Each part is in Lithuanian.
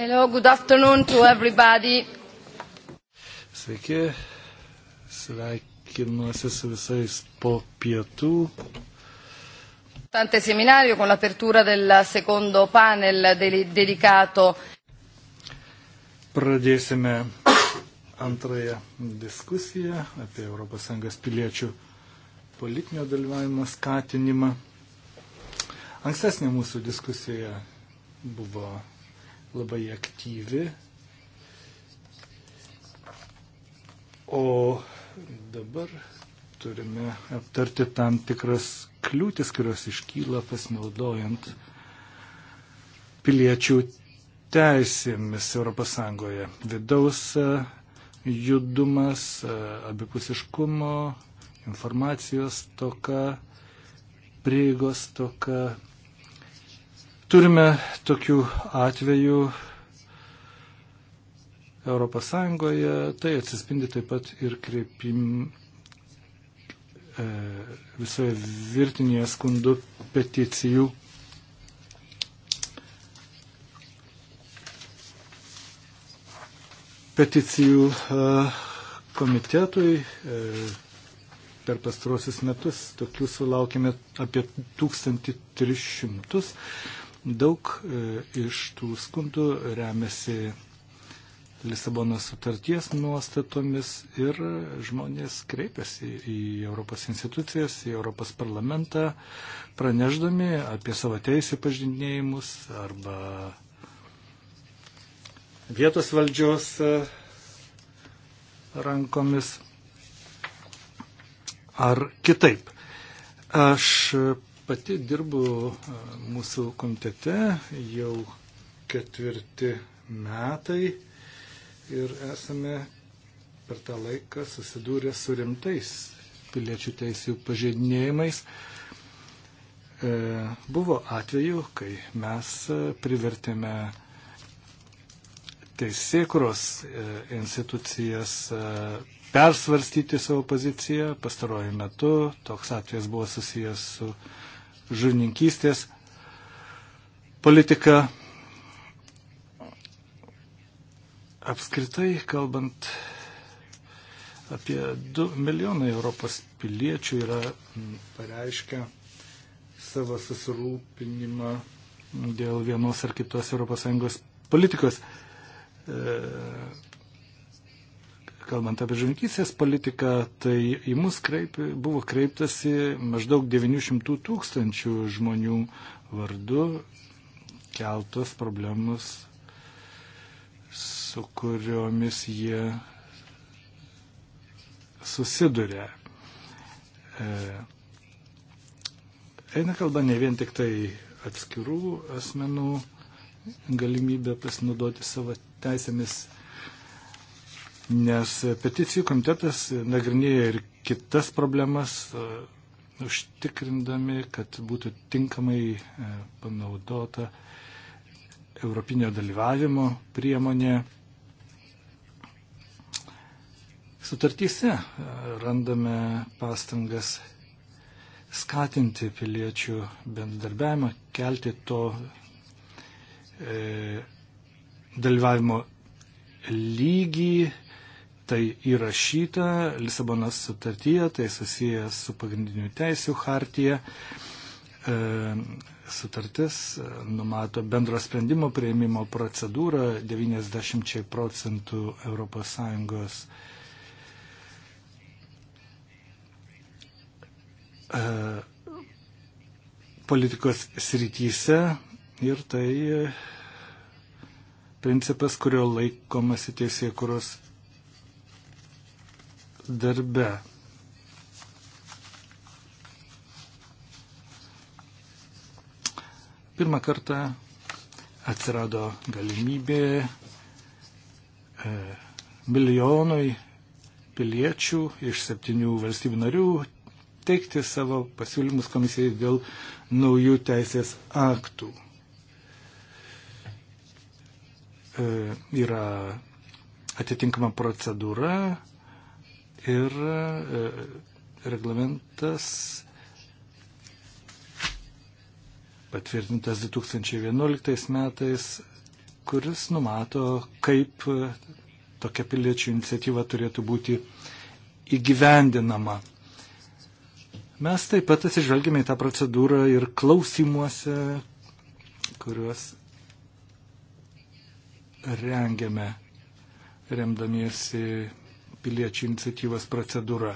Hello, good afternoon to everybody. Sveiki, sveikinuosi su visais po pietų. Tante seminario con l'apertura del secondo panel de dedicato. Pradėsime antrąją diskusiją apie ES piliečių politinio dalyvavimo skatinimą. Ankstesnė mūsų diskusija buvo labai aktyvi. O dabar turime aptarti tam tikras kliūtis, kurios iškyla pasinaudojant piliečių teisėmis ES. Vidaus judumas, abipusiškumo, informacijos toka, prieigos toka, Turime tokių atvejų Europos Sąjungoje, tai atsispindi taip pat ir kreipim e, visoje virtinėje skundų peticijų. Peticijų e, komitetui e, per pastrosius metus tokių sulaukėme apie 1300. Daug e, iš tų skundų remiasi Lisabonos sutarties nuostatomis ir žmonės kreipiasi į Europos institucijas, į Europos parlamentą, praneždami apie savo teisų pažinėjimus arba vietos valdžios e, rankomis ar kitaip. Aš pati dirbu mūsų komitete jau ketvirti metai ir esame per tą laiką susidūrę su rimtais piliečių teisų pažeidinėjimais. E, buvo atveju, kai mes e, privertėme teisėkuros e, institucijas e, persvarstyti savo poziciją. Pastaruoju metu toks atvejas buvo susijęs su e, žurninkystės politika. Apskritai, kalbant apie 2 milijonai Europos piliečių yra mm, pareiškę savo susirūpinimą dėl vienos ar kitos ES politikos. E, kalbant apie žuvininkystės politiką, tai į mus kreip, buvo kreiptasi maždaug 900 tūkstančių žmonių vardu keltos problemus, su kuriomis jie susiduria. E, eina kalba ne vien tik tai atskirų asmenų galimybę pasinaudoti savo teisėmis nes peticijų komitetas nagrinėja ir kitas problemas, e, užtikrindami, kad būtų tinkamai e, panaudota Europinio dalyvavimo priemonė. Sutartyse e, randame pastangas skatinti piliečių bendradarbiavimą, kelti to e, dalyvavimo lygį tai įrašyta Lisabonos sutartyje, tai susijęs su pagrindinių teisių hartyje. E, sutartis e, numato bendro sprendimo prieimimo procedūrą 90 procentų ES e, politikos srityse ir tai e, principas, kurio laikomasi teisėkuros darbe. Pirmą kartą atsirado galimybė e, milijonui piliečių iš septynių valstybių narių teikti savo pasiūlymus komisijai dėl naujų teisės aktų. E, yra atitinkama procedūra, ir e, reglamentas patvirtintas 2011 metais, kuris numato, kaip tokia piliečių iniciatyva turėtų būti įgyvendinama. Mes taip pat atsižvelgime į tą procedūrą ir klausimuose, kuriuos rengiame remdamiesi piliečių iniciatyvos procedūra.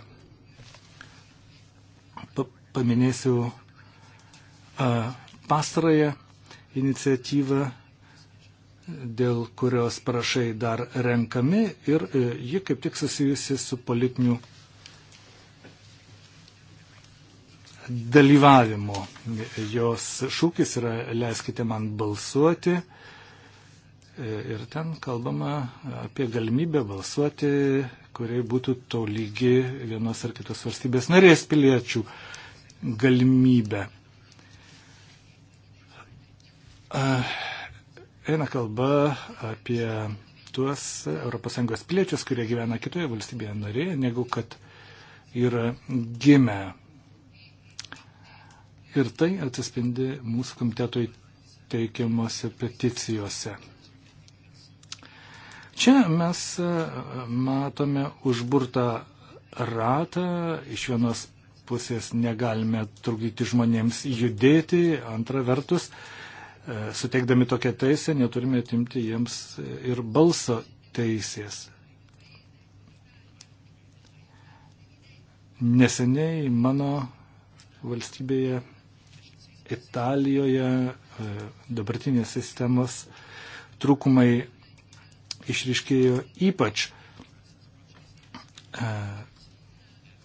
Pa paminėsiu a, pastarąją iniciatyvą, dėl kurios parašai dar renkami ir a, e, ji kaip tik susijusi su politiniu dalyvavimo. Jos šūkis yra leiskite man balsuoti. A, Ir ten kalbama apie galimybę balsuoti, kuriai būtų to lygi vienos ar kitos valstybės narės piliečių galimybę. Eina kalba apie tuos ES piliečius, kurie gyvena kitoje valstybėje narėje, negu kad yra gimę. Ir tai atsispindi mūsų komitetui teikiamuose peticijose. Čia mes e, matome užburtą ratą, iš vienos pusės negalime trukdyti žmonėms judėti, antra vertus, e, suteikdami tokią teisę, neturime atimti jiems ir balso teisės. Neseniai mano valstybėje Italijoje e, dabartinės sistemos trūkumai išriškėjo ypač. E,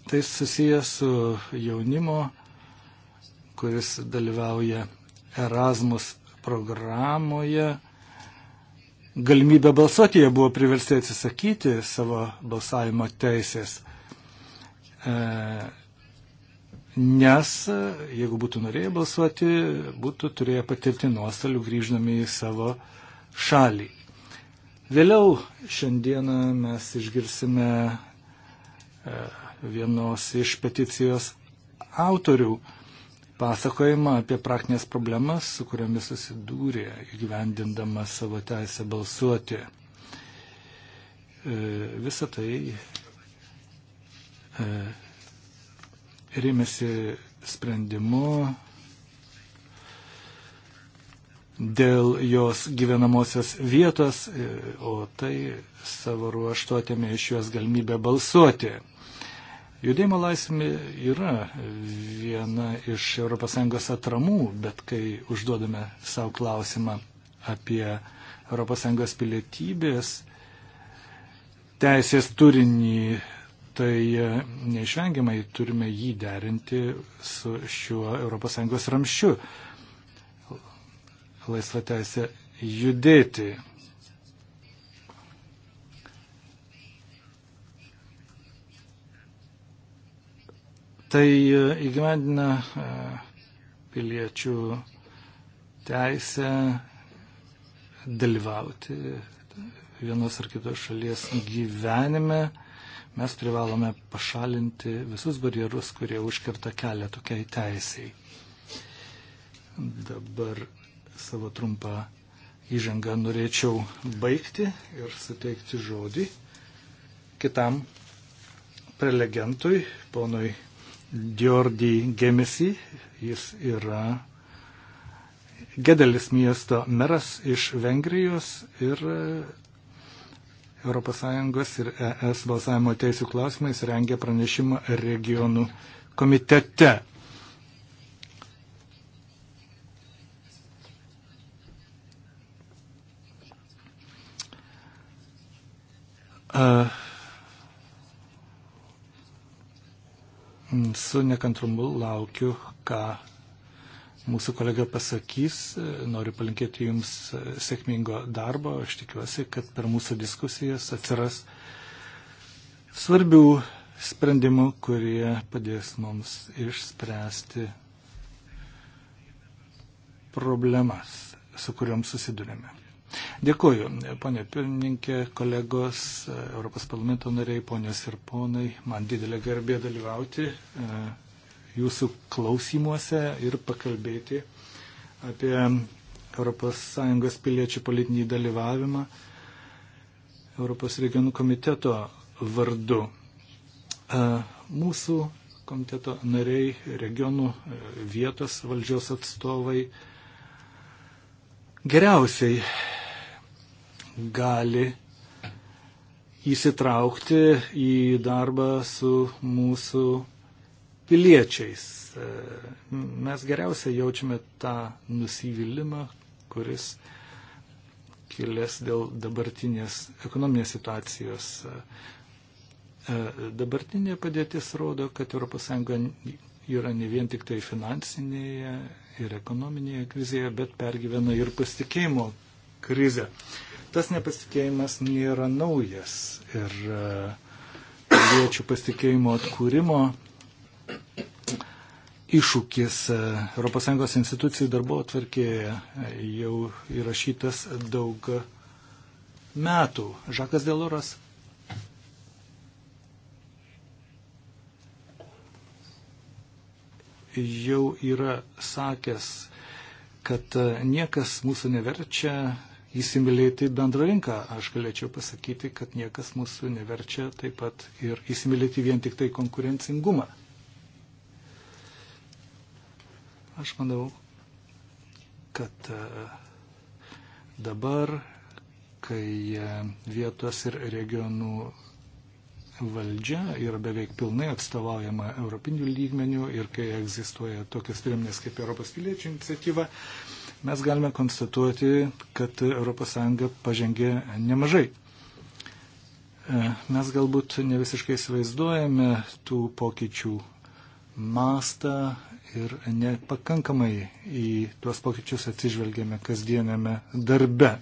tai susijęs su jaunimo, kuris dalyvauja Erasmus programoje. Galimybę balsuoti jie buvo priversti atsisakyti savo balsavimo teisės e, nes jeigu būtų norėję balsuoti, būtų turėję patirti nuostolių grįždami į savo šalį. Vėliau šiandieną mes išgirsime e, vienos iš peticijos autorių pasakojimą apie praktinės problemas, su kuriamis susidūrė įgyvendindama savo teisę balsuoti. E, Visą tai e, rėmėsi sprendimu dėl jos gyvenamosios vietos, e, o tai savo ruoštų atėmė iš jos galimybę balsuoti. Judėjimo laisvė yra viena iš ES atramų, bet kai užduodame savo klausimą apie ES pilietybės teisės turinį, tai e, neišvengiamai turime jį derinti su šiuo ES ramščiu laisva teisė judėti. Tai e, įgyvendina e, piliečių teisę dalyvauti vienos ar kitos šalies gyvenime. Mes privalome pašalinti visus barjerus, kurie užkerta kelią tokiai teisiai. Dabar savo trumpą įžangą norėčiau baigti ir suteikti žodį kitam prelegentui, ponui Djordį Gemesi. Jis yra Gedelis miesto meras iš Vengrijos ir ES ir ES balsavimo teisų klausimais rengia pranešimą regionų komitete. Mm, su nekantrumu laukiu, ką mūsų kolega pasakys. Noriu palinkėti Jums e, sėkmingo darbo. Aš tikiuosi, kad per mūsų diskusijas atsiras svarbių sprendimų, kurie padės mums išspręsti problemas, su kuriuom susidurėme. Dėkuoju, ponė pirmininkė, kolegos, Europos parlamento nariai, ponios ir ponai. Man didelė garbė dalyvauti e, jūsų klausimuose ir pakalbėti apie ES piliečių politinį dalyvavimą Europos regionų komiteto vardu. E, mūsų komiteto nariai, regionų e, vietos valdžios atstovai, geriausiai gali įsitraukti į darbą su mūsų piliečiais. Mes geriausiai jaučiame tą nusivylimą, kuris kilęs dėl dabartinės ekonominės situacijos. Dabartinė padėtis rodo, kad ES yra ne vien tik tai finansinėje ir ekonominėje krizėje, bet pergyvena ir pasitikėjimo krizę. Tas nepasitikėjimas nėra naujas ir e, piliečių pasitikėjimo atkūrimo iššūkis e, ES institucijų darbo atvarkėje e, jau įrašytas daug metų. Žakas Deloras jau yra sakęs, kad e, niekas mūsų neverčia įsimylėti bendrą rinką. Aš galėčiau pasakyti, kad niekas mūsų neverčia taip pat ir įsimylėti vien tik tai konkurencingumą. Aš manau, kad e, dabar, kai e, vietos ir regionų valdžia yra beveik pilnai atstovaujama europinių lygmenių ir kai egzistuoja tokios priemonės kaip Europos piliečių iniciatyva, mes galime konstatuoti, kad ES pažengė nemažai. E, mes galbūt ne visiškai įsivaizduojame tų pokyčių mastą ir nepakankamai į tuos pokyčius atsižvelgėme kasdienėme darbe.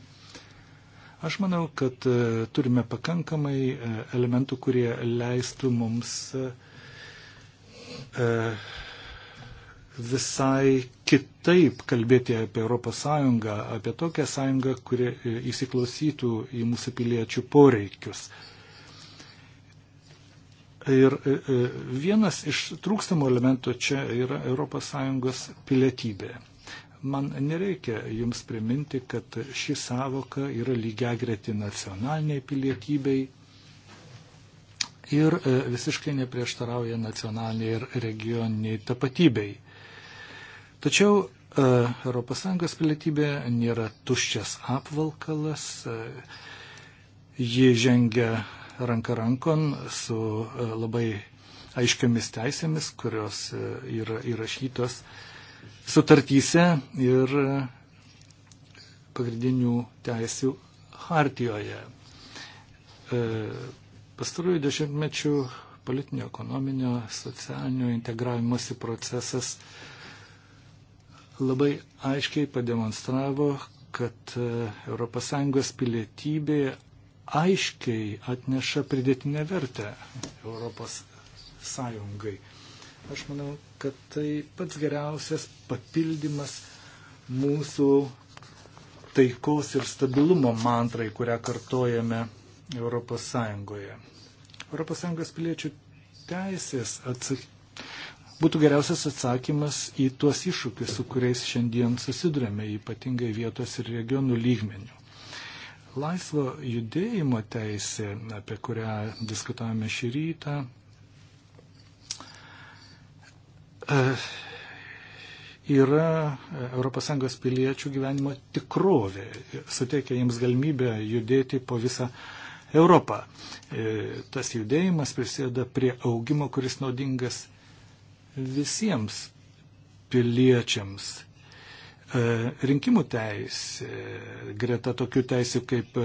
Aš manau, kad e, turime pakankamai e, elementų, kurie leistų mums e, visai kitaip kalbėti apie ES, apie tokią sąjungą, kuri įsiklausytų į mūsų piliečių poreikius. Ir vienas iš trūkstamų elementų čia yra ES pilietybė. Man nereikia jums priminti, kad ši savoka yra lygia greti nacionaliniai pilietybei ir e, visiškai neprieštarauja nacionaliniai ir regioniniai tapatybei. Tačiau ES pilietybė nėra tuščias apvalkalas, e, ji žengia ranka rankon su e, labai aiškiamis teisėmis, kurios yra įrašytos sutartyse ir pagrindinių teisių hartijoje. E, pastarųjų dešimtmečių politinio, ekonominio, socialinio integravimosi procesas labai aiškiai pademonstravo, kad ES pilietybė aiškiai atneša pridėtinę vertę ES. Aš manau, kad tai pats geriausias papildymas mūsų taikos ir stabilumo mantrai, kurią kartojame Europos Sąjungoje. Europos Sąjungos piliečių teisės atsakymas būtų geriausias atsakymas į tuos iššūkius, su kuriais šiandien susidurėme, ypatingai vietos ir regionų lygmenių. Laisvo judėjimo teisė, apie kurią diskutavome šį rytą, E, yra ES piliečių gyvenimo tikrovė, suteikia jiems galimybę judėti po visą Europą. E, tas judėjimas prisėda prie augimo, kuris naudingas visiems piliečiams. E, rinkimų teisė, greta tokių teisų kaip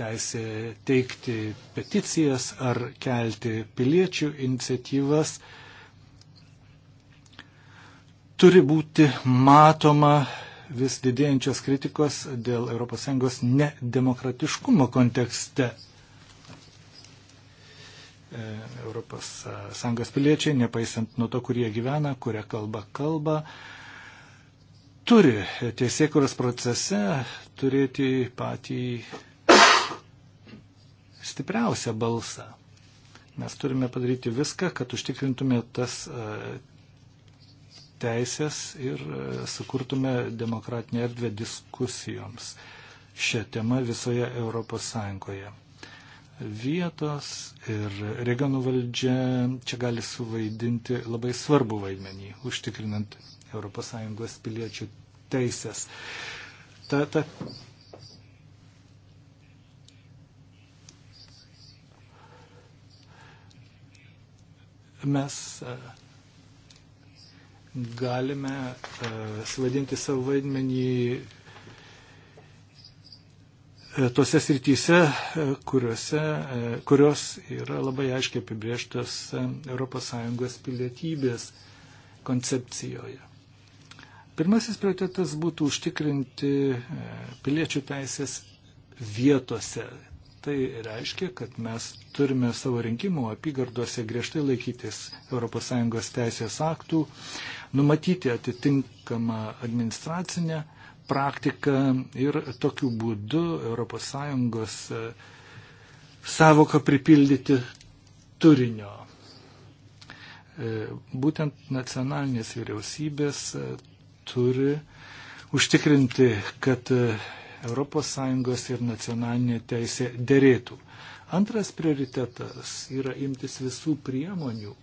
teisė teikti peticijas ar kelti piliečių iniciatyvas, turi būti matoma vis didėjančios kritikos dėl ES nedemokratiškumo kontekste. E, ES piliečiai, nepaisant nuo to, kur jie gyvena, kurią kalbą kalba, turi tiesiekuros procese turėti patį stipriausią balsą. Mes turime padaryti viską, kad užtikrintume tas e, teisės ir e, sukurtume demokratinę erdvę diskusijoms šią temą visoje Europos Sąjungoje. Vietos ir regionų valdžia čia gali suvaidinti labai svarbu vaidmenį, užtikrinant Europos Sąjungos piliečių teisės. Ta, ta mes e, galime e, svadinti savo vaidmenį e, tose srityse, e, kuriuose, kurios yra labai aiškiai apibrieštos ES pilietybės koncepcijoje. Pirmasis prioritetas būtų užtikrinti piliečių teisės vietose. Tai reiškia, kad mes turime savo rinkimų apygardose griežtai laikytis ES teisės aktų, numatyti atitinkamą administracinę praktiką ir tokiu būdu ES savoką e, pripildyti turinio. E, būtent nacionalinės vyriausybės e, turi užtikrinti, kad ES ir nacionalinė teisė dėrėtų. Antras prioritetas yra imtis visų priemonių,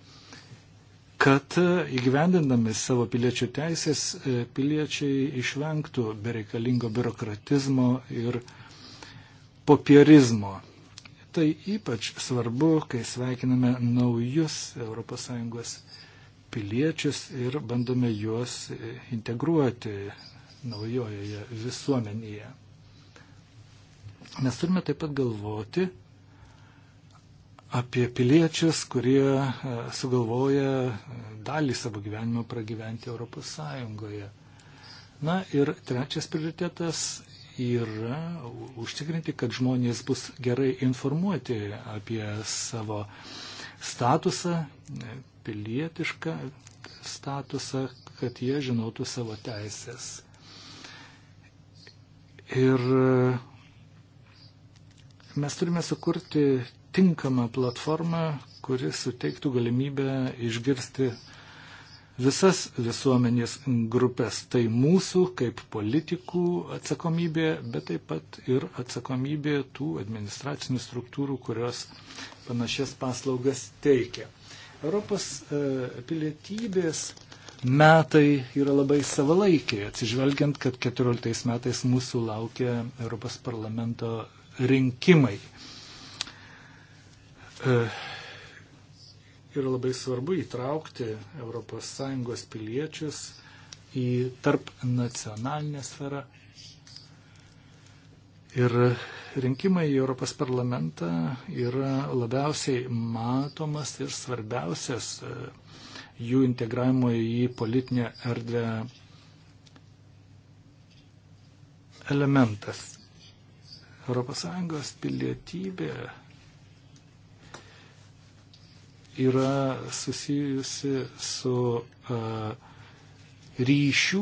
kad e, įgyvendindami savo piliečių teisės, e, piliečiai išvengtų bereikalingo biurokratizmo ir popierizmo. Tai ypač svarbu, kai sveikiname naujus ES piliečius ir bandome juos e, integruoti naujojoje visuomenėje. Mes turime taip pat galvoti, apie piliečius, kurie e, sugalvoja e, dalį savo gyvenimo pragyventi Europos Sąjungoje. Na ir trečias prioritetas yra užtikrinti, kad žmonės bus gerai informuoti apie savo statusą, e, pilietišką statusą, kad jie žinotų savo teisės. Ir mes turime sukurti tinkamą platformą, kuri suteiktų galimybę išgirsti visas visuomenės grupės. Tai mūsų kaip politikų atsakomybė, bet taip pat ir atsakomybė tų administracinių struktūrų, kurios panašias paslaugas teikia. Europos e, pilietybės metai yra labai savalaikiai, atsižvelgiant, kad 14 metais mūsų laukia Europos parlamento rinkimai. E, yra labai svarbu įtraukti ES piliečius į tarp nacionalinę sferą. Ir rinkimai į Europos parlamentą yra labiausiai matomas ir svarbiausias e, jų integravimo į politinę erdvę elementas. ES pilietybė yra susijusi su a, ryšių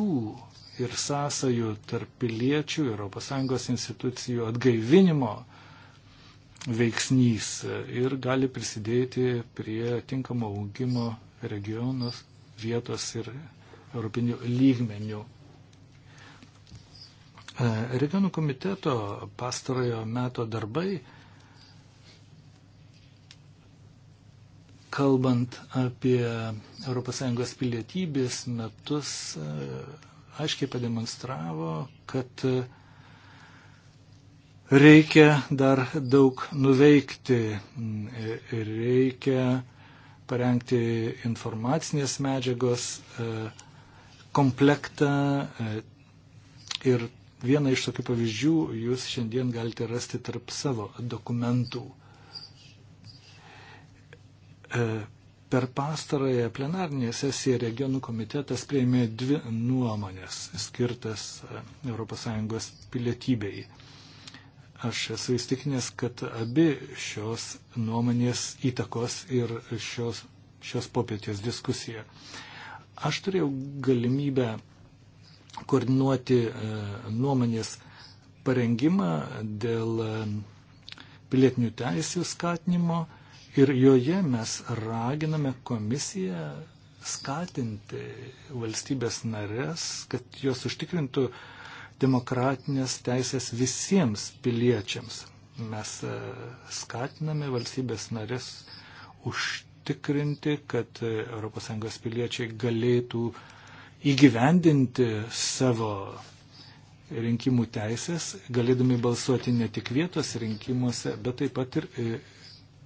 ir sąsajų tarp piliečių ES institucijų atgaivinimo veiksnys ir gali prisidėti prie tinkamo augimo regionos, vietos ir europinių lygmenių. Regionų komiteto pastarojo meto darbai kalbant apie ES pilietybės metus, e, aiškiai pademonstravo, kad e, reikia dar daug nuveikti, e, reikia parengti informacinės medžiagos komplektą ir vieną iš tokių pavyzdžių jūs šiandien galite rasti tarp savo dokumentų. E, per pastarąją plenarnę sesiją regionų komitetas prieimė dvi nuomonės skirtas ES pilietybei. Aš esu įstikinęs, kad abi šios nuomonės įtakos ir šios, šios popietės diskusija. Aš turėjau galimybę koordinuoti e, nuomonės parengimą dėl e, pilietinių teisų skatinimo Ir joje mes raginame komisiją skatinti valstybės narės, kad jos užtikrintų demokratinės teisės visiems piliečiams. Mes e, skatiname valstybės narės užtikrinti, kad ES piliečiai galėtų įgyvendinti savo rinkimų teisės, galėdami balsuoti ne tik vietos rinkimuose, bet taip pat ir e,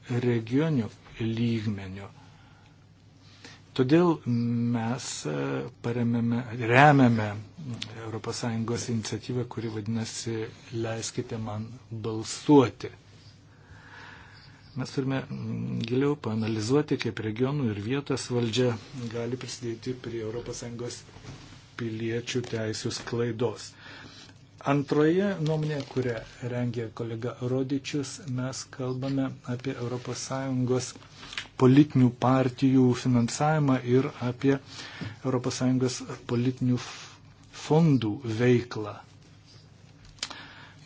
regionių lygmenių. Todėl mes e, paremėme, remiame ES iniciatyvą, kuri vadinasi Leiskite man balsuoti. Mes turime mm, giliau panalizuoti, kaip regionų ir vietos valdžia gali prisidėti prie ES piliečių teisų sklaidos. Antroje nuomonė, kurią rengė kolega Rodičius, mes kalbame apie ES politinių partijų finansavimą ir apie ES politinių fondų veiklą.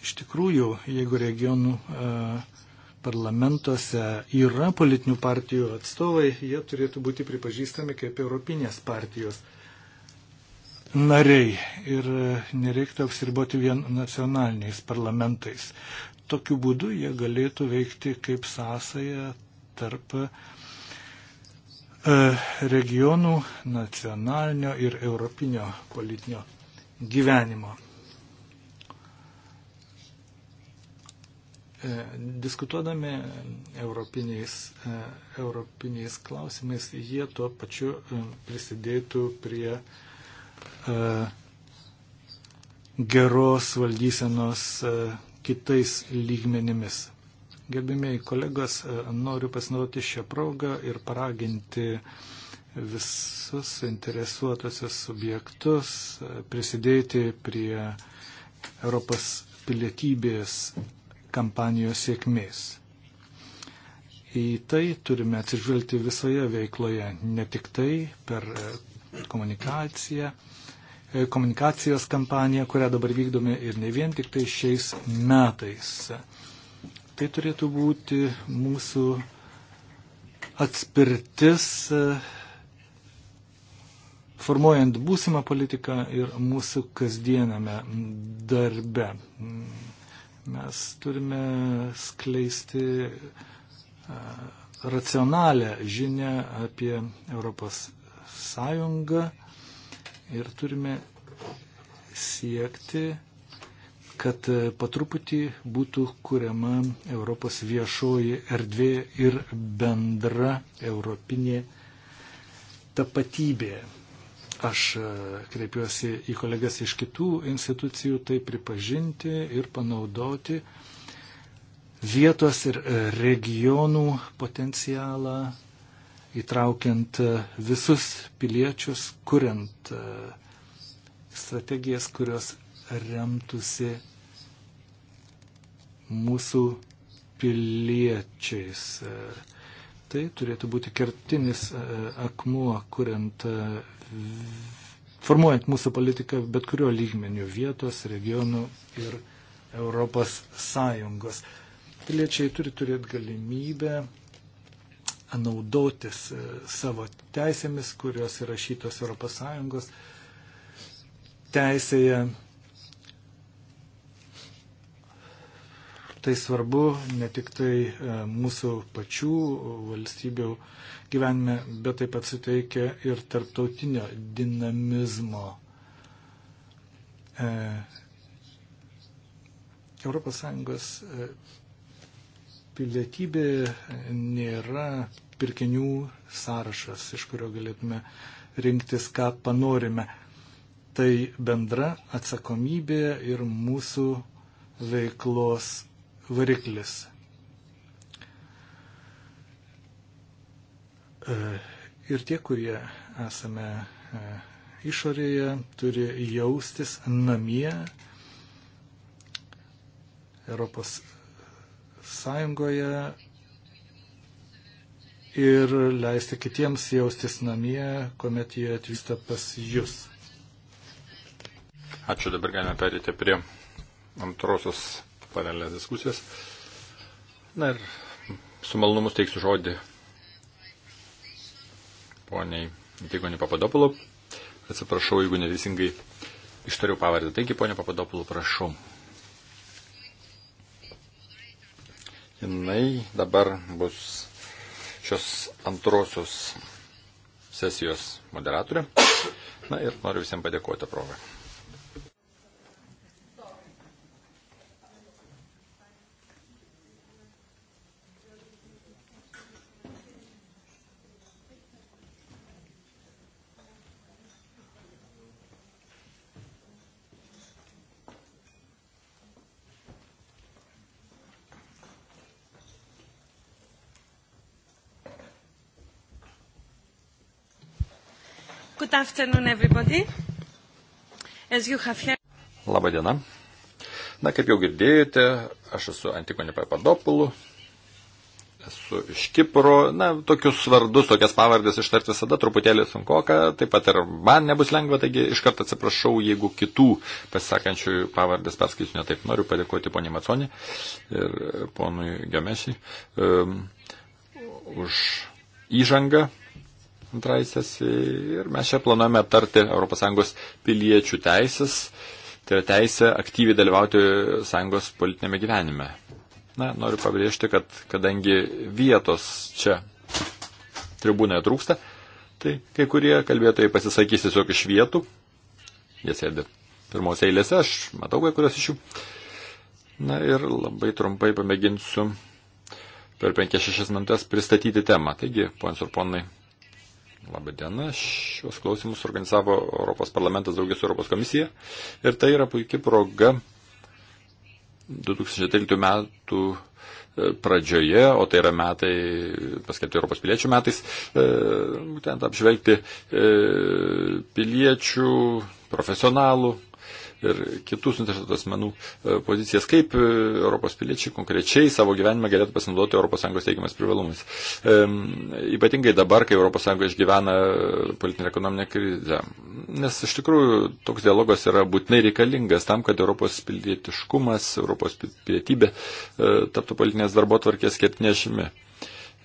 Iš tikrųjų, jeigu regionų e, parlamentuose yra politinių partijų atstovai, jie turėtų būti pripažįstami kaip europinės partijos atstovai nariai ir e, nereiktų apsiriboti vien nacionaliniais parlamentais. Tokiu būdu jie galėtų veikti kaip sąsaja tarp e, regionų, nacionalinio ir europinio politinio gyvenimo. E, diskutuodami europiniais, europiniais klausimais, jie tuo pačiu prisidėtų prie uh, E, geros valdysenos e, kitais lygmenimis. Gerbimiai kolegos, e, noriu pasinaudoti šią progą ir paraginti visus interesuotosius subjektus prisidėti prie Europos pilietybės kampanijos sėkmės. Į tai turime atsižvelgti visoje veikloje, ne tik tai per komunikacija, e, komunikacijos kampanija, kurią dabar vykdome ir ne vien tik tai šiais metais. Tai turėtų būti mūsų atspirtis e, formuojant būsimą politiką ir mūsų kasdiename darbe. Mes turime skleisti e, racionalę žinę apie Europos sąjungą ir turime siekti, kad patruputį būtų kuriama Europos viešoji erdvė ir bendra europinė tapatybė. Aš e, kreipiuosi į kolegas iš kitų institucijų tai pripažinti ir panaudoti vietos ir regionų potencialą įtraukiant e, visus piliečius, kuriant e, strategijas, kurios remtųsi mūsų piliečiais. E, tai turėtų būti kertinis akmuo, kuriant, formuojant mūsų politiką bet kuriuo lygmeniu vietos, regionų ir Europos Sąjungos. Piliečiai turi turėti galimybę naudotis e, savo teisėmis, kurios įrašytos ES teisėje. Tai svarbu ne tik tai e, mūsų pačių valstybių gyvenime, bet taip pat suteikia ir tarptautinio dinamizmo. ES pilietybė nėra pirkinių sąrašas, iš kurio galėtume rinktis, ką panorime. Tai bendra atsakomybė ir mūsų veiklos variklis. E, ir tie, kurie esame e, išorėje, turi jaustis namie Europos Sąjungoje ir leisti kitiems jaustis namie, kuomet jie atvyksta pas jūs. Ačiū, dabar galime perėti prie antrosios panelės diskusijos. Na ir su malonumu teiksiu žodį poniai Antigonį Papadopulų. Atsiprašau, jeigu neteisingai ištariau pavardę. Taigi, ponia Papadopulų, prašau. jinai dabar bus šios antrosios sesijos moderatorė. Na ir noriu visiems padėkoti progą. Good afternoon, everybody. As you have heard. Labą dieną. Na, kaip jau girdėjote, aš esu Antikonė Papadopulų, esu iš Kipro. Na, tokius vardus, tokias pavardės ištart visada truputėlį sunkoka, taip pat ir man nebus lengva, taigi iškart atsiprašau, jeigu kitų pasisakančių pavardės perskaičiu netaip. Noriu padėkoti poniai Maconė ir ponui Gemešiai um, už įžangą antrąjį sesiją ir mes čia planuojame aptarti ES piliečių teisės, tai yra teisė aktyviai dalyvauti sąjungos politinėme gyvenime. Na, noriu pabrėžti, kad kadangi vietos čia tribūnoje trūksta, tai kai kurie kalbėtojai pasisakys tiesiog iš vietų, jie sėdi pirmos eilėse, aš matau kai kurios iš jų. Na ir labai trumpai pamėginsiu per 5-6 minutės pristatyti temą. Taigi, ponas ir ponai, Labai diena. Šios klausimus organizavo Europos parlamentas draugės su Europos komisija. Ir tai yra puikia proga 2013 metų e, pradžioje, o tai yra metai, paskelbti Europos piliečių metais, e, būtent apžvelgti e, piliečių, profesionalų, ir kitus interesuotų asmenų e, pozicijas, kaip e, Europos piliečiai konkrečiai savo gyvenime galėtų pasinaudoti ES teikiamas privalumais. E, ypatingai dabar, kai ES išgyvena e, politinę ir ekonominę krizę. Nes iš tikrųjų toks dialogas yra būtinai reikalingas tam, kad Europos pilietiškumas, Europos pilietybė e, taptų politinės darbo tvarkės kertinėšimi.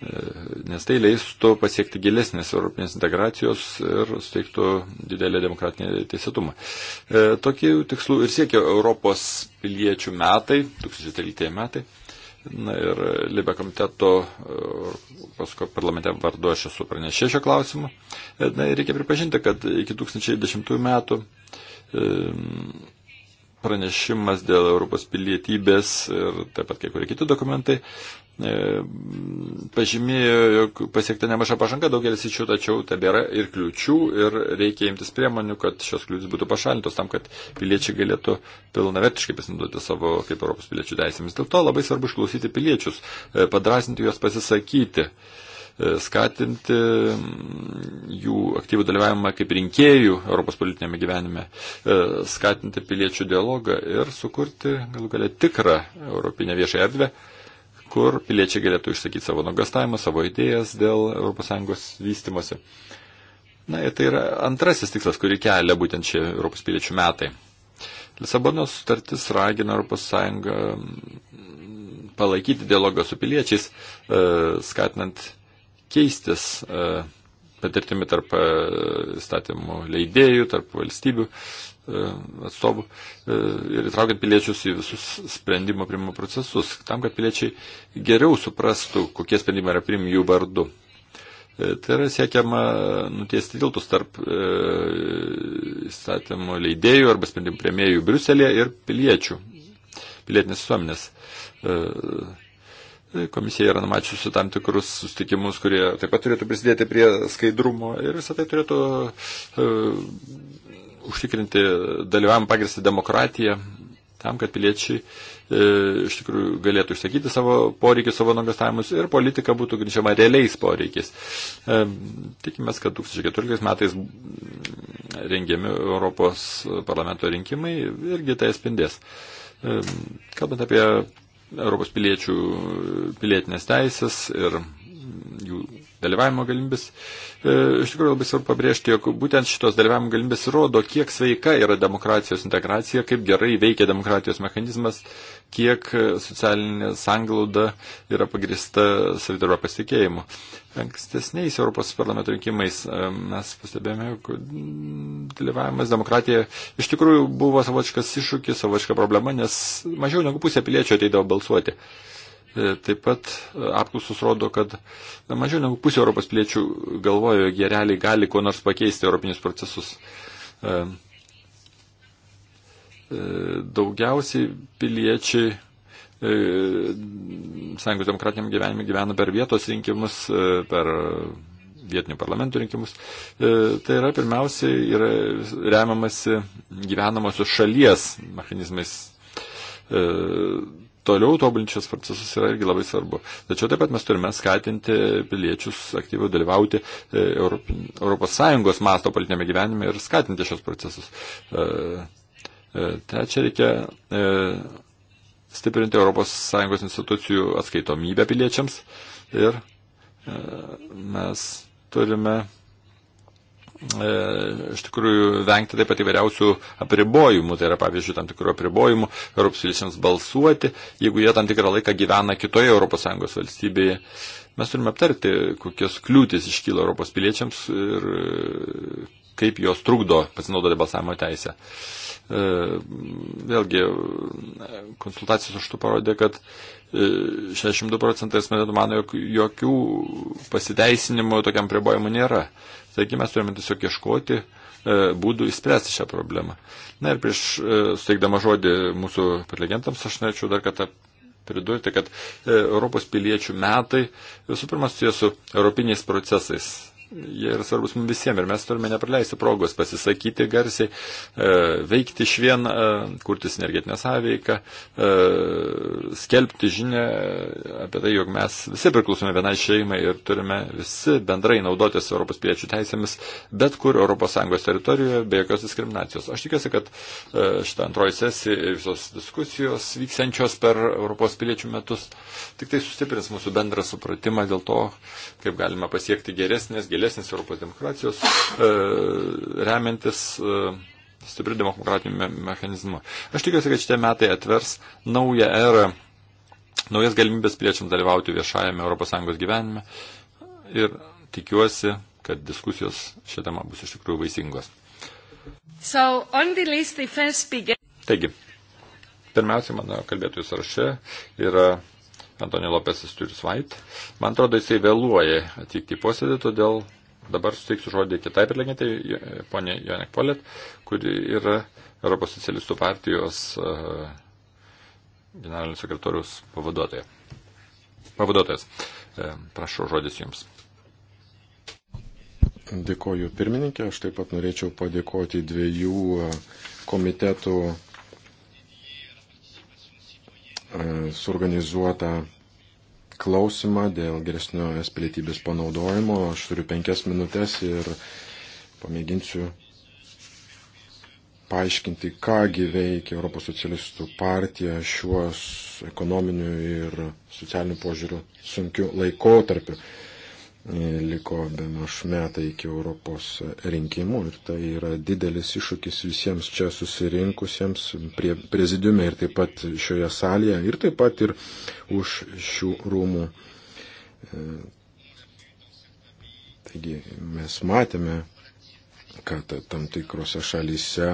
E, nes tai leistų pasiekti gilesnės europinės integracijos ir suteiktų didelį demokratinį teisėtumą. E, tokių tikslų ir siekia Europos piliečių metai, 2013 metai. Na ir Libė komiteto e, paskui parlamente vardu aš esu pranešė šio klausimu. Na ir reikia pripažinti, kad iki 2010 metų pranešimas dėl Europos pilietybės ir taip pat kai kurie kiti dokumentai E, pažymėjo, jog pasiekta nemaža pažanga daugelis iš jų, tačiau tebėra ir kliučių ir reikia imtis priemonių, kad šios kliūtis būtų pašalintos tam, kad piliečiai galėtų pilnavertiškai pasinaudoti savo kaip Europos piliečių teisėmis. Dėl to labai svarbu išklausyti piliečius, e, padrasinti juos pasisakyti e, skatinti mm, jų aktyvų dalyvavimą kaip rinkėjų Europos politinėme gyvenime, skatinti piliečių dialogą ir sukurti galų galę tikrą Europinę viešą erdvę, kur piliečiai galėtų išsakyti savo nuogastavimą, savo idėjas dėl ES vystimosi. Na ir tai yra antrasis tikslas, kurį kelia būtent šie Europos piliečių metai. Lisabonos sutartis ragina ES mm, palaikyti dialogą su piliečiais, e, skatinant keistis e, patirtimi tarp e, statymų leidėjų, tarp valstybių. E, atstovų e, ir įtraukiant piliečius į visus sprendimo priimimo procesus, tam, kad piliečiai geriau suprastų, kokie sprendimai yra priimami jų vardu. E, tai yra siekiama nutiesti tiltus tarp įstatymo leidėjų arba sprendimų prieimėjų Briuselėje ir piliečių, pilietinės visuomenės. Komisija yra numačiusi tam tikrus sustikimus, kurie taip pat turėtų prisidėti prie skaidrumo ir visą tai turėtų užtikrinti dalyvavimą pagrįstą demokratiją, tam, kad piliečiai e, iš tikrųjų galėtų išsakyti savo poreikius, savo nuogastavimus ir politika būtų grįžiama realiais poreikiais. E, tikimės, kad 2014 metais rengiami Europos parlamento rinkimai irgi tai spindės. E, kalbant apie Europos piliečių pilietinės teisės ir jų dalyvavimo galimybės. E, iš tikrųjų labai svarbu pabrėžti, jog būtent šitos dalyvavimo galimybės rodo, kiek sveika yra demokratijos integracija, kaip gerai veikia demokratijos mechanizmas, kiek e, socialinė sanglauda yra pagrista savitarpio pasitikėjimu. Ankstesniais Europos parlamento rinkimais e, mes pastebėjome, kad dalyvavimas demokratija iš tikrųjų buvo savočkas iššūkis, savočka problema, nes mažiau negu pusė piliečių ateidavo balsuoti. Uh, E, taip pat e, apklausus rodo, kad mažiau negu pusė Europos piliečių galvojo, jog jie realiai gali kuo nors pakeisti europinius procesus. E, daugiausiai piliečiai sąjungos demokratiniam gyvenime gyvena per vietos rinkimus, per vietinių parlamentų rinkimus. Tai yra pirmiausiai yra remiamasi gyvenamosios šalies mechanizmais toliau tobulinčias procesus yra irgi labai svarbu. Tačiau taip pat mes turime skatinti piliečius aktyviau dalyvauti ES masto politinėme gyvenime ir skatinti šios procesus. E, e, Trečia, tai reikia e, stiprinti ES institucijų atskaitomybę piliečiams ir mes turime E, iš tikrųjų vengti taip pat įvairiausių apribojimų, tai yra pavyzdžiui tam tikrų apribojimų Europos piliečiams balsuoti, jeigu jie tam tikrą laiką gyvena kitoje ES valstybėje. Mes turime aptarti, kokios kliūtis iškyla Europos piliečiams ir e, kaip jos trukdo pasinaudoti balsavimo teisę. E, vėlgi, konsultacijos aštu parodė, kad 62 procentai asmenų mano, jog jokių pasiteisinimų tokiam pribojimu nėra. Taigi mes turime tiesiog ieškoti e, būdų įspręsti šią problemą. Na ir prieš e, suteikdama žodį mūsų prelegentams, aš norėčiau dar kartą pridurti, kad e, Europos piliečių metai visų pirma susijęs su europiniais procesais jie yra svarbus mums visiems ir mes turime nepraleisti progos pasisakyti garsiai, e, veikti iš vien, e, kurti sinergetinę sąveiką, e, skelbti žinę apie tai, jog mes visi priklausome vienai šeimai ir turime visi bendrai naudotis Europos piliečių teisėmis, bet kur ES teritorijoje, be jokios diskriminacijos. Aš tikiuosi, kad e, šitą antroji sesija ir visos diskusijos vyksiančios per Europos piliečių metus tik tai sustiprins mūsų bendrą supratimą dėl to, kaip galima pasiekti geresnės, gilesnės stabilesnis Europos demokratijos, e, remiantis e, stipriu demokratiniu me mechanizmu. Aš tikiuosi, kad šitie metai atvers naują erą, naujas galimybės piliečiams dalyvauti viešajame ES gyvenime ir tikiuosi, kad diskusijos šią temą bus iš tikrųjų vaisingos. So, list, Taigi, pirmiausia, mano kalbėtojų sąraše yra Antonio Lopesas Turis Vait. Man atrodo, jisai vėluoja atvykti į posėdį, todėl dabar suteiksiu žodį kitai prelegentai, ponė Jonek Polet, kuri yra Europos socialistų partijos uh, generalinio sekretorius pavaduotoja. Pavaduotojas, e, prašau žodis jums. Dėkoju pirmininkė, aš taip pat norėčiau padėkoti dviejų e, komitetų suorganizuotą klausimą dėl geresnio es pilietybės panaudojimo. Aš turiu penkias minutės ir pamėginsiu paaiškinti, kągi veikia Europos socialistų partija šiuos ekonominių ir socialinių požiūrių sunkiu laikotarpiu. E, liko be maž metai iki Europos rinkimų ir tai yra didelis iššūkis visiems čia susirinkusiems prie prezidiume ir taip pat šioje salėje ir taip pat ir už šių rūmų. E, taigi mes matėme, kad tam tikrose šalyse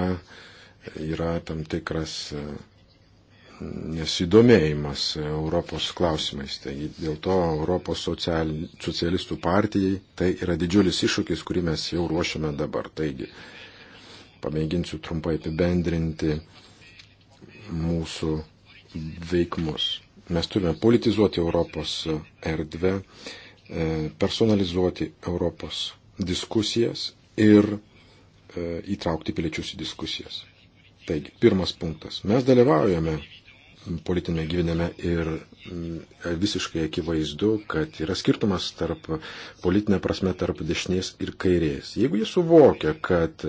yra tam tikras e, nesidomėjimas Europos klausimais. Taigi dėl to Europos social, socialistų partijai tai yra didžiulis iššūkis, kurį mes jau ruošiame dabar. Taigi pamėginsiu trumpai apibendrinti mūsų veiksmus. Mes turime politizuoti Europos erdvę, e, personalizuoti Europos diskusijas ir e, įtraukti piliečius į diskusijas. Taigi, pirmas punktas. Mes dalyvaujame politinėme gyvenime ir mm, visiškai akivaizdu, kad yra skirtumas tarp politinė prasme tarp dešinės ir kairės. Jeigu jie suvokia, kad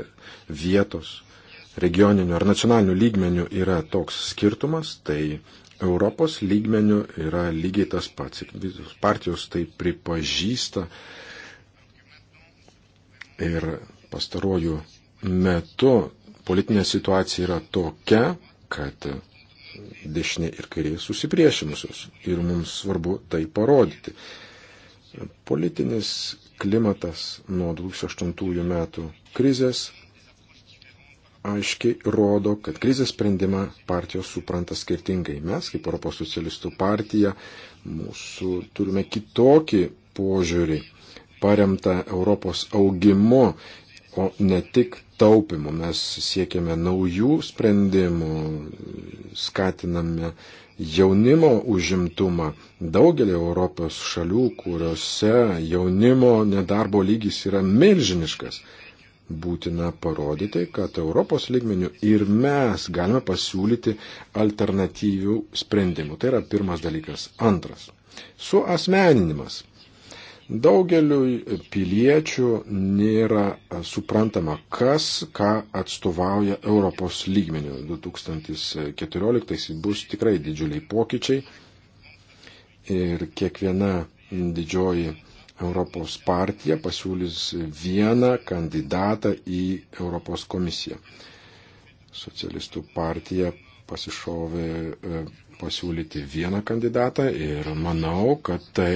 vietos, regioninių ar nacionalinių lygmenių yra toks skirtumas, tai Europos lygmenių yra lygiai tas pats. Partijos tai pripažįsta ir pastaruoju metu politinė situacija yra tokia, kad dešinė ir kairė susipriešinusios ir mums svarbu tai parodyti. Politinis klimatas nuo 2008 metų krizės aiškiai rodo, kad krizės sprendimą partijos supranta skirtingai. Mes, kaip Europos socialistų partija, mūsų turime kitokį požiūrį paremtą Europos augimu, o ne tik taupimo, mes siekiame naujų sprendimų, skatiname jaunimo užimtumą. Daugelį Europos šalių, kuriuose jaunimo nedarbo lygis yra milžiniškas, būtina parodyti, kad Europos lygmenių ir mes galime pasiūlyti alternatyvių sprendimų. Tai yra pirmas dalykas. Antras. Suasmeninimas. Daugeliu piliečių nėra suprantama, kas ką atstovauja Europos lygmeniu. 2014 bus tikrai didžiuliai pokyčiai ir kiekviena didžioji Europos partija pasiūlys vieną kandidatą į Europos komisiją. Socialistų partija pasišovė e, pasiūlyti vieną kandidatą ir manau, kad tai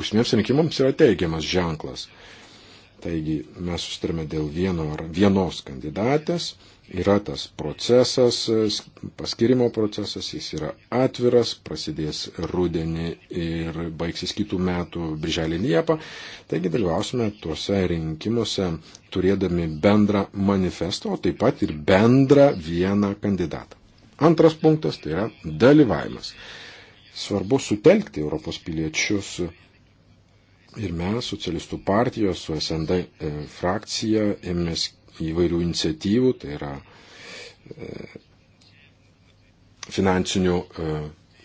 būsimiems rinkimams yra teigiamas ženklas. Taigi mes sustarėme dėl vieno ar vienos kandidatės, yra tas procesas, paskirimo procesas, jis yra atviras, prasidės rudenį ir baigsis kitų metų birželį Liepą. Taigi dalyvausime tuose rinkimuose turėdami bendrą manifestą, o taip pat ir bendrą vieną kandidatą. Antras punktas tai yra dalyvavimas. Svarbu sutelkti Europos piliečius ir mes, socialistų partijos, su SND e, frakcija, ėmės įvairių iniciatyvų, tai yra e, finansinių e,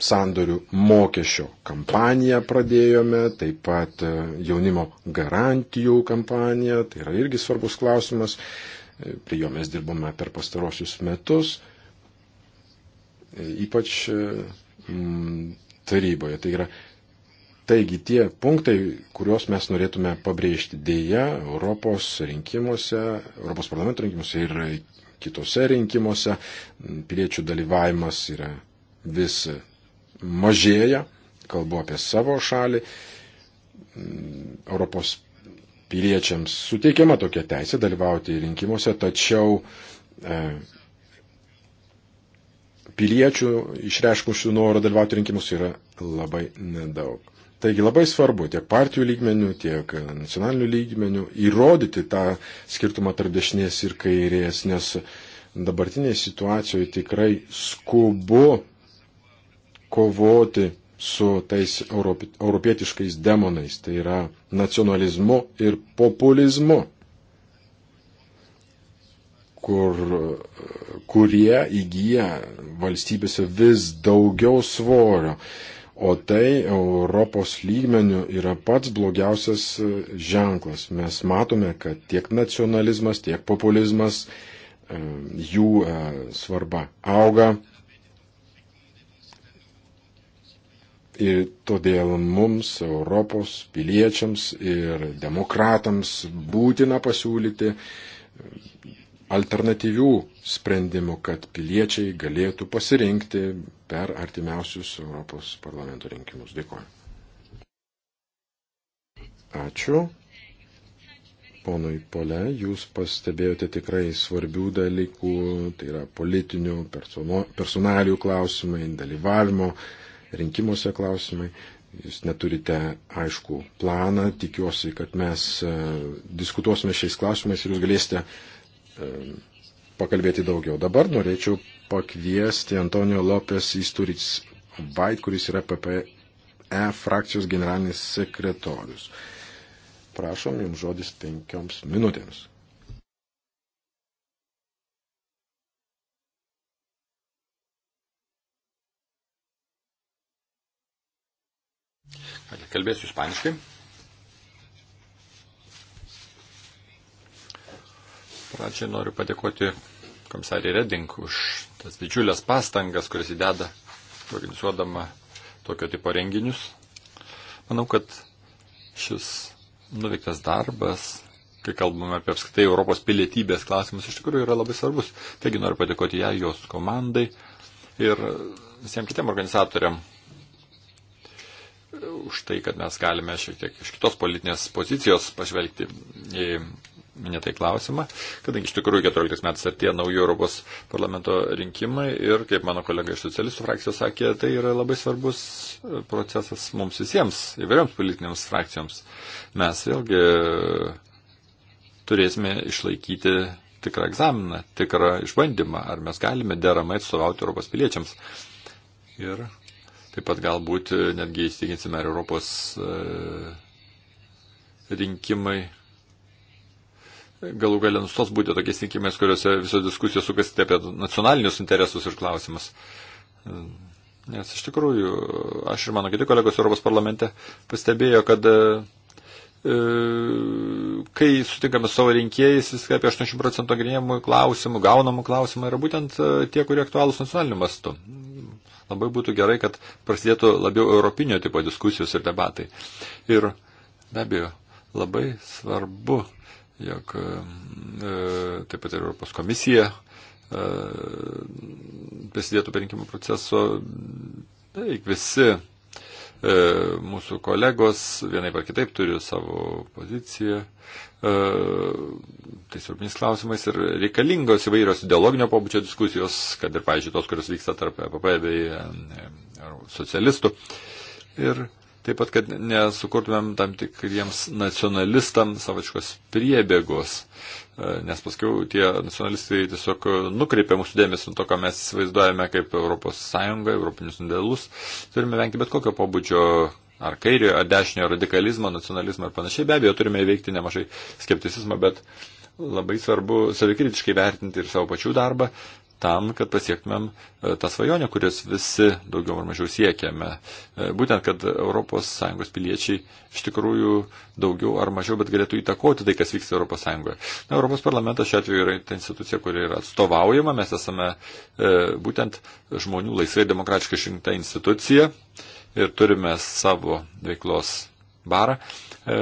sandorių mokesčio kampaniją pradėjome, taip pat jaunimo garantijų kampaniją, tai yra irgi svarbus klausimas, prie jo mes dirbome per pastarosius metus ypač e, taryboje. Tai yra, taigi tie punktai, kuriuos mes norėtume pabrėžti dėja Europos rinkimuose, Europos parlamento rinkimuose ir kitose rinkimuose, piliečių dalyvavimas yra vis mažėja, kalbu apie savo šalį, Europos piliečiams suteikiama tokia teisė dalyvauti rinkimuose, tačiau e, piliečių išreiškusių norą dalyvauti rinkimus yra labai nedaug. Taigi labai svarbu tiek partijų lygmenių, tiek nacionalinių lygmenių įrodyti tą skirtumą tarp dešinės ir kairės, nes dabartinėje situacijoje tikrai skubu kovoti su tais europietiškais demonais, tai yra nacionalizmu ir populizmu kur, kurie įgyja valstybėse vis daugiau svorio. O tai Europos lygmenių yra pats blogiausias e, ženklas. Mes matome, kad tiek nacionalizmas, tiek populizmas, e, jų e, svarba auga. Ir todėl mums, Europos piliečiams ir demokratams, būtina pasiūlyti alternatyvių sprendimų, kad piliečiai galėtų pasirinkti per artimiausius Europos parlamento rinkimus. Dėkuoju. Ačiū. Ponui Pole, jūs pastebėjote tikrai svarbių dalykų, tai yra politinių, personalių klausimai, dalyvavimo, rinkimuose klausimai. Jūs neturite aišku planą, tikiuosi, kad mes e, diskutuosime šiais klausimais ir jūs galėsite uh, pakalbėti daugiau. Dabar norėčiau pakviesti Antonio Lopes Isturic Vait, kuris yra PPE frakcijos generalinis sekretorius. Prašom, jums žodis penkioms minutėms. Kalbėsiu ispaniškai. Pradžiai noriu padėkoti komisarį Reding už tas didžiulės pastangas, kuris įdeda organizuodama tokio tipo renginius. Manau, kad šis nuveiktas darbas, kai kalbame apie apskritai Europos pilietybės klausimus, iš tikrųjų yra labai svarbus. Taigi noriu padėkoti ją, jos komandai ir visiems kitiem organizatoriam už tai, kad mes galime šiek tiek iš kitos politinės pozicijos pažvelgti į minėtai klausimą, kadangi iš tikrųjų 14 metais artėja naujo Europos parlamento rinkimai ir, kaip mano kolega iš socialistų frakcijos sakė, tai yra labai svarbus e, procesas mums visiems, įvairioms politinėms frakcijoms. Mes vėlgi e, turėsime išlaikyti tikrą egzaminą, tikrą išbandymą, ar mes galime deramai atstovauti Europos piliečiams. Ir taip pat galbūt e, netgi įstiginsime, ar Europos rinkimai galų galę nustos būti tokiais rinkimais, kuriuose visos diskusijos sukasi apie nacionalinius interesus ir klausimus. Nes iš tikrųjų, aš ir mano kiti kolegos Europos parlamente pastebėjo, kad e, e, kai sutinkame savo rinkėjais, viską apie 80 procentų agrinėjimų klausimų, gaunamų klausimų yra būtent e, tie, kurie aktualūs nacionaliniu mastu. Labai būtų gerai, kad prasidėtų labiau europinio tipo diskusijos ir debatai. Ir be abejo, labai svarbu jog e, e, taip pat ir Europos komisija e, prisidėtų prie rinkimų proceso. Beveik visi mūsų kolegos vienaip ar kitaip turi savo poziciją tiesioginiais klausimais ir reikalingos įvairios ideologinio pobūdžio diskusijos, kad ir, pavyzdžiui, tos, kurios vyksta tarp EPP bei socialistų. Ir Taip pat, kad nesukurtumėm tam tikriems nacionalistams savačkos priebėgos, e, nes paskui tie nacionalistai tiesiog nukreipia mūsų dėmesį nuo to, ką mes įsivaizduojame kaip Europos Sąjunga, Europinius indėlus. Turime vengti bet kokio pobūdžio ar kairio, ar dešinio radikalizmo, nacionalizmo ir panašiai. Be abejo, turime įveikti nemažai skepticizmą, bet labai svarbu savikritiškai vertinti ir savo pačių darbą, tam, kad pasiektumėm e, tą svajonę, kurios visi daugiau ar mažiau siekiame. E, būtent, kad ES piliečiai iš tikrųjų daugiau ar mažiau, bet galėtų įtakoti tai, kas vyksta ES. Na, Europos parlamentas šiuo atveju yra ta institucija, kuri yra atstovaujama, mes esame e, būtent žmonių laisvai demokratiškai išrinkta institucija ir turime savo veiklos barą. E,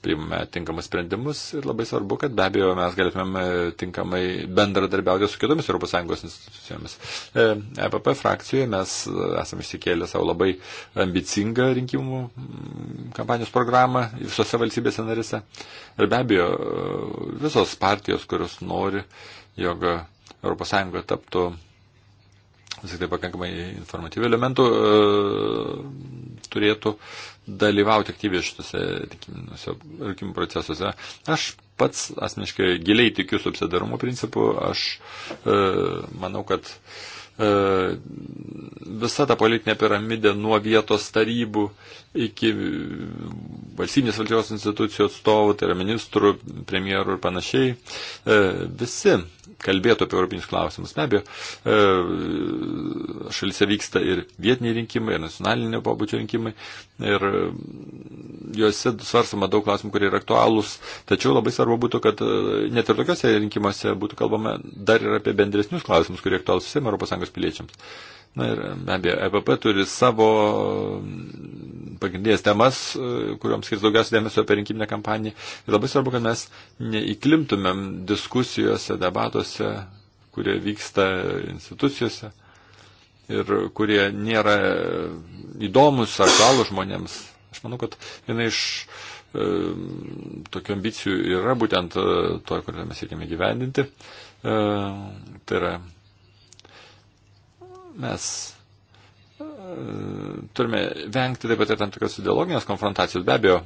priimame tinkamus sprendimus ir labai svarbu, kad be abejo mes galėtume tinkamai bendradarbiauti su kitomis ES institucijomis. EPP e frakcijoje mes esame išsikėlę savo labai ambicingą rinkimų kampanijos programą visose valstybėse narise. Ir be abejo, e, visos partijos, kurios nori, jog ES taptų vis tik tai pakankamai informatyvių elementų, e, turėtų dalyvauti aktyviai šituose rinkimų procesuose. Aš pats asmeniškai giliai tikiu subsidarumo principu. Aš e, manau, kad e, visa ta politinė piramidė nuo vietos tarybų iki valstybinės valdžios institucijų atstovų, tai yra ministrų, premjerų ir panašiai, e, visi kalbėtų apie europinius klausimus. Be abejo, e, šalise vyksta ir vietiniai rinkimai, ir nacionalinio pobūdžio rinkimai, ir juose svarstama daug klausimų, kurie yra aktualūs, tačiau labai svarbu būtų, kad e, net ir tokiuose rinkimuose būtų kalbama dar ir apie bendresnius klausimus, kurie aktualūs visiems ES piliečiams. Na ir be abejo, EPP turi savo pagrindinės temas, e, kuriuoms skirs daugiausiai dėmesio per rinkiminę kampaniją. Ir labai svarbu, kad mes neįklimtumėm diskusijose, debatuose, kurie vyksta institucijose ir kurie nėra įdomus aktualų žmonėms. Aš manau, kad viena iš e, tokių ambicijų yra būtent e, to, kurią mes siekime gyvendinti. E, tai yra, mes turime vengti taip pat ir tam tikras ideologinės konfrontacijos. Be abejo,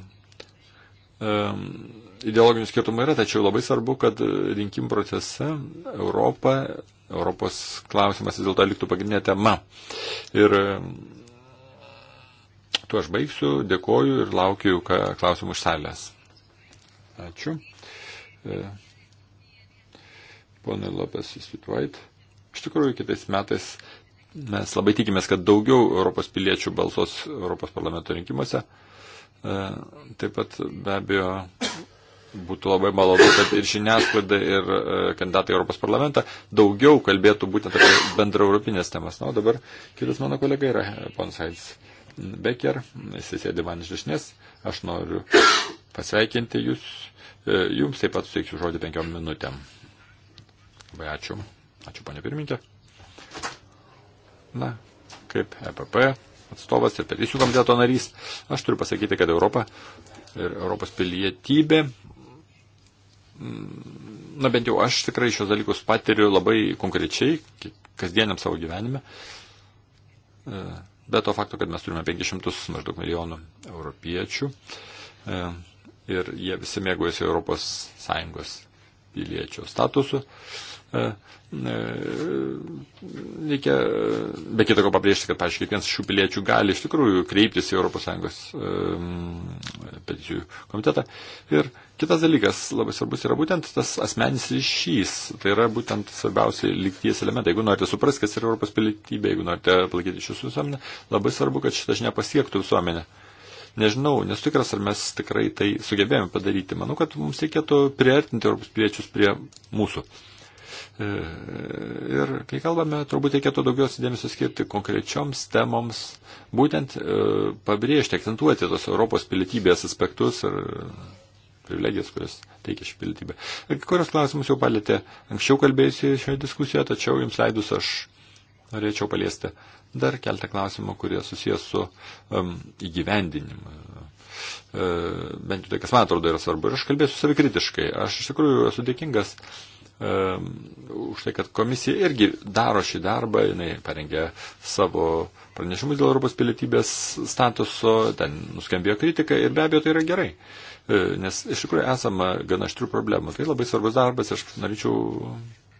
ideologinių skirtumų yra, tačiau labai svarbu, kad rinkimų procese Europa, Europos klausimas vis dėlto liktų pagrindinė tema. Ir tuo aš baigsiu, dėkoju ir laukiu klausimų iš salės. Ačiū. E, Pone Lopes Situait. Iš tikrųjų, kitais metais Mes labai tikimės, kad daugiau Europos piliečių balsos Europos parlamento rinkimuose. E, taip pat be abejo būtų labai malonu, kad ir žiniasklaida, ir e, kandidatai Europos parlamentą daugiau kalbėtų būtent apie bendra europinės temas. Na, o dabar kitas mano kolega yra ponas Haitis Becker, jis sėdi man iš dešinės, aš noriu pasveikinti jūs, e, jums taip pat suteiksiu žodį penkiom minutėm. Labai ačiū, ačiū ponė pirmininkė. Na, kaip EPP atstovas ir peticijų komiteto narys, aš turiu pasakyti, kad Europa ir Europos pilietybė, mm, na bent jau aš tikrai šios dalykus patiriu labai konkrečiai, kasdieniam savo gyvenime. E, Bet to fakto, kad mes turime 500 maždaug milijonų europiečių e, ir jie visi mėgojasi Europos Sąjungos piliečio statusu. E, e, reikia be kita ko pabrėžti, kad, paaiškiai, kiekvienas šių piliečių gali iš tikrųjų kreiptis į ES e, peticijų komitetą. Ir kitas dalykas labai svarbus yra būtent tas asmenis ryšys. Tai yra būtent svarbiausiai lygties elementai. Jeigu norite suprasti, kas yra Europos pilietybė, jeigu norite palaikyti iš jūsų visuomenę, labai svarbu, kad šitą žinia pasiektų visuomenę nežinau, nesu tikras, ar mes tikrai tai sugebėjome padaryti. Manau, kad mums reikėtų priartinti Europos piliečius prie mūsų. E, ir kai kalbame, turbūt reikėtų daugiausiai dėmesio skirti konkrečioms temoms, būtent e, pabrėžti, akcentuoti tos Europos pilietybės aspektus ir privilegijas, kurias teikia ši pilietybė. E, kurios klausimus jau palėtė anksčiau kalbėjusi šioje diskusijoje, tačiau jums leidus aš norėčiau paliesti dar keltą klausimų, kurie susijęs su um, įgyvendinimu. E, bent jau tai, kas man atrodo yra svarbu. Ir aš kalbėsiu savikritiškai. Aš iš tikrųjų esu dėkingas uh, už tai, kad komisija irgi daro šį darbą, jinai parengė savo pranešimus dėl Europos pilietybės statuso, ten nuskambėjo kritika ir be abejo tai yra gerai, e, nes iš tikrųjų esama gana aštrių problemų. Tai labai svarbus darbas, aš norėčiau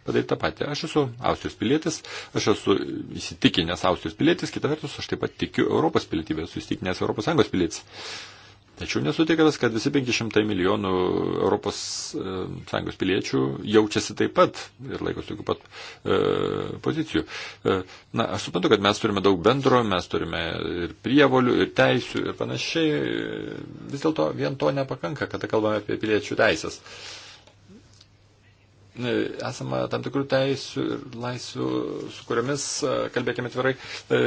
padaryti tą patį. Aš esu Austrijos pilietis, aš esu įsitikinęs Austrijos pilietis, kita vertus aš taip pat tikiu Europos pilietybę, esu įsitikinęs Europos Sąjungos pilietis. Tačiau nesutikras, kad visi 500 milijonų ES e, piliečių jaučiasi taip pat ir laikosi tokių pat e, pozicijų. E, na, aš suprantu, kad mes turime daug bendro, mes turime ir prievolių, ir teisių, ir panašiai. Vis dėlto vien to nepakanka, kada kalbame apie piliečių teisės. E, E, esama tam tikrų teisų ir laisvių, su kuriamis, e, kalbėkime atvirai, e,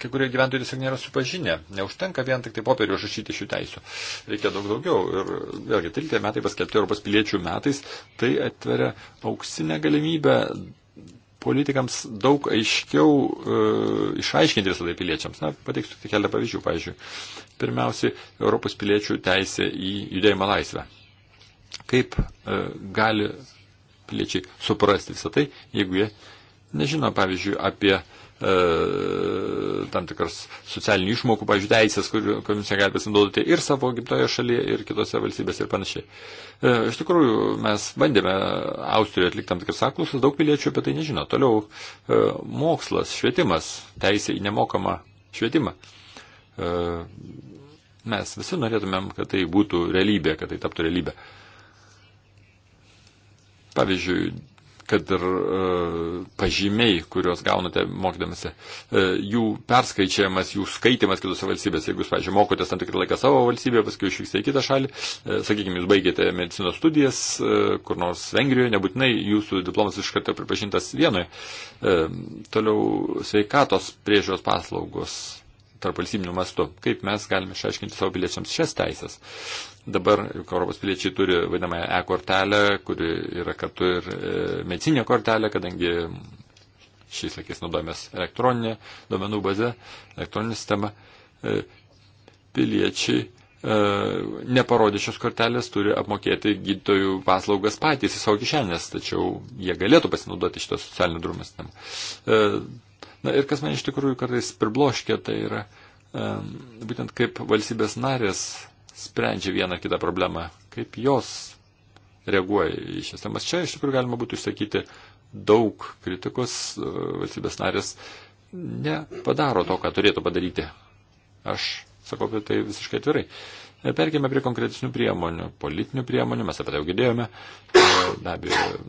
kai kurie gyventojai tiesiog nėra supažinę. Neužtenka vien tik tai popierių užrašyti šių teisų. Reikia daug daugiau. Ir vėlgi, 13 metai paskelbti Europos piliečių metais, tai atveria auksinę galimybę politikams daug aiškiau e, išaiškinti visą tai piliečiams. Na, pateiksiu tik keletą pavyzdžių. Pavyzdžiui, pirmiausiai, Europos piliečių teisė į judėjimo laisvę. Kaip e, gali piliečiai suprasti visą tai, jeigu jie nežino, pavyzdžiui, apie e, tam tikras socialinių išmokų, pavyzdžiui, teisės, kuriomis jie gali pasinaudoti ir savo gimtoje šalyje, ir kitose valstybėse ir panašiai. E, iš tikrųjų, mes bandėme Austrijoje atlikti tam tikras apklausas, daug piliečių apie tai nežino. Toliau e, mokslas, švietimas, teisė į nemokamą švietimą. E, mes visi norėtumėm, kad tai būtų realybė, kad tai taptų realybė. E, Pavyzdžiui, kad ir e, pažymiai, kuriuos gaunate mokydamasi, e, jų perskaičiavimas, jų skaitimas kitose valstybėse. Jeigu jūs, pavyzdžiui, mokotės tam tikrą laiką savo valstybėje, paskui išvykstate į kitą šalį, e, sakykime, jūs baigėte medicinos studijas e, kur nors Vengrijoje, nebūtinai jūsų diplomas iš karto pripažintas vienoje. E, toliau sveikatos priežiūros paslaugos tarp valstybinių mastų. Kaip mes galime išaiškinti savo piliečiams šias teisės? Dabar Europos piliečiai turi vadinamąją e-kortelę, kuri yra kartu ir e, medicinė kortelė, kadangi šiais laikais naudojamės elektroninė duomenų bazė, elektroninė sistema. E, piliečiai e, neparodė šios kortelės, turi apmokėti gydytojų paslaugas patys į savo kišenės, tačiau jie galėtų pasinaudoti šitą socialinį drumės temą. Na ir kas man iš tikrųjų kartais pribloškia, tai yra būtent kaip valstybės narės sprendžia vieną kitą problemą, kaip jos reaguoja į šias temas. Čia iš tikrųjų galima būtų išsakyti daug kritikos, valstybės narės nepadaro to, ką turėtų padaryti. Aš sakau apie tai visiškai atvirai. Perkime prie konkretesnių priemonių, politinių priemonių, mes apie tai jau girdėjome. Be abejo,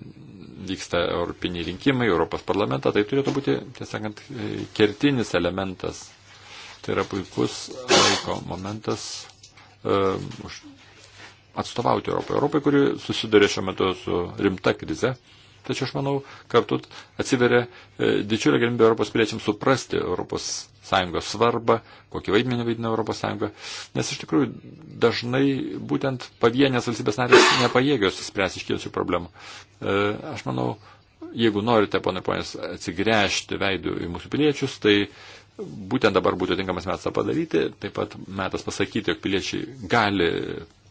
vyksta europiniai rinkimai, Europos parlamentą, tai turėtų būti, tiesąkant, kertinis elementas. Tai yra puikus laiko momentas E, atstovauti Europai. Europai, kuri susiduria šiuo metu su rimta krize. Tačiau aš manau, kartu atsiveria e, didžiulė galimybė Europos piliečiams suprasti Europos Sąjungos svarbą, kokį vaidmenį vaidina Europos Sąjunga. Nes iš tikrųjų dažnai būtent pavienės valstybės narės nepajėgios spręsti iškilusių problemų. E, aš manau, jeigu norite, ponai ponės, atsigręžti veidų į mūsų piliečius, tai būtent dabar būtų tinkamas metas tą padaryti, taip pat metas pasakyti, jog piliečiai gali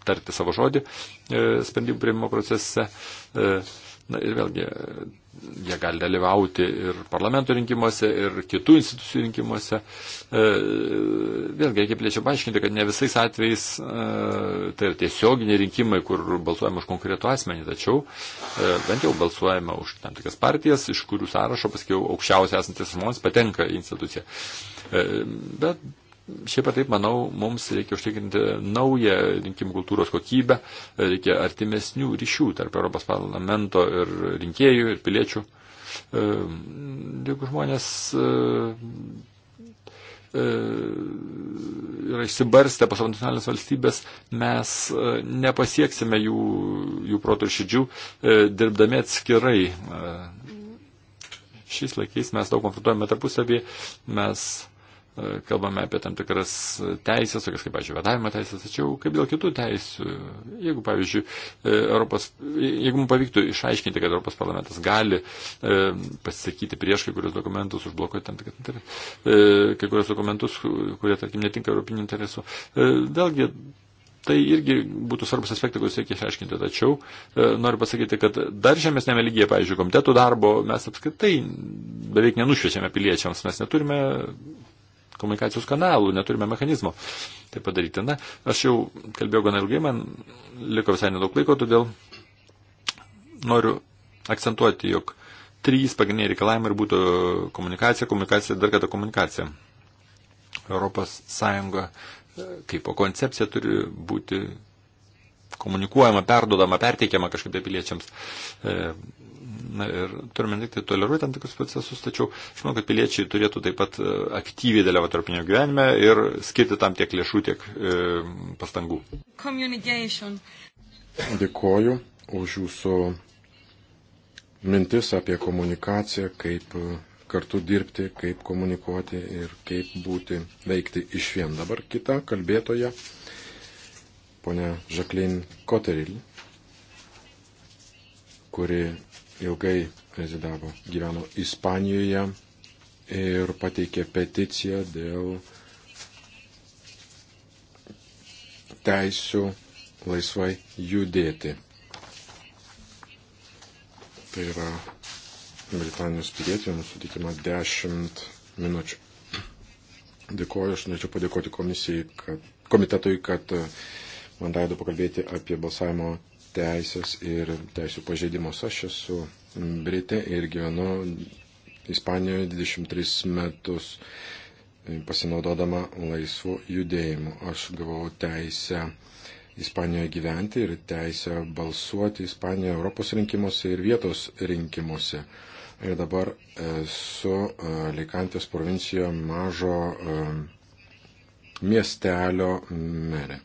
tarti savo žodį e, sprendimų prieimimo procese. E, na ir vėlgi, jie gali dalyvauti ir parlamento rinkimuose, ir kitų institucijų rinkimuose. E, vėlgi, reikia plėčiau paaiškinti, kad ne visais atvejais e, tai yra tiesioginiai rinkimai, kur balsuojama už konkretų asmenį, tačiau e, bent jau balsuojama už tam tikras partijas, iš kurių sąrašo paskui aukščiausiai esantis žmonės patenka į instituciją. Bet šiaip ar taip, manau, mums reikia užtikrinti naują rinkimų kultūros kokybę, reikia artimesnių ryšių tarp Europos parlamento ir rinkėjų ir piliečių. E, jeigu žmonės e, e, yra išsibarstę po savo nacionalinės valstybės, mes nepasieksime jų, jų protų ir širdžių, dirbdami atskirai. Šiais laikais mes daug konfrontuojame tarpusavį, mes kalbame apie tam tikras teisės, tokias kaip, pavyzdžiui, vedavimo teisės, tačiau kaip dėl kitų teisių. Jeigu, pavyzdžiui, e, Europos, jeigu mums pavyktų išaiškinti, kad Europos parlamentas gali e, pasisakyti prieš kai kurios dokumentus, užblokuoti tam tikrą, e, kai kurios dokumentus, kurie, tarkim, netinka Europinių interesų, e, vėlgi Tai irgi būtų svarbus aspektai, kuriuos reikia išaiškinti. Tačiau e, noriu pasakyti, kad dar žemesnėme lygyje, pavyzdžiui, komitetų darbo mes apskritai beveik nenušviečiame piliečiams, mes neturime komunikacijos kanalų, neturime mechanizmo tai padaryti. Na, aš jau kalbėjau gana ilgai, man liko visai nedaug laiko, todėl noriu akcentuoti, jog trys pagrindiniai reikalavimai ir būtų komunikacija, komunikacija ir dar kartą komunikacija. Europos Sąjunga e, kaip o koncepcija turi būti komunikuojama, perdodama, perteikiama kažkaip tai piliečiams. E, ir turime tik tai toleruoti tam tikrus procesus, tačiau aš manau, kad piliečiai turėtų taip pat e, aktyviai dalyvauti tarpinio gyvenime ir skirti tam tiek lėšų, tiek e, pastangų. Dėkoju už jūsų mintis apie komunikaciją, kaip e, kartu dirbti, kaip komunikuoti ir kaip būti, veikti iš vien. Dabar kita kalbėtoja, ponia Žaklin Koteril, kuri ilgai rezidavo, gyveno Ispanijoje ir pateikė peticiją dėl teisių laisvai judėti. Tai yra Britanijos pilietė, mums sutikima 10 minučių. Dėkoju, aš norėčiau padėkoti komisijai, kad, komitetui, kad man leido pakalbėti apie balsavimo teisės ir teisų pažeidimus. Aš esu Britė ir gyvenu Ispanijoje 23 metus pasinaudodama laisvu judėjimu. Aš gavau teisę Ispanijoje gyventi ir teisę balsuoti Ispanijoje Europos rinkimuose ir vietos rinkimuose. Ir dabar esu e, Likantės provincijoje mažo e, miestelio merė.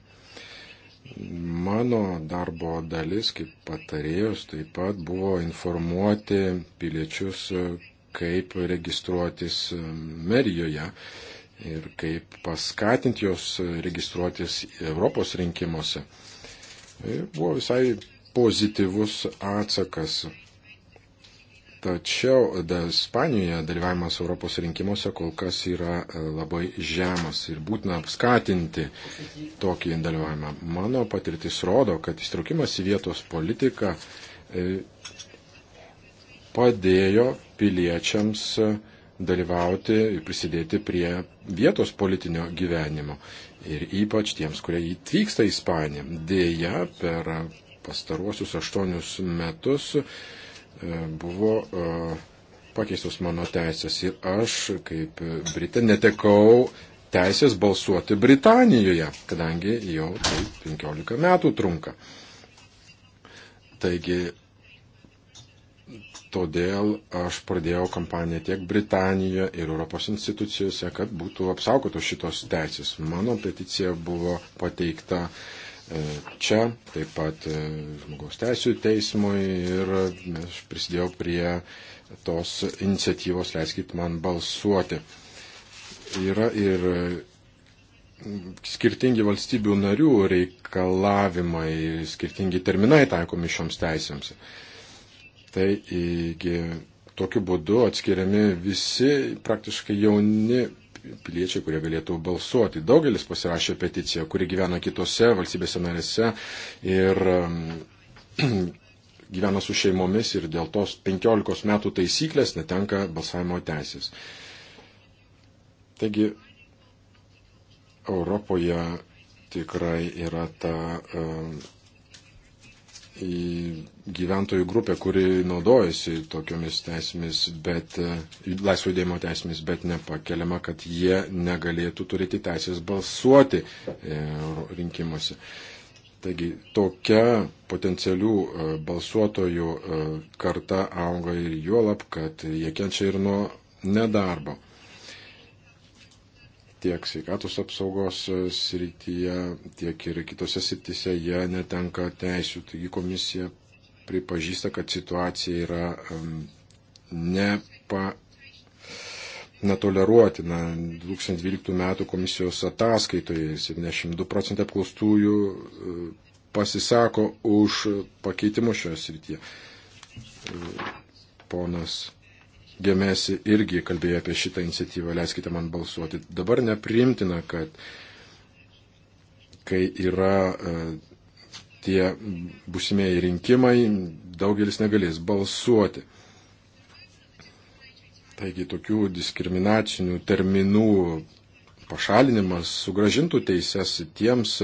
Mano darbo dalis kaip patarėjos taip pat buvo informuoti piliečius, kaip registruotis merijoje ir kaip paskatinti jos registruotis Europos rinkimuose. Ir buvo visai pozityvus atsakas. Tačiau Ispanijoje dalyvavimas Europos rinkimuose kol kas yra e, labai žemas ir būtina apskatinti tokį dalyvavimą. Mano patirtis rodo, kad įstraukimas į vietos politiką e, padėjo piliečiams e, dalyvauti ir prisidėti prie vietos politinio gyvenimo. Ir ypač tiems, kurie įtvyksta į Ispaniją. Deja, per pastaruosius aštuonius metus E, buvo e, pakeistos mano teisės ir aš kaip Britė netekau teisės balsuoti Britanijoje, kadangi jau tai 15 metų trunka. Taigi, todėl aš pradėjau kampaniją tiek Britanijoje ir Europos institucijose, kad būtų apsaugotos šitos teisės. Mano peticija buvo pateikta uh, E, čia, taip pat e, žmogaus teisų teismui ir aš prisidėjau prie tos iniciatyvos, leiskit man balsuoti. Yra ir skirtingi valstybių narių reikalavimai, skirtingi terminai taikomi šioms teisėms. Taigi tokiu būdu atskiriami visi praktiškai jauni piliečiai, kurie galėtų balsuoti. Daugelis pasirašė peticiją, kuri gyvena kitose valstybėse narėse ir um, gyvena su šeimomis ir dėl tos 15 metų taisyklės netenka balsavimo teisės. Taigi Europoje tikrai yra ta uh, gyventojų grupę, kuri naudojasi tokiomis teisėmis, bet e, laisvo judėjimo teisėmis, bet nepakeliama, kad jie negalėtų turėti teisės balsuoti e, rinkimuose. Taigi tokia potencialių e, balsuotojų karta auga ir juolap, kad jie kenčia ir nuo nedarbo tiek sveikatos apsaugos e, srityje, tiek ir kitose srityse jie netenka teisių. Taigi komisija pripažįsta, kad situacija yra nepa, netoleruotina. 2012 metų komisijos ataskaitoje 72 procentai apklaustųjų e, pasisako už pakeitimus šioje srityje. E, ponas Gemesi irgi kalbėjo apie šitą iniciatyvą, leiskite man balsuoti. Dabar neprimtina, kad kai yra e, tie busimieji rinkimai, daugelis negalės balsuoti. Taigi tokių diskriminacinių terminų pašalinimas sugražintų teises tiems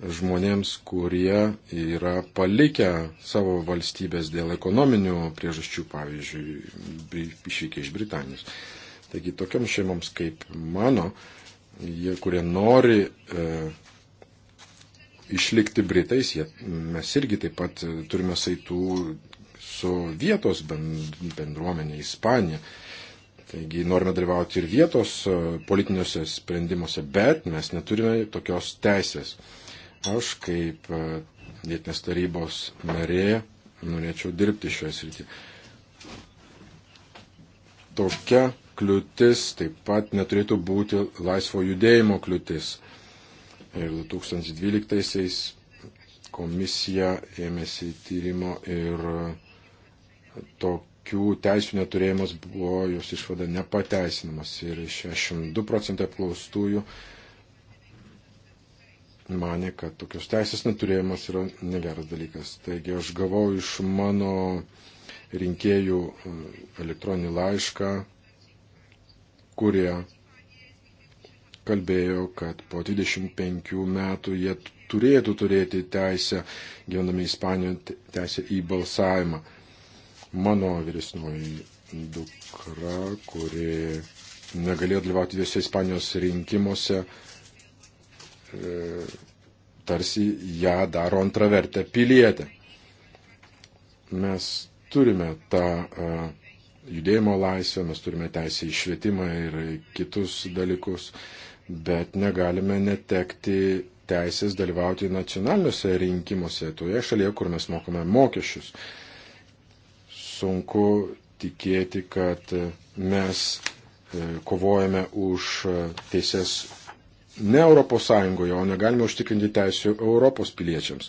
žmonėms, kurie yra palikę savo valstybės dėl ekonominių priežasčių, pavyzdžiui, išvykę iš Britanijos. Taigi tokiam šeimoms kaip mano, jie, kurie nori e, išlikti Britais, jie, mes irgi taip pat e, turime saitų su vietos bendruomenė Ispanija. Taigi norime dalyvauti ir vietos e, politiniuose sprendimuose, bet mes neturime tokios teisės. Aš kaip e, vietinės tarybos narė norėčiau dirbti šioje srityje. Tokia kliūtis taip pat neturėtų būti laisvo judėjimo kliūtis. Ir 2012 komisija ėmėsi tyrimo ir tokių teisų neturėjimas buvo jos išvada nepateisinamas. Ir 62 procentai apklaustųjų mane, kad tokios teisės neturėjimas yra negeras dalykas. Taigi aš gavau iš mano rinkėjų e, elektroninį laišką, kurie kalbėjo, kad po 25 metų jie turėtų turėti teisę, gyvenami Ispanijoje, teisę į balsavimą. Mano vyresnioji dukra, kuri negalėjo dalyvauti visose Ispanijos rinkimuose, E, tarsi ją daro antravertę pilietę. Mes turime tą e, judėjimo laisvę, mes turime teisę į švietimą ir kitus dalykus, bet negalime netekti teisės dalyvauti nacionaliniuose rinkimuose, toje šalyje, kur mes mokame mokesčius. Sunku tikėti, kad mes e, kovojame už teises ne Europos Sąjungoje, o negalime užtikrinti teisių Europos piliečiams.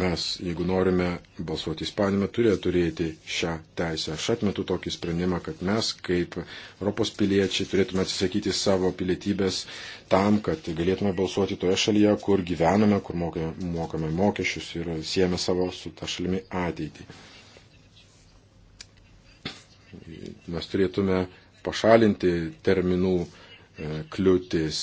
Mes, jeigu norime balsuoti Ispanijame, turėjo turėti šią teisę. Aš atmetu tokį sprendimą, kad mes kaip Europos piliečiai turėtume atsisakyti savo pilietybės tam, kad galėtume balsuoti toje šalyje, kur gyvename, kur mokame mokesčius ir siejame savo su ta šalimi ateitį. Mes turėtume pašalinti terminų E, kliūtis.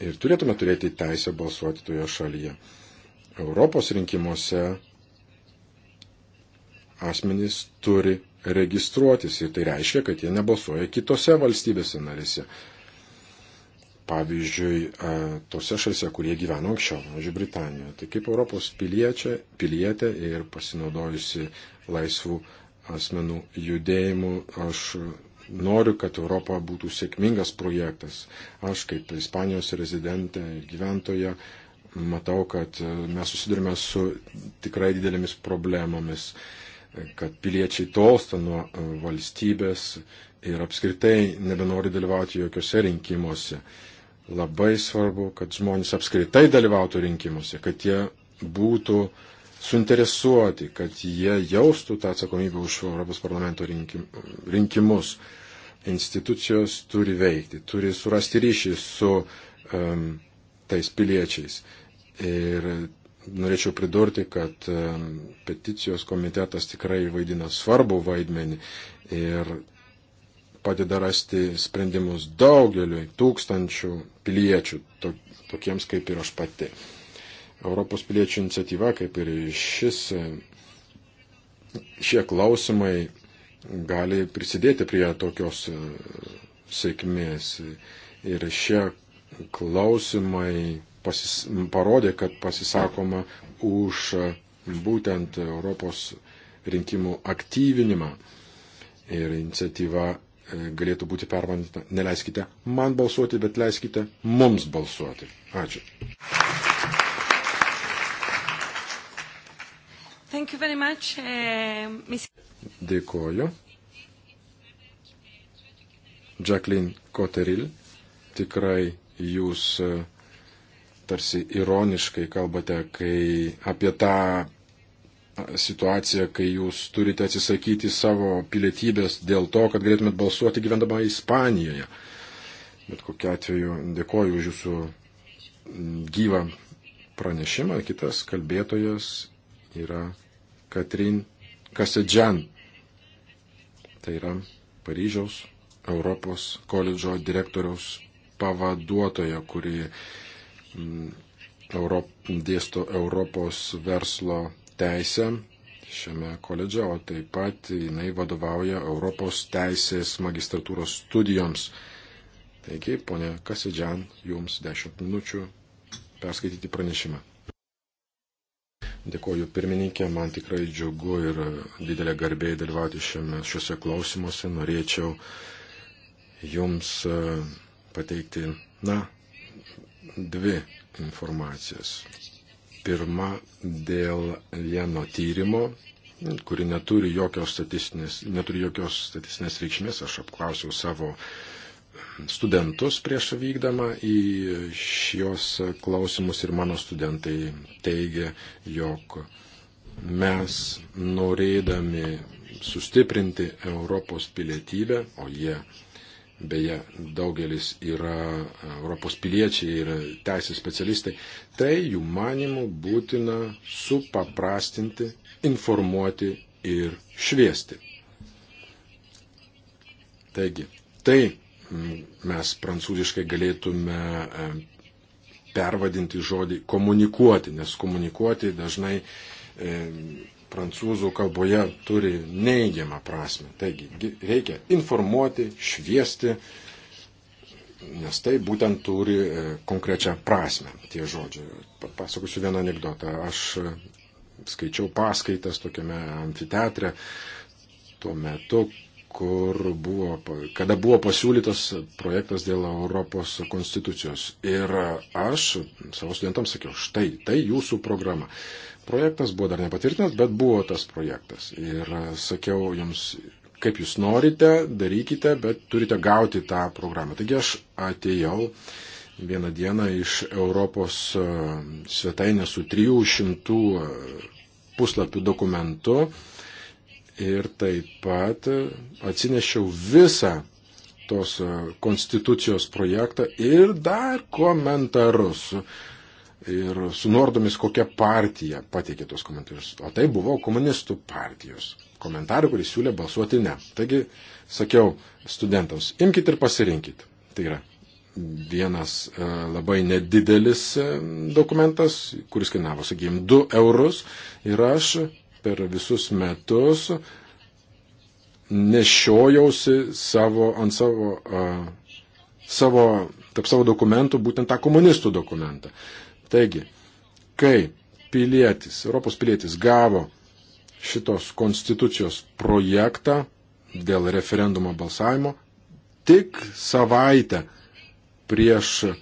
Ir turėtume turėti teisę balsuoti toje šalyje. Europos rinkimuose asmenys turi registruotis ir tai reiškia, kad jie nebalsuoja kitose valstybėse narėse. Pavyzdžiui, e, tose šalise, kurie gyveno anksčiau, pavyzdžiui, Britanijoje. Tai kaip Europos piliečia, pilietė ir pasinaudojusi laisvų asmenų judėjimu. Aš noriu, kad Europa būtų sėkmingas projektas. Aš kaip Ispanijos rezidentė ir gyventoja matau, kad mes susidurime su tikrai didelėmis problemomis, kad piliečiai tolsta nuo valstybės ir apskritai nebenori dalyvauti jokiuose rinkimuose. Labai svarbu, kad žmonės apskritai dalyvautų rinkimuose, kad jie būtų uh, suinteresuoti, kad jie jaustų tą atsakomybę už Europos parlamento rinkim, rinkimus. Institucijos turi veikti, turi surasti ryšį su um, tais piliečiais. Ir norėčiau pridurti, kad um, peticijos komitetas tikrai vaidina svarbų vaidmenį ir padeda rasti sprendimus daugeliui tūkstančių piliečių, to, tokiems kaip ir aš pati. Uh, Europos piliečių iniciatyva, kaip ir šis, šie klausimai gali prisidėti prie tokios e, sėkmės. Ir šie klausimai pasis, parodė, kad pasisakoma už būtent Europos rinkimų aktyvinimą. Ir iniciatyva e, galėtų būti pervadinta. Neleiskite man balsuoti, bet leiskite mums balsuoti. Ačiū. Thank you very much, uh, eh, Ms. Dėkoju. Jacqueline Koteril, tikrai jūs eh, tarsi ironiškai kalbate, kai apie tą situaciją, kai jūs turite atsisakyti savo pilietybės dėl to, kad galėtumėt balsuoti gyvendama Ispanijoje. Bet kokiu atveju dėkoju už jūsų mm, gyvą pranešimą. Kitas kalbėtojas yra Katrin Kasidžian. Tai yra Paryžiaus Europos koledžo direktoriaus pavaduotoja, kuri mm, Europ, dėsto Europos verslo teisę šiame koledže, o taip pat jinai vadovauja Europos teisės magistratūros studijoms. Taigi, ponė Kasidžian, jums 10 minučių perskaityti pranešimą. Dėkoju pirmininkė, man tikrai džiugu ir didelė garbė dalyvauti šiame, šiuose klausimuose. Norėčiau Jums e, pateikti, na, dvi informacijas. Pirma, dėl vieno tyrimo, kuri neturi jokios statistinės, neturi jokios statistinės reikšmės, aš apklausiau savo uh, studentus prieš vykdama į šios klausimus ir mano studentai teigia, jog mes norėdami sustiprinti Europos pilietybę, o jie beje daugelis yra Europos piliečiai ir teisės specialistai, tai jų manimų būtina supaprastinti, informuoti ir šviesti. Taigi, tai mes prancūziškai galėtume e, pervadinti žodį komunikuoti, nes komunikuoti dažnai e, prancūzų kalboje turi neigiamą prasme. Taigi reikia informuoti, šviesti, nes tai būtent turi e, konkrečią prasme tie žodžiai. Papasakosiu vieną anegdotą. Aš e, skaičiau paskaitas tokiame amfiteatre tuo metu, kur buvo, kada buvo pasiūlytas projektas dėl Europos konstitucijos. Ir aš savo studentams sakiau, štai, tai jūsų programa. Projektas buvo dar nepatvirtintas, bet buvo tas projektas. Ir sakiau jums, kaip jūs norite, darykite, bet turite gauti tą programą. Taigi aš atėjau vieną dieną iš Europos e, svetainės su 300 e, puslapių dokumentu ir taip pat e, atsinešiau visą tos e, konstitucijos projektą ir dar komentarus. Ir su nuordomis, kokia partija pateikė tos komentarus. O tai buvo komunistų partijos komentarų, kuris siūlė balsuoti ne. Taigi, sakiau studentams, imkite ir pasirinkite. Tai yra vienas e, labai nedidelis dokumentas, kuris kainavo, sakykime, 2 eurus. Ir aš per visus metus nešiojausi savo, ant savo, a, savo, tarp savo dokumentų, būtent tą komunistų dokumentą. Taigi, kai pilietis, Europos pilietis gavo šitos konstitucijos projektą dėl referendumo balsavimo, tik savaitę prieš e,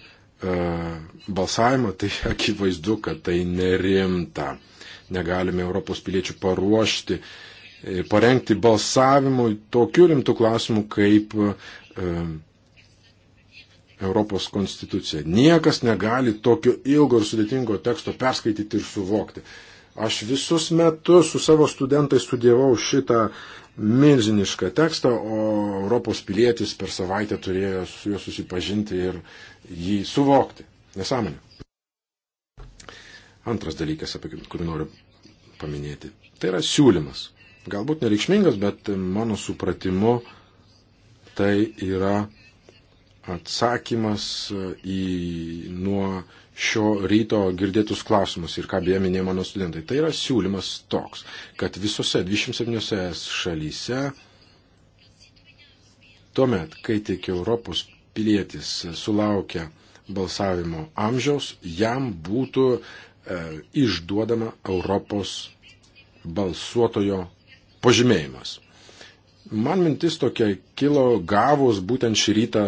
balsavimą, tai akivaizdu, kad tai nerimta negalime Europos piliečių paruošti, e, parengti balsavimui tokių rimtų klausimų kaip e, Europos konstitucija. Niekas negali tokio ilgo ir sudėtingo teksto perskaityti ir suvokti. Aš visus metus su savo studentais studijavau šitą milžinišką tekstą, o Europos pilietis per savaitę turėjo su juo susipažinti ir jį suvokti. Nesąmonė. Antras dalykas, apie kurį noriu paminėti. Tai yra siūlymas. Galbūt nereikšmingas, bet mano supratimu tai yra atsakymas e, į nuo šio ryto girdėtus klausimus ir ką beje minėjo mano studentai. Tai yra siūlymas toks, kad visose 27 šalyse tuomet, kai tik Europos pilietis sulaukia balsavimo amžiaus, jam būtų E, išduodama Europos balsuotojo pažymėjimas. Man mintis tokia kilo gavus būtent šį rytą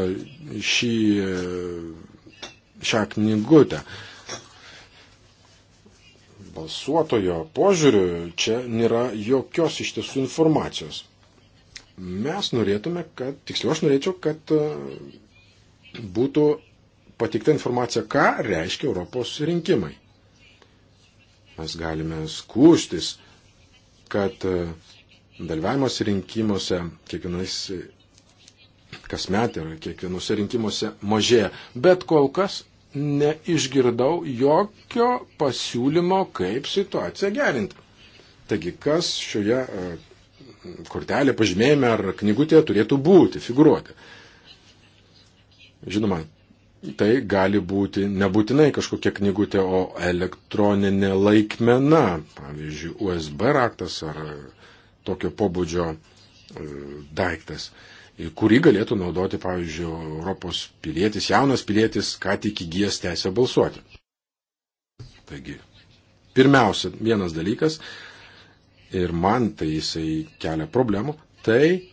šį, e, šią knygutę. Balsuotojo požiūriu čia nėra jokios iš tiesų informacijos. Mes norėtume, kad, tiksliau aš norėčiau, kad e, būtų patikta informacija, ką reiškia Europos rinkimai. Mes galime skūštis, kad e, dalyvavimas rinkimuose kiekvienais e, kasmet ir kiekvienose rinkimuose mažėja. Bet kol kas neišgirdau jokio pasiūlymo, kaip situaciją gerinti. Taigi, kas šioje e, kortelė, pažymėjime ar knygutėje turėtų būti, figuruoti. Žinoma, tai gali būti nebūtinai kažkokia knygutė, o elektroninė laikmena, pavyzdžiui, USB raktas ar tokio pobūdžio e, daiktas, kurį galėtų naudoti, pavyzdžiui, Europos pilietis, jaunas pilietis, ką tik įgyjęs teisę balsuoti. Taigi, pirmiausia, vienas dalykas, ir man tai jisai kelia problemų, tai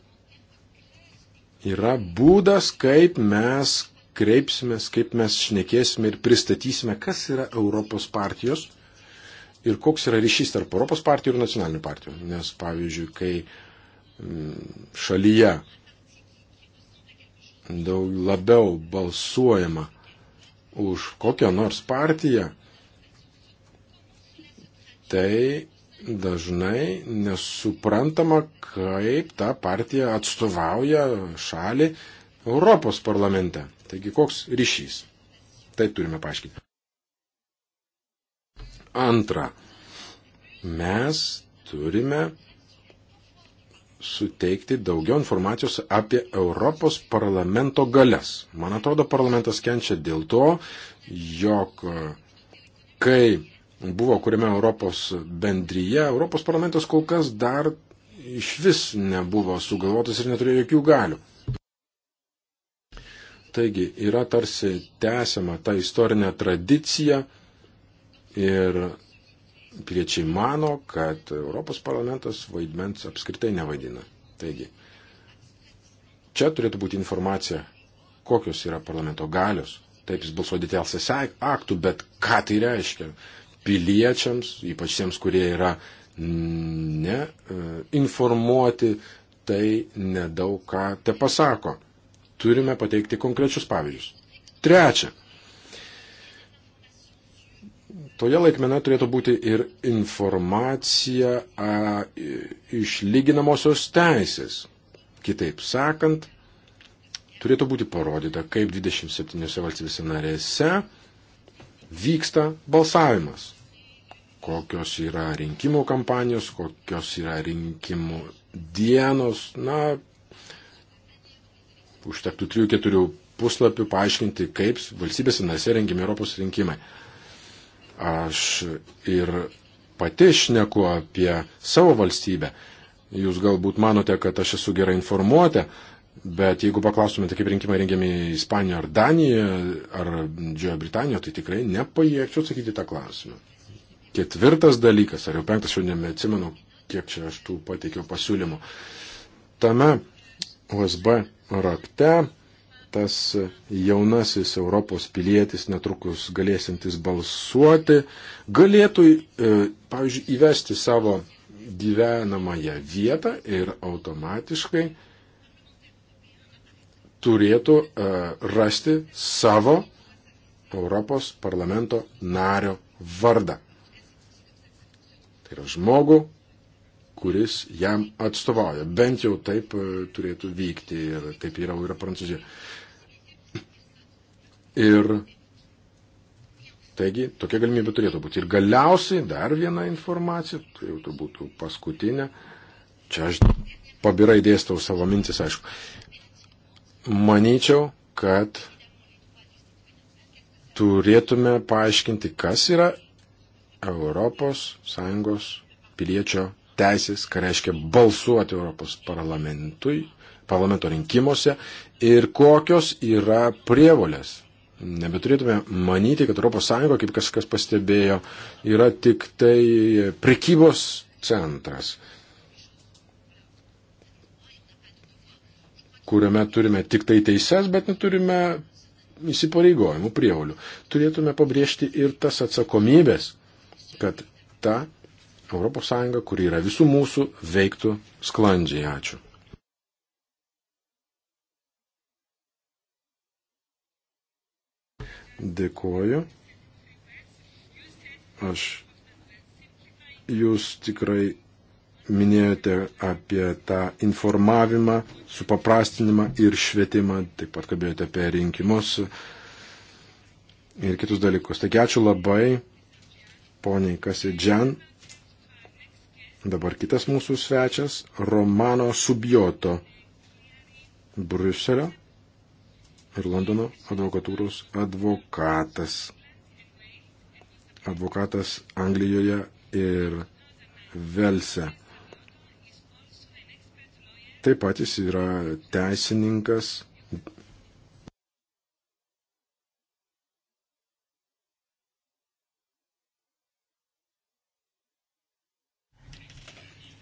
yra būdas, kaip mes kreipsimės, kaip mes šnekėsime ir pristatysime, kas yra Europos partijos ir koks yra ryšys tarp Europos partijų ir nacionalinių partijų. Nes, pavyzdžiui, kai mm, šalyje daug labiau balsuojama už kokią nors partiją, tai dažnai nesuprantama, kaip ta partija atstovauja šalį Europos parlamente. Taigi koks ryšys? Tai turime paaiškinti. Antra, mes turime suteikti daugiau informacijos apie Europos parlamento galias. Man atrodo, parlamentas kenčia dėl to, jog kai buvo kuriame Europos bendryje, Europos parlamentas kol kas dar iš vis nebuvo sugalvotas ir neturėjo jokių galių. Taigi yra tarsi tęsiama ta istorinė tradicija ir piliečiai mano, kad Europos parlamentas vaidmens apskritai nevaidina. Taigi, čia turėtų būti informacija, kokios yra parlamento galios. Taip jis balsuoja dėl teisės aktų, bet ką tai reiškia piliečiams, ypač tiems, kurie yra neinformuoti, e, tai nedaug ką te pasako. Turime pateikti konkrečius pavyzdžius. Trečia. Toje laikmena turėtų būti ir informacija a, išlyginamosios teisės. Kitaip sakant, turėtų būti parodyta, kaip 27 valstybėse narėse vyksta balsavimas, kokios yra rinkimų kampanijos, kokios yra rinkimų dienos, na, užtektų 3-4 puslapių paaiškinti, kaip valstybės narėse rengiami Europos rinkimai. Aš ir pati šneku apie savo valstybę. Jūs galbūt manote, kad aš esu gerai informuota, bet jeigu paklaustumėte, tai kaip rinkimai rengiami Ispanijoje ar Danijoje ar Džiojo Britanijoje, tai tikrai nepajėgčiau atsakyti tą klausimą. Ketvirtas dalykas, ar jau penktas, jau nebeatsimenu, kiek čia aš tų pateikiau pasiūlymų. Tame USB rakte tas jaunasis Europos pilietis netrukus galėsintis balsuoti, galėtų, e, pavyzdžiui, įvesti savo gyvenamąją vietą ir automatiškai turėtų e, rasti savo Europos parlamento nario vardą. Tai yra žmogų, kuris jam atstovauja. Bent jau taip e, turėtų vykti ir taip yra, yra Prancūzija. Ir taigi tokia galimybė turėtų būti. Ir galiausiai dar viena informacija, tai jau turbūt paskutinė. Čia aš pabirai dėstau savo mintis, aišku. Manyčiau, kad turėtume paaiškinti, kas yra ES piliečio teisės, ką reiškia balsuoti Europos parlamentui, parlamento rinkimuose ir kokios yra prievolės. Nebeturėtume manyti, kad ES, kaip kažkas pastebėjo, yra tik tai prekybos centras, kuriame turime tik tai teises, bet neturime įsipareigojimų prievolių. Turėtume pabrėžti ir tas atsakomybės, kad ta ES, kuri yra visų mūsų, veiktų sklandžiai. Ačiū. Dėkuoju. Aš. Jūs tikrai minėjote apie tą informavimą, supaprastinimą ir švietimą, taip pat kalbėjote apie rinkimus ir kitus dalykus. Taigi ačiū labai poniai Kasidžian Dabar kitas mūsų svečias - Romano Subjoto Bruselio ir Londono advokatūros advokatas. Advokatas Anglijoje ir Velse. Taip pat jis yra teisininkas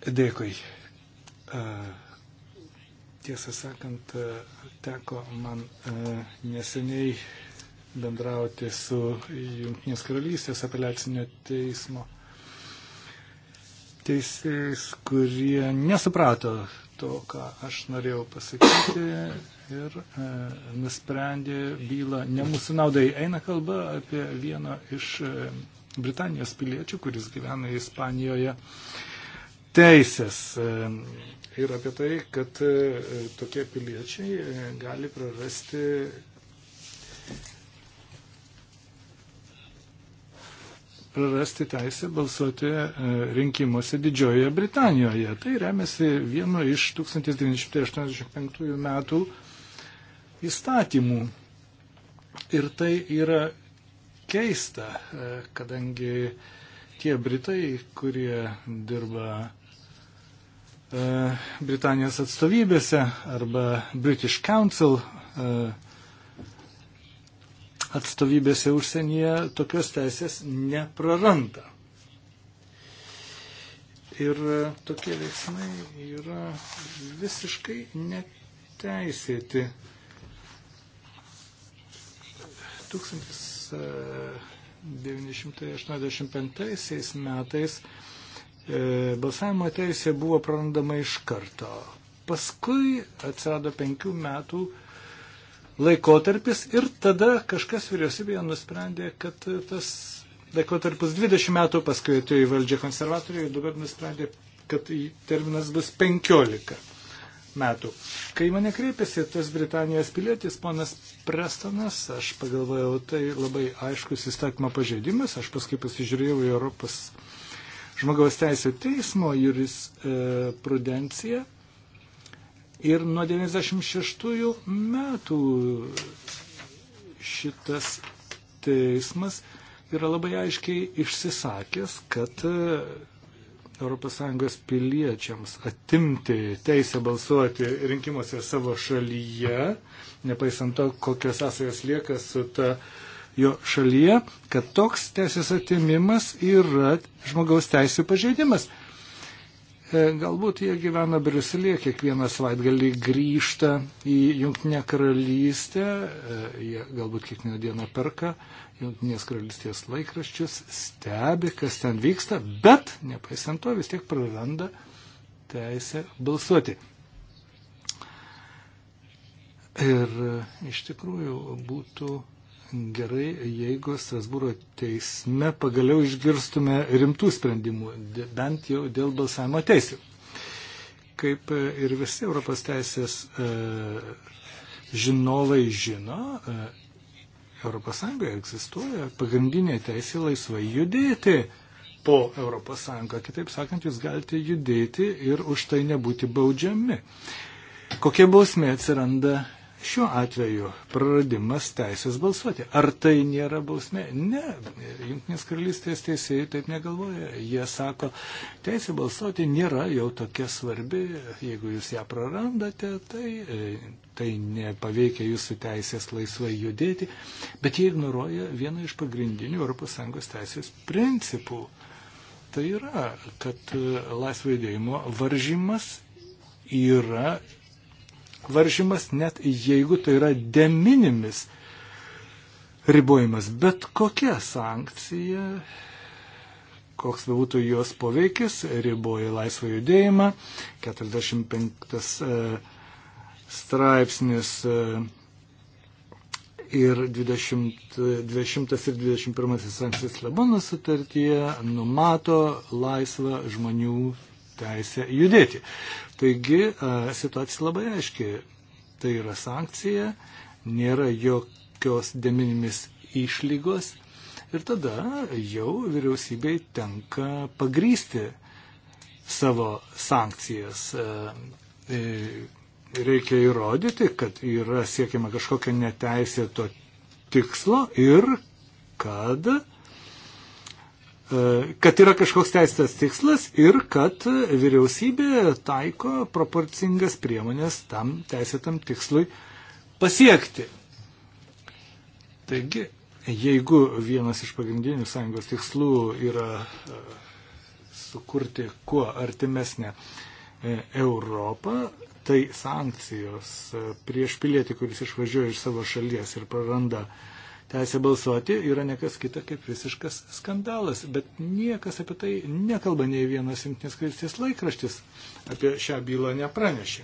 Dėkui. Tiesą sakant, teko man neseniai bendrauti su Junktinės karalystės apeliacinio teismo teisėjais, kurie nesuprato to, ką aš norėjau pasakyti ir e, nusprendė bylą ne mūsų naudai. Eina kalba apie vieną iš e, Britanijos piliečių, kuris gyvena Ispanijoje. E, teisės e, ir apie tai, kad e, tokie piliečiai e, gali prarasti prarasti teisę balsuoti rinkimuose Didžiojoje Britanijoje. Tai remiasi vienu iš 1985 metų įstatymų. Ir tai yra keista, kadangi tie Britai, kurie dirba E, Britanijos atstovybėse arba British Council e, atstovybėse užsienyje tokios teisės nepraranda. Ir tokie veiksmai yra visiškai neteisėti. 1985 e, metais E, balsavimo teisė buvo prarandama iš karto. Paskui atsirado penkių metų laikotarpis ir tada kažkas vyriausybėje nusprendė, kad tas laikotarpis 20 metų, paskui atėjo į valdžią konservatoriai ir dabar nusprendė, kad terminas bus 15 metų. Kai mane kreipėsi tas Britanijos pilietis, ponas Prestonas, aš pagalvojau, tai labai aiškus įstatymo pažeidimas, aš paskui pasižiūrėjau į Europos žmogaus teisų teismo jurisprudencija. Ir nuo 96 metų šitas teismas yra labai aiškiai išsisakęs, kad ES piliečiams atimti teisę balsuoti rinkimuose savo šalyje, nepaisant to, kokios sąsajos lieka su ta uh, jo šalyje, kad toks teisės atimimas yra žmogaus teisų pažeidimas. E, galbūt jie gyvena Briuselėje, kiekvieną savaitgalį grįžta į Junktinę karalystę, e, jie galbūt kiekvieną dieną perka Junktinės karalystės laikraščius, stebi, kas ten vyksta, bet nepaisant to vis tiek praranda teisę balsuoti. Ir e, iš tikrųjų būtų gerai, jeigu Strasbūro teisme pagaliau išgirstume rimtų sprendimų, bent jau dėl balsavimo teisų. Kaip e, ir visi Europos teisės e, žinovai žino, ES egzistuoja pagrindinė teisė laisvai judėti po ES. Kitaip sakant, jūs galite judėti ir už tai nebūti baudžiami. Kokia bausmė atsiranda Šiuo atveju praradimas teisės balsuoti. Ar tai nėra bausmė? Ne, Junktinės karalystės teisėjai taip negalvoja. Jie sako, teisė balsuoti nėra jau tokia svarbi. Jeigu jūs ją prarandate, tai, tai nepaveikia jūsų teisės laisvai judėti. Bet jie ignoruoja vieną iš pagrindinių ES teisės principų. Tai yra, kad laisvo judėjimo varžymas yra varžymas, net jeigu tai yra deminimis ribojimas. Bet kokia sankcija, koks būtų jos poveikis, riboja laisvą judėjimą. 45 e, straipsnis e, ir 20, 200 e, ir 21 sankcijas Lebono sutartyje numato laisvą žmonių teisę judėti. Taigi situacija labai aiški. Tai yra sankcija, nėra jokios deminimis išlygos ir tada jau vyriausybei tenka pagrysti savo sankcijas. Reikia įrodyti, kad yra siekiama kažkokio neteisėto tikslo ir kad uh, E, kad yra kažkoks teisėtas tikslas ir kad vyriausybė taiko proporcingas priemonės tam teisėtam tikslui pasiekti. Taigi, jeigu vienas iš pagrindinių sąjungos tikslų yra e, sukurti kuo artimesnę e, Europą, tai sankcijos prieš pilietį, kuris išvažiuoja iš savo šalies ir praranda uh, teisę balsuoti yra nekas kita kaip visiškas skandalas. Bet niekas apie tai nekalba, nei vienas Junktinės karalystės laikraštis apie šią bylą nepranešė.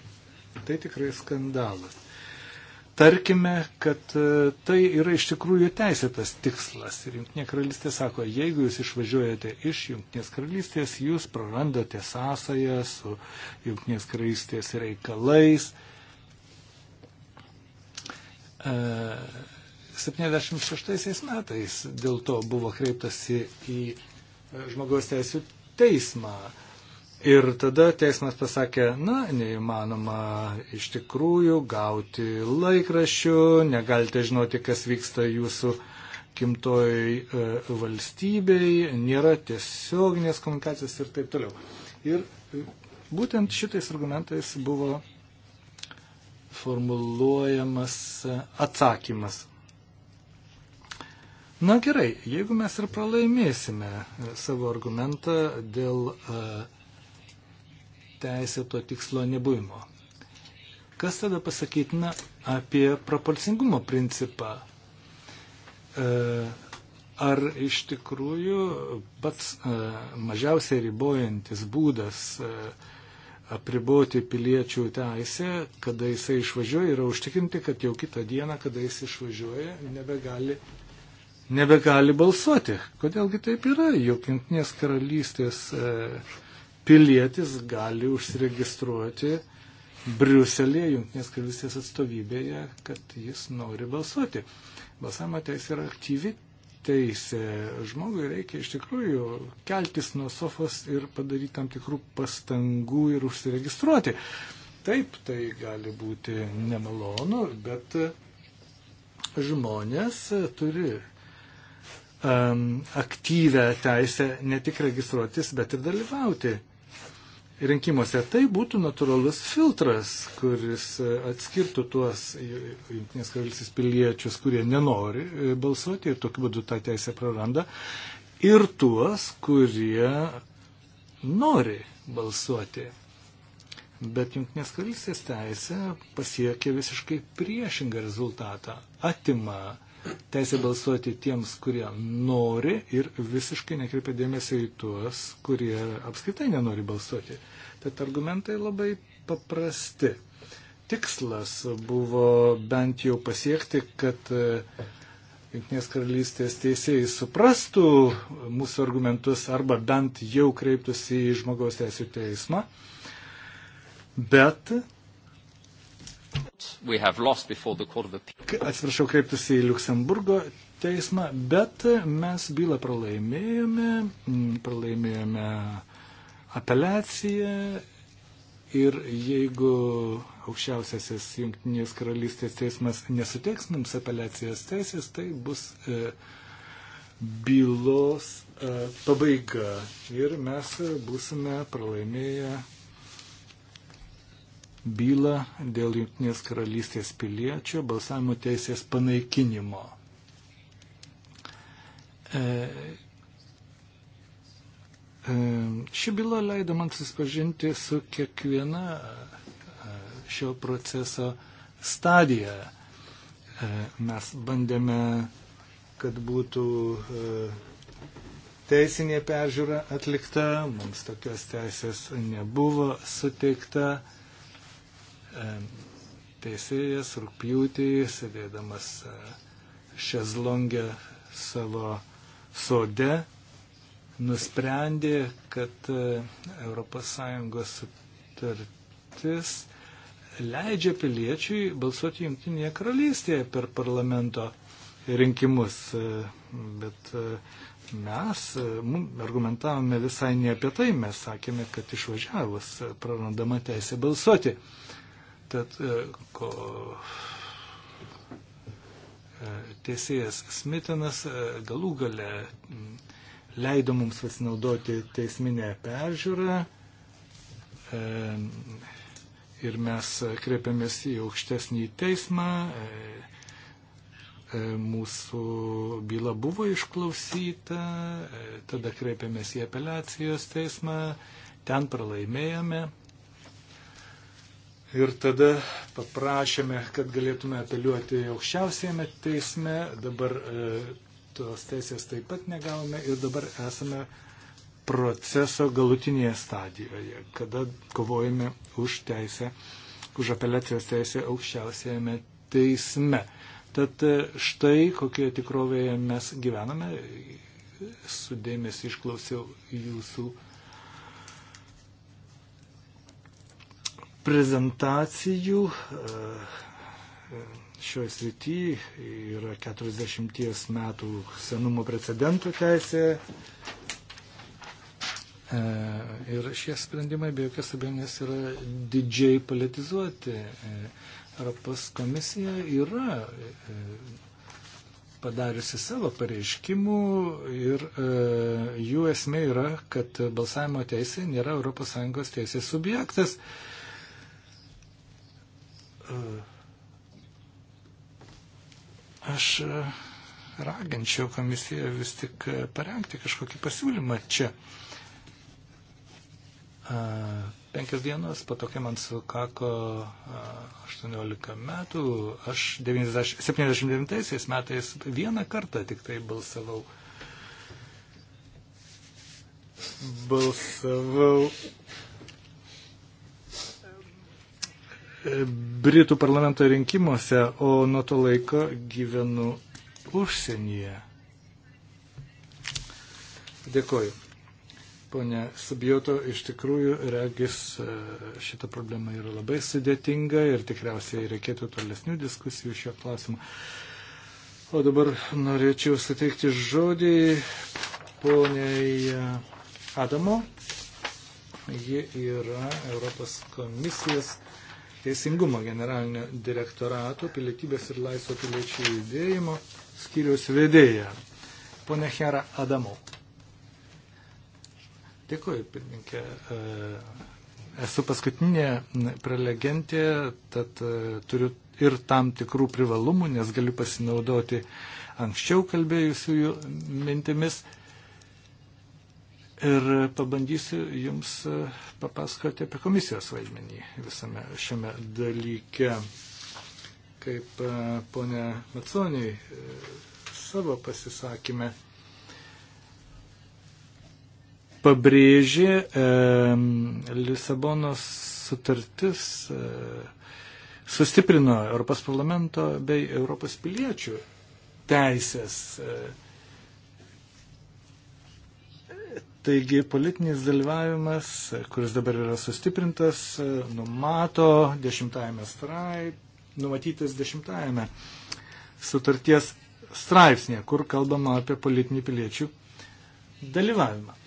Tai tikrai skandalas. Tarkime, kad e, tai yra iš tikrųjų teisėtas tikslas. Ir Junktinė karalystė sako, jeigu jūs išvažiuojate iš Junktinės karalystės, jūs prarandate sąsają su Junktinės karalystės reikalais. E, 76 metais dėl to buvo kreiptasi į e, žmogaus teisų teismą. Ir tada teismas pasakė, na, neįmanoma iš tikrųjų gauti laikrašių, negalite žinoti, kas vyksta jūsų gimtojai e, valstybei, nėra tiesioginės komunikacijos ir taip toliau. Ir e, būtent šitais argumentais buvo formuluojamas atsakymas Na gerai, jeigu mes ir pralaimėsime e, savo argumentą dėl e, teisėto tikslo nebuvimo, kas tada pasakytina apie proporcingumo principą? E, ar iš tikrųjų pats mažiausiai ribojantis būdas apriboti piliečių teisę, kada jisai išvažiuoja, yra užtikrinti, kad jau kitą dieną, kada jis išvažiuoja, nebegali nebegali balsuoti. Kodėlgi taip yra, juk Junktinės karalystės e, pilietis gali užsiregistruoti Briuselėje, Junktinės karalystės atstovybėje, kad jis nori balsuoti. Balsavimo teisė yra aktyvi teisė. Žmogui reikia iš tikrųjų keltis nuo sofos ir padaryti tam tikrų pastangų ir užsiregistruoti. Taip, tai gali būti nemalonu, bet žmonės turi um, aktyvę teisę ne tik registruotis, bet ir dalyvauti rinkimuose. Tai būtų natūralus filtras, kuris e, atskirtų tuos Junktinės karalystės piliečius, kurie nenori e, balsuoti ir tokiu būdu tą teisę praranda, ir tuos, kurie nori balsuoti. Bet Junktinės karalystės teisė pasiekia visiškai priešingą rezultatą. Atima uh, teisė balsuoti tiems, kurie nori ir visiškai nekreipia dėmesio į tuos, kurie apskritai nenori balsuoti. Tad argumentai labai paprasti. Tikslas buvo bent jau pasiekti, kad e, Junktinės karalystės teisėjai suprastų mūsų argumentus arba bent jau kreiptųsi į žmogaus teisų teismą. Bet we have lost before the Court of Appeal. Atsiprašau kreiptis į Luksemburgo teismą, bet mes bylą pralaimėjome, pralaimėjome apeliaciją ir jeigu aukščiausiasis Junktinės karalystės teismas nesuteiks mums apeliacijos teisės, tai bus e, bylos e, pabaiga ir mes e, būsime pralaimėję bylą dėl Junktinės karalystės piliečio balsavimo teisės panaikinimo. E, e, ši byla leido man susipažinti su kiekviena e, šio proceso stadija. E, mes bandėme, kad būtų e, teisinė peržiūra atlikta, mums tokios teisės nebuvo suteikta. E, E, teisėjas rūpjūtį, sėdėdamas e, šezlongę savo sode, nusprendė, kad ES sutartis leidžia piliečiui balsuoti Junktinėje karalystėje per parlamento rinkimus. E, bet mes argumentavome visai ne apie tai, mes sakėme, kad išvažiavus prarandama teisė balsuoti. Tad e, ko, e, teisėjas Smitinas e, galų gale leido mums pasinaudoti teisminę peržiūrą ir mes kreipiamės į aukštesnį teismą. Mūsų byla buvo išklausyta, tada kreipiamės į apeliacijos teismą, ten pralaimėjome. Ir tada paprašėme, kad galėtume apeliuoti aukščiausiame teisme. Dabar e, tos teisės taip pat negavome ir dabar esame proceso galutinėje stadijoje, kada kovojame už teisę, už apeliacijos teisę aukščiausiame teisme. Tad e, štai kokioje tikrovėje mes gyvename. Sudėmės išklausiau jūsų prezentacijų e, šioje srityje yra 40 metų senumo precedentų teisė. E, ir šie sprendimai be jokios abejonės yra didžiai politizuoti. E, Europos komisija yra padariusi savo pareiškimų ir e, jų esmė yra, kad balsavimo teisė nėra ES teisės subjektas. E, Aš e, raginčiau komisiją vis tik e, parengti kažkokį pasiūlymą čia. E, Penkias dienas, po to, kai man sukako 18 metų, aš 90, 79 metais vieną kartą tik tai balsavau. Balsavau Britų parlamento rinkimuose, o nuo to laiko gyvenu užsienyje. Dėkoju. Pone Subjoto, iš tikrųjų, regis e, šita problema yra labai sudėtinga ir tikriausiai reikėtų tolesnių diskusijų šio klausimu. O dabar norėčiau suteikti žodį poniai Adamo. Ji yra Europos komisijos Teisingumo generalinio direktorato pilietybės ir laisvo piliečių judėjimo skyriaus vedėja, ponė Hera Adamo. Dėkuoju, pirmininkė. E, esu paskutinė prelegentė, tad e, turiu ir tam tikrų privalumų, nes galiu pasinaudoti anksčiau kalbėjusiųjų mintimis. Ir pabandysiu Jums e, papasakoti apie komisijos vaidmenį visame šiame dalyke. Kaip e, ponė Maconiai e, savo pasisakymę pabrėžė, Lisabonos sutartis sustiprino Europos parlamento bei Europos piliečių teisės. E, Taigi politinis dalyvavimas, kuris dabar yra sustiprintas, numato dešimtajame straip, numatytas dešimtajame sutarties straipsnėje, kur kalbama apie politinį piliečių dalyvavimą.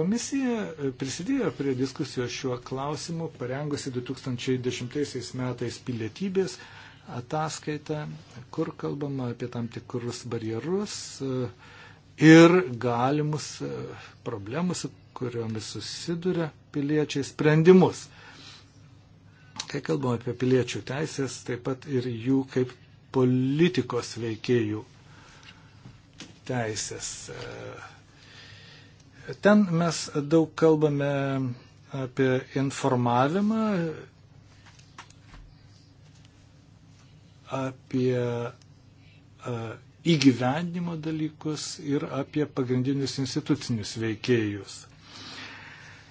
Komisija prisidėjo prie diskusijos šiuo klausimu, parengusi 2010 metais pilietybės ataskaitą, kur kalbama apie tam tikrus barjerus, uh, ir galimus e, problemus, kuriomis susiduria piliečiai sprendimus. Kai kalbame apie piliečių teisės, taip pat ir jų kaip politikos veikėjų teisės. E, ten mes daug kalbame apie informavimą, apie e, įgyvendimo dalykus ir apie pagrindinius institucinius veikėjus.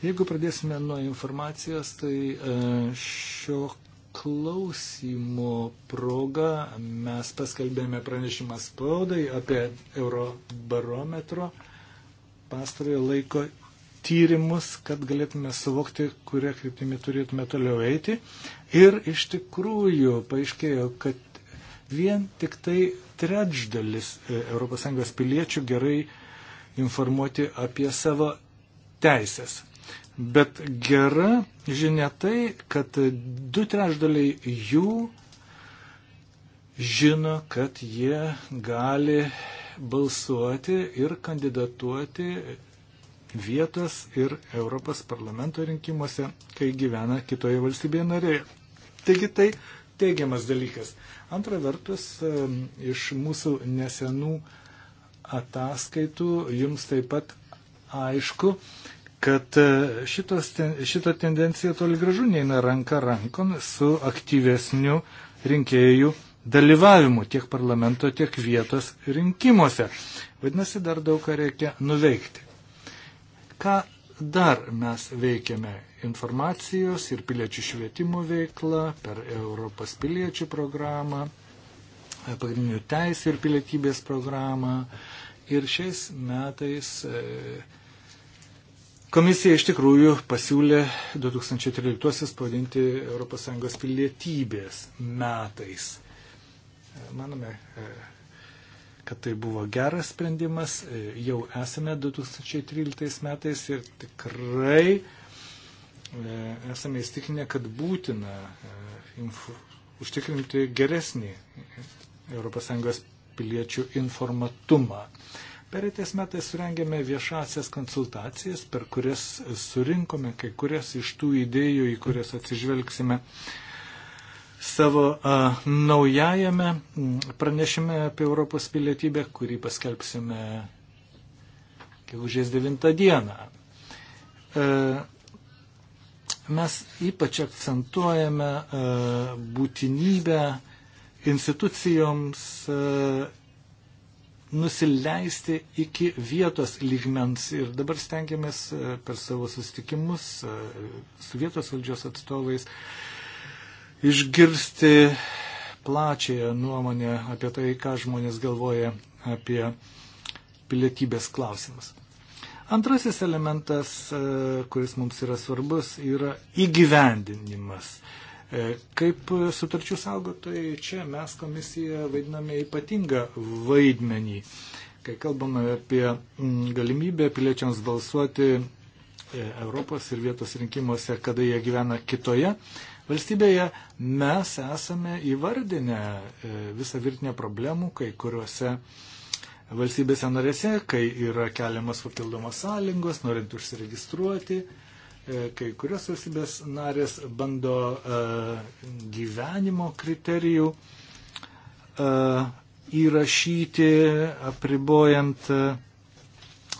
Jeigu pradėsime nuo informacijos, tai e, šio klausimo proga mes paskelbėme pranešimą spaudai apie Eurobarometro pastarojo laiko tyrimus, kad galėtume suvokti, kurią kryptimį turėtume toliau eiti. Ir iš tikrųjų paaiškėjo, kad vien tik tai trečdalis e, ES piliečių gerai informuoti apie savo teisės. Bet gera žinia tai, kad du trečdaliai jų žino, kad jie gali balsuoti ir kandidatuoti vietos ir Europos parlamento rinkimuose, kai gyvena kitoje valstybėje narėje. Taigi tai teigiamas dalykas. Antra vertus, e, iš mūsų nesenų ataskaitų jums taip pat aišku, kad e, šitos, šita tendencija toli gražu neina ranka rankon su aktyvesniu rinkėjų dalyvavimu tiek parlamento, tiek vietos rinkimuose. Vadinasi, dar daug ką reikia nuveikti. Ką dar mes veikiame? informacijos ir piliečių švietimo veiklą, per Europos piliečių programą, e, pagrindinių teisų ir pilietybės programą. Ir šiais metais e, komisija iš tikrųjų pasiūlė 2013 pavadinti ES pilietybės metais. E, manome, kad tai buvo geras sprendimas, jau esame 2013 metais ir tikrai E, esame įstikinę, kad būtina e, infu, užtikrinti geresnį ES piliečių informatumą. Pereitais metais surengėme viešasias konsultacijas, per kurias surinkome kai kurias iš tų idėjų, į kurias atsižvelgsime savo a, naujajame pranešime apie Europos pilietybę, kurį paskelbsime gegužės 9 dieną. A, e, Mes ypač akcentuojame e, būtinybę institucijoms e, nusileisti iki vietos lygmens. Ir dabar stengiamės e, per savo susitikimus su vietos valdžios atstovais išgirsti plačiąją nuomonę apie tai, ką žmonės galvoja apie pilietybės klausimas. Antrasis elementas, e, kuris mums yra svarbus, yra įgyvendinimas. E, kaip sutarčių saugotojai, čia mes komisija vaidiname ypatingą vaidmenį, kai kalbame apie galimybę piliečiams balsuoti e, Europos ir vietos rinkimuose, kada jie gyvena kitoje valstybėje, mes esame įvardinę visą virtinę problemų, kai kuriuose uh, valstybėse narėse, kai yra keliamas papildomas sąlygos, norint užsiregistruoti. E, kai kurios valstybės narės bando e, gyvenimo kriterijų e, įrašyti, apribojant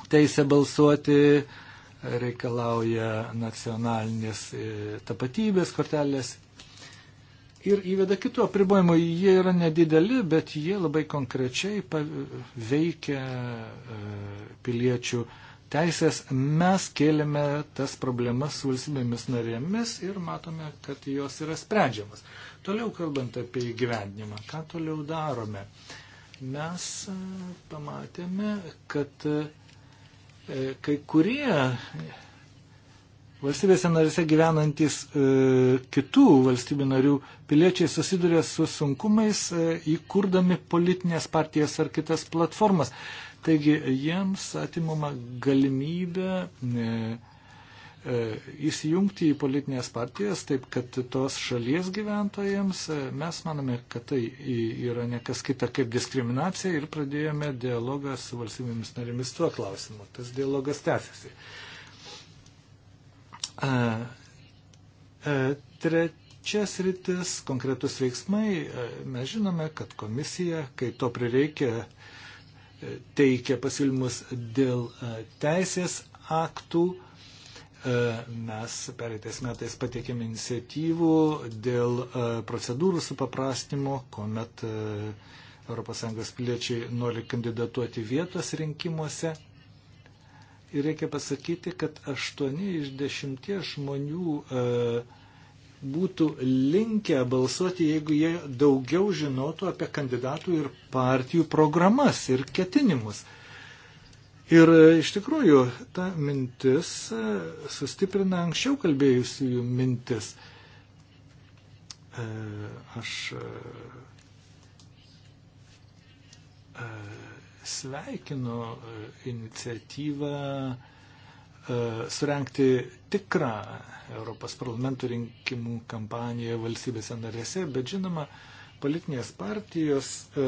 teisę balsuoti, reikalauja nacionalinės tapatybės kortelės ir įveda kitų apribojimų. Jie yra nedideli, bet jie labai konkrečiai veikia e, piliečių teisės. Mes kėlėme tas problemas su valstybėmis narėmis ir matome, kad jos yra sprendžiamas. Toliau kalbant apie įgyvendinimą, ką toliau darome? Mes e, pamatėme, kad e, kai kurie Valstybėse narise gyvenantis e, kitų valstybių narių piliečiai susiduria su sunkumais e, įkurdami politinės partijas ar kitas platformas. Taigi jiems atimama galimybė e, e, įsijungti į politinės partijas, taip kad tos šalies gyventojams e, mes manome, kad tai yra nekas kita kaip diskriminacija ir pradėjome dialogą su valstybėmis narėmis tuo klausimu. Tas dialogas tęsiasi. E, A, a, e, trečias rytis, konkretus veiksmai, a, e, mes žinome, kad komisija, kai to prireikia, e, teikia pasiūlymus dėl a, teisės aktų. Mes pereitais metais patiekėme iniciatyvų dėl procedūrų supaprastimo, kuomet ES piliečiai nori kandidatuoti vietos rinkimuose. Ir reikia pasakyti, kad 8 iš 10 žmonių e, būtų linkę balsuoti, jeigu jie daugiau žinotų apie kandidatų ir partijų programas ir ketinimus. Ir e, iš tikrųjų ta mintis e, sustiprina anksčiau kalbėjusiųjų mintis. E, aš sveikinu e, iniciatyvą e, surenkti tikrą Europos parlamento rinkimų kampaniją valstybėse narėse, bet žinoma, politinės partijos e,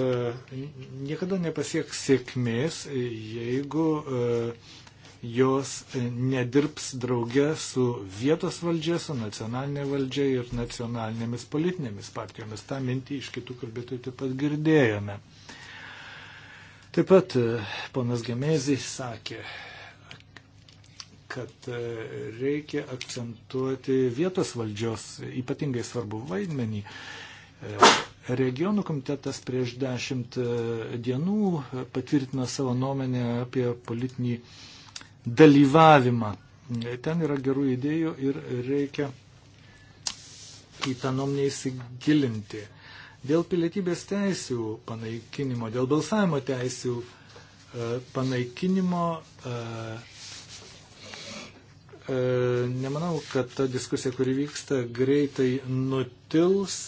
niekada nepasieks sėkmės, jeigu jos nedirbs drauge su vietos valdžia, su nacionalinė valdžia ir nacionalinėmis politinėmis partijomis. Ta mintį iš kitų kalbėtojų taip pat girdėjome. Taip pat e, ponas Gemezis sakė, kad e, reikia akcentuoti vietos valdžios ypatingai svarbu vaidmenį. E, regionų komitetas prieš dešimt dienų patvirtino savo nuomenę apie politinį dalyvavimą. Ten yra gerų idėjų ir reikia į tą nuomonę įsigilinti. Dėl pilietybės teisių panaikinimo, dėl balsavimo teisių e, panaikinimo, e, e, nemanau, kad ta diskusija, kuri vyksta, greitai nutils.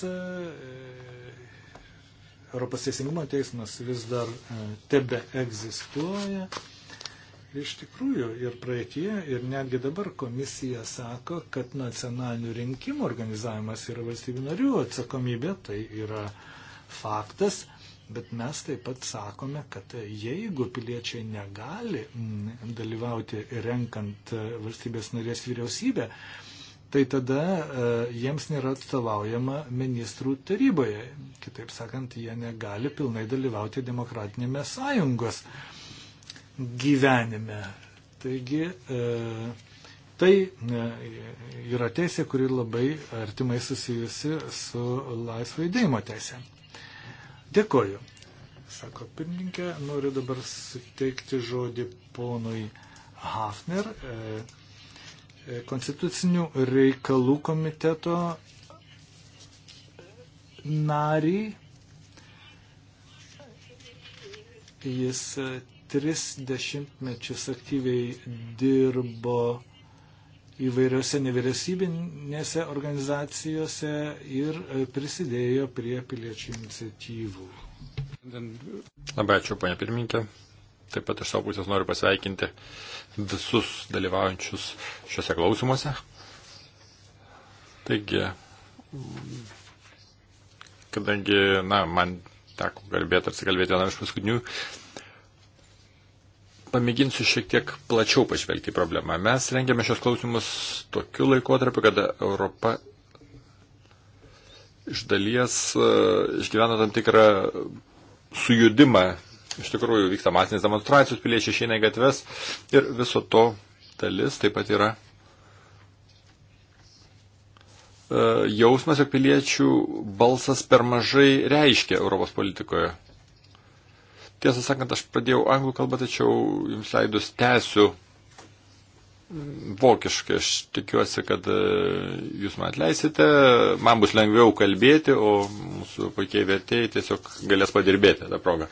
Europos teisingumo teismas vis dar tebe egzistuoja. Iš tikrųjų, ir praeitie, ir netgi dabar komisija sako, kad nacionalinių rinkimų organizavimas yra valstybių narių atsakomybė, tai yra faktas, bet mes taip pat sakome, kad jeigu piliečiai negali mm, dalyvauti renkant valstybės narės vyriausybę, tai tada e, jiems nėra atstovaujama ministrų taryboje. Kitaip sakant, jie negali pilnai dalyvauti demokratinėme sąjungos gyvenime. Taigi e, tai e, yra teisė, kuri labai artimai susijusi su laisvo įdėjimo teisė. Dėkoju. Sako pirmininkė, noriu dabar suteikti žodį ponui Hafner, e, konstitucinių reikalų komiteto narį. Jis tris dešimtmečius aktyviai dirbo įvairiose nevyriausybinėse organizacijose ir e, prisidėjo prie piliečių iniciatyvų. Labai ačiū, ponia pirmininkė. Taip pat iš savo pusės noriu pasveikinti visus dalyvaujančius šiuose klausimuose. Taigi, kadangi, na, man teko kalbėti, apsikalbėti vienam iš paskutinių pamėginsiu šiek tiek plačiau pažvelgti problemą. Mes rengiame šios klausimus tokiu laikotarpiu, kada Europa iš dalies e, išgyvena tam tikrą sujudimą. Iš tikrųjų vyksta masinės demonstracijos, piliečiai išeina į gatves ir viso to dalis taip pat yra e, jausmas, jog piliečių balsas per mažai reiškia Europos politikoje. Tiesą sakant, aš pradėjau anglų kalbą, tačiau jums leidus tęsiu vokiškai. Aš tikiuosi, kad e, jūs man atleisite. Man bus lengviau kalbėti, o mūsų puikiai vertėjai tiesiog galės padirbėti tą progą.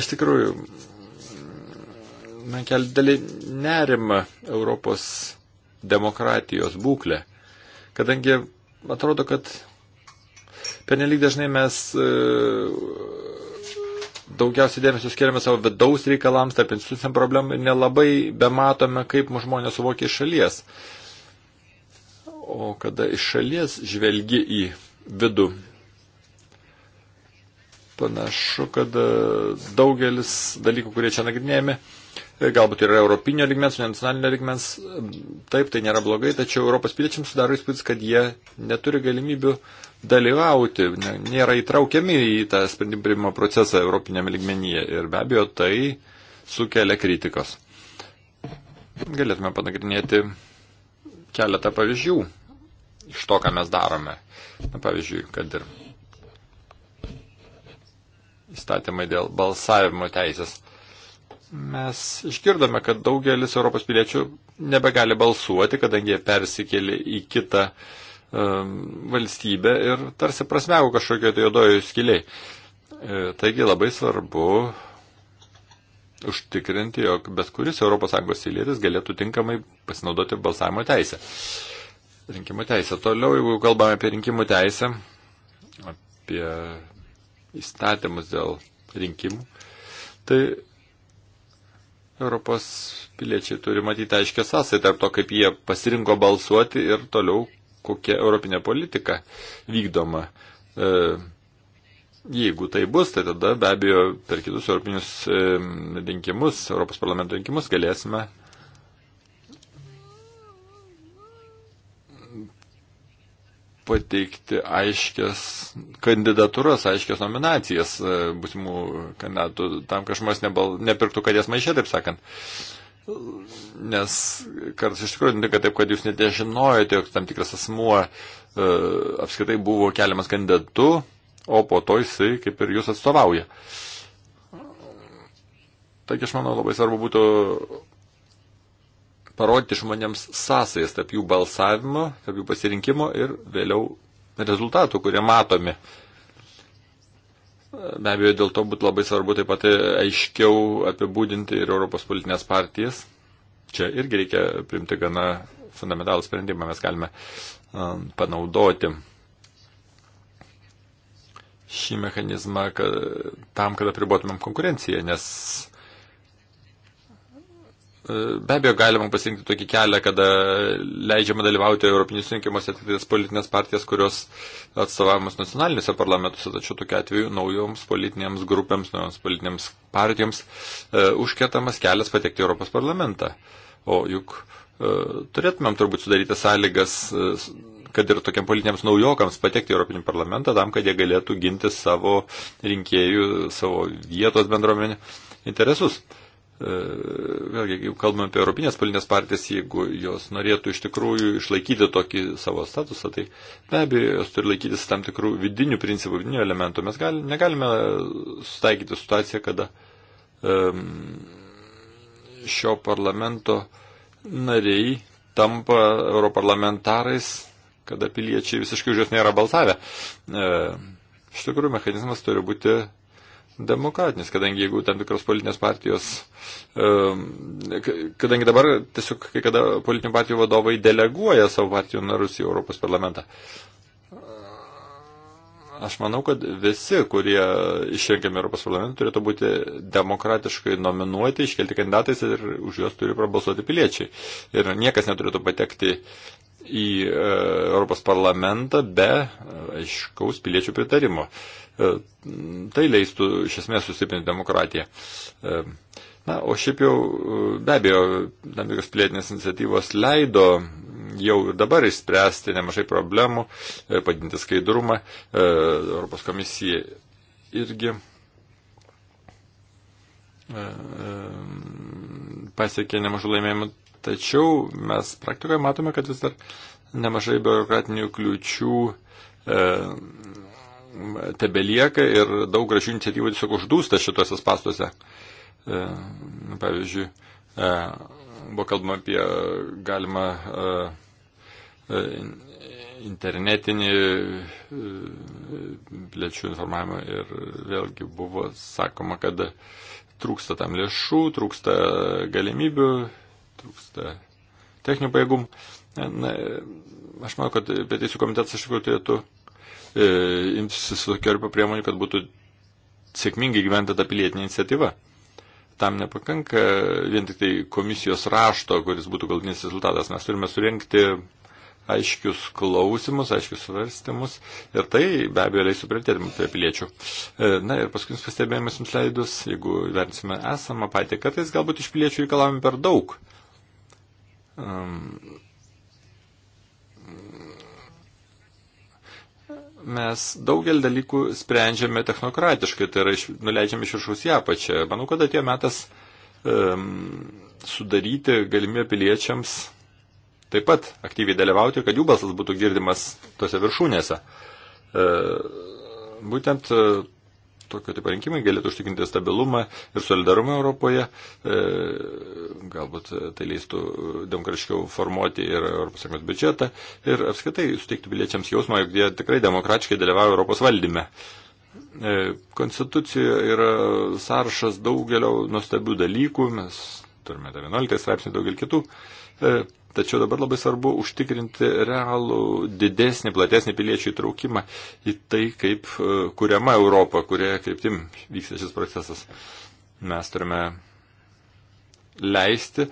Iš tikrųjų, man kelia didelį nerimą Europos demokratijos būklę, kadangi atrodo, kad pernelyg dažnai mes uh, daugiausiai dėmesio skiriame savo vidaus reikalams, tarp instituciniam problemam ir nelabai bematome, kaip mūsų žmonės suvokia iš šalies. O kada iš šalies žvelgi į vidų, panašu, kad daugelis dalykų, kurie čia nagrinėjami, E, galbūt yra europinio ligmens, ne nacionalinio ligmens, taip, tai nėra blogai, tačiau Europos piliečiams sudaro įspūdis, kad jie neturi galimybių dalyvauti, nėra įtraukiami į tą sprendimų priimimo procesą europinėme ligmenyje ir be abejo tai sukelia kritikos. Galėtume panagrinėti keletą pavyzdžių iš to, ką mes darome. Na, pavyzdžiui, kad ir įstatymai dėl balsavimo teisės. Mes išgirdome, kad daugelis Europos piliečių nebegali balsuoti, kadangi jie persikėlė į kitą um, valstybę ir tarsi prasmego kažkokio tai juodojų skiliai. E, taigi labai svarbu užtikrinti, jog bet kuris ES pilietis galėtų tinkamai pasinaudoti balsavimo teisę. Rinkimų teisę. Toliau, jeigu kalbame apie rinkimų teisę, apie įstatymus dėl rinkimų, tai Europos piliečiai turi matyti aiškę sąsąją tarp to, kaip jie pasirinko balsuoti ir toliau kokia europinė politika vykdoma. E, jeigu tai bus, tai tada be abejo per kitus europinius e, rinkimus, Europos parlamento rinkimus galėsime pateikti aiškias kandidatūras, aiškias nominacijas e, būsimų kandidatų, tam kažkas nepirktų kadės maišė, taip sakant. Nes kartais iš tikrųjų nutinka taip, kad jūs net nežinojote, jog tam tikras asmuo e, apskritai buvo keliamas kandidatu, o po to jisai kaip ir jūs atstovauja. Taigi aš manau labai svarbu būtų parodyti žmonėms sąsajas tarp jų balsavimo, tarp jų pasirinkimo ir vėliau rezultatų, kurie matomi. Be abejo, dėl to būtų labai svarbu taip pat aiškiau apibūdinti ir Europos politinės partijas. Čia irgi reikia primti gana fundamentalų sprendimą, mes galime um, panaudoti šį mechanizmą kad, tam, kad apribotumėm konkurenciją, nes E, be abejo, galima pasirinkti tokį kelią, kada leidžiama dalyvauti Europinius rinkimuose tik tais politinės partijas, kurios atstovavimas nacionaliniuose parlamentuose, tačiau tokiu atveju naujoms politinėms grupėms, naujoms politinėms partijoms e, užkėtamas kelias patekti Europos parlamentą. O juk e, turėtumėm turbūt sudaryti sąlygas, e, kad ir tokiam politiniams naujokams patekti Europinį parlamentą, tam, kad jie galėtų ginti savo rinkėjų, savo vietos bendruomenį interesus. E, E, vėlgi, jeigu kalbame apie Europinės politinės partijas, jeigu jos norėtų iš tikrųjų išlaikyti tokį savo statusą, tai be abejo, jos turi laikytis tam tikrų vidinių principų, vidinių elementų. Mes gal, negalime sutaikyti situaciją, kada um, šio parlamento nariai tampa europarlamentarais, kada piliečiai visiškai už juos nėra balsavę. E, iš e, tikrųjų, mechanizmas turi būti demokratinis, kadangi jeigu tam tikros politinės partijos, kadangi dabar tiesiog kai kada politinių partijų vadovai deleguoja savo partijų narus į Europos parlamentą. Aš manau, kad visi, kurie išrinkiami Europos parlamentą, turėtų būti demokratiškai nominuoti, iškelti kandidatais ir už juos turi prabalsuoti piliečiai. Ir niekas neturėtų patekti į e, Europos parlamentą be e, aiškaus piliečių pritarimo. Uh, E, tai leistų iš esmės sustiprinti demokratiją. E, na, o šiaip jau e, be abejo, tam tikros pilietinės iniciatyvos leido jau ir dabar išspręsti nemažai problemų, padinti skaidrumą Europos komisijai irgi pasiekė nemažų laimėjimų, tačiau mes praktikoje matome, kad vis dar nemažai biurokratinių kliučių tebelieka ir daug gražių iniciatyvų tiesiog uždūsta šituose spastuose. E, pavyzdžiui, e, buvo kalbama apie galimą e, internetinį piliečių informavimą ir vėlgi buvo sakoma, kad trūksta tam lėšų, trūksta galimybių, trūksta techninių pajėgumų. Na, aš manau, kad peticijų komitetas iš tikrųjų turėtų tai e, imsis tokio priemonių, kad būtų sėkmingai gyventa ta pilietinė iniciatyva. Tam nepakanka vien tik tai komisijos rašto, kuris būtų galtinis rezultatas. Mes turime surinkti aiškius klausimus, aiškius svarstymus ir tai be abejo leis suprintėti prie piliečių. E, na ir paskutinis pastebėjimas jums leidus, jeigu vertinsime esamą patį, kartais galbūt iš piliečių reikalavim per daug. Um, mes daugelį dalykų sprendžiame technokratiškai, tai yra iš, nuleidžiame iš viršaus į apačią. Manau, kad atėjo metas um, sudaryti galimybę piliečiams taip pat aktyviai dalyvauti, kad jų balsas būtų girdimas tose viršūnėse. E, būtent tokio tipo rinkimai galėtų užtikrinti stabilumą ir solidarumą Europoje. E, galbūt tai leistų demokratiškiau formuoti ir ES biudžetą ir apskritai suteiktų piliečiams jausmą, jog jie tikrai demokratiškai dalyvauja Europos valdyme. E, konstitucijoje yra sąrašas daugelio nuostabių dalykų, mes turime 11 straipsnį daugelį kitų. E, Tačiau dabar labai svarbu užtikrinti realų didesnį, platesnį piliečių įtraukimą į tai, kaip e, kuriama Europa, kurioje kryptim vyksta šis procesas. Mes turime leisti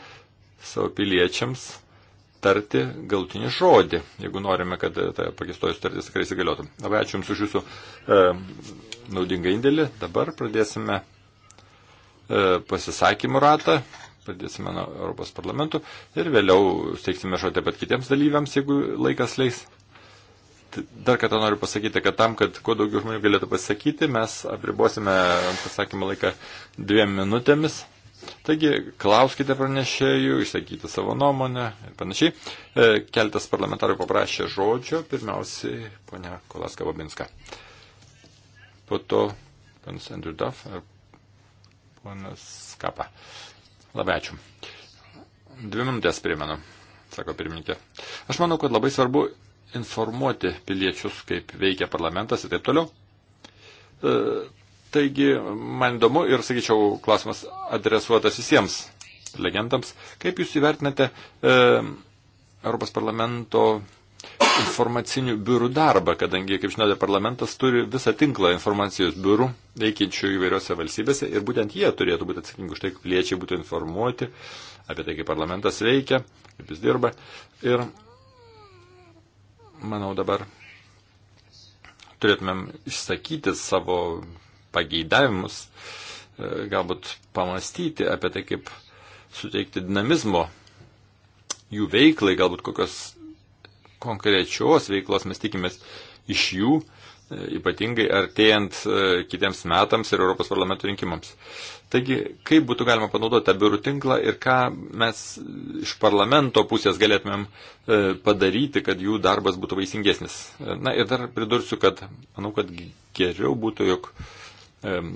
savo piliečiams tarti galtinį žodį, jeigu norime, kad ta pakistoji sutartis tikrai įsigaliotų. Labai ačiū Jums už Jūsų e, naudingą indėlį. Dabar pradėsime e, pasisakymų ratą pradėsime nuo Europos parlamentų ir vėliau steiksime žodį pat kitiems dalyviams, jeigu laikas leis. Dar kartą noriu pasakyti, kad tam, kad kuo daugiau žmonių galėtų pasakyti, mes apribosime pasakymą laiką dviem minutėmis. Taigi, klauskite pranešėjų, išsakyti savo nuomonę ir panašiai. E, keltas parlamentarų paprašė žodžio, pirmiausiai ponia Kolaska Babinska. Po to ponas Andrew Duff ir ponas Kapa. Uh, Labai ačiū. Dvi minutės primenu, sako pirmininkė. Aš manau, kad labai svarbu informuoti piliečius, kaip veikia parlamentas ir taip toliau. E, taigi, man įdomu ir, sakyčiau, klausimas adresuotas visiems legendams. Kaip jūs įvertinate e, Europos parlamento informacinių biurų darbą, kadangi, kaip žinote, parlamentas turi visą tinklą informacijos biurų veikiančių įvairiose valstybėse ir būtent jie turėtų būti atsakingi už tai, kaip piliečiai būtų informuoti apie tai, kaip parlamentas veikia, kaip jis dirba. Ir manau dabar turėtumėm išsakyti savo pageidavimus, e, galbūt pamastyti apie tai, kaip suteikti dinamizmo jų veiklai, galbūt kokios konkrečios veiklos mes tikimės iš jų, e, ypatingai artėjant e, kitiems metams ir Europos parlamento rinkimams. Taigi, kaip būtų galima panaudoti tą biurų tinklą ir ką mes iš parlamento pusės galėtumėm e, padaryti, kad jų darbas būtų vaisingesnis. Na ir dar pridursiu, kad manau, kad geriau būtų, jog um,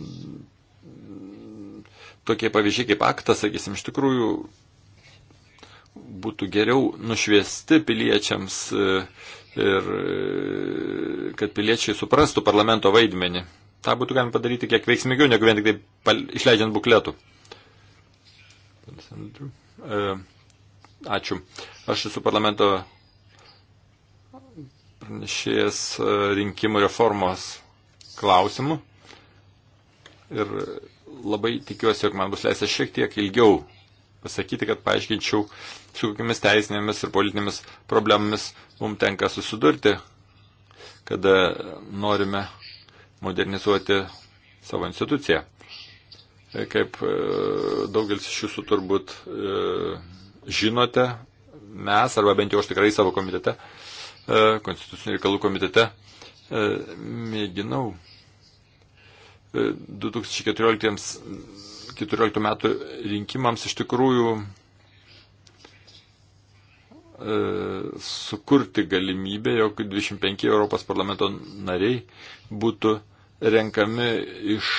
tokie pavyzdžiai kaip aktas, sakysim, iš tikrųjų būtų geriau nušviesti piliečiams e, ir e, kad piliečiai suprastų parlamento vaidmenį. Ta būtų galima padaryti kiek veiksmingiau, negu vien tik tai išleidžiant bukletų. E, ačiū. Aš esu parlamento pranešėjas rinkimų reformos klausimų ir labai tikiuosi, jog man bus leista šiek tiek ilgiau pasakyti, kad paaiškinčiau uh, su kokiamis teisinėmis ir politinėmis problemomis mums tenka susidurti, kada norime modernizuoti savo instituciją. Kaip e, daugelis iš jūsų turbūt e, žinote, mes, arba bent jau aš tikrai savo komitete, e, konstitucinių reikalų komitete, mėginau 2014 metų rinkimams iš tikrųjų E, sukurti galimybę, jog 25 Europos parlamento nariai būtų renkami iš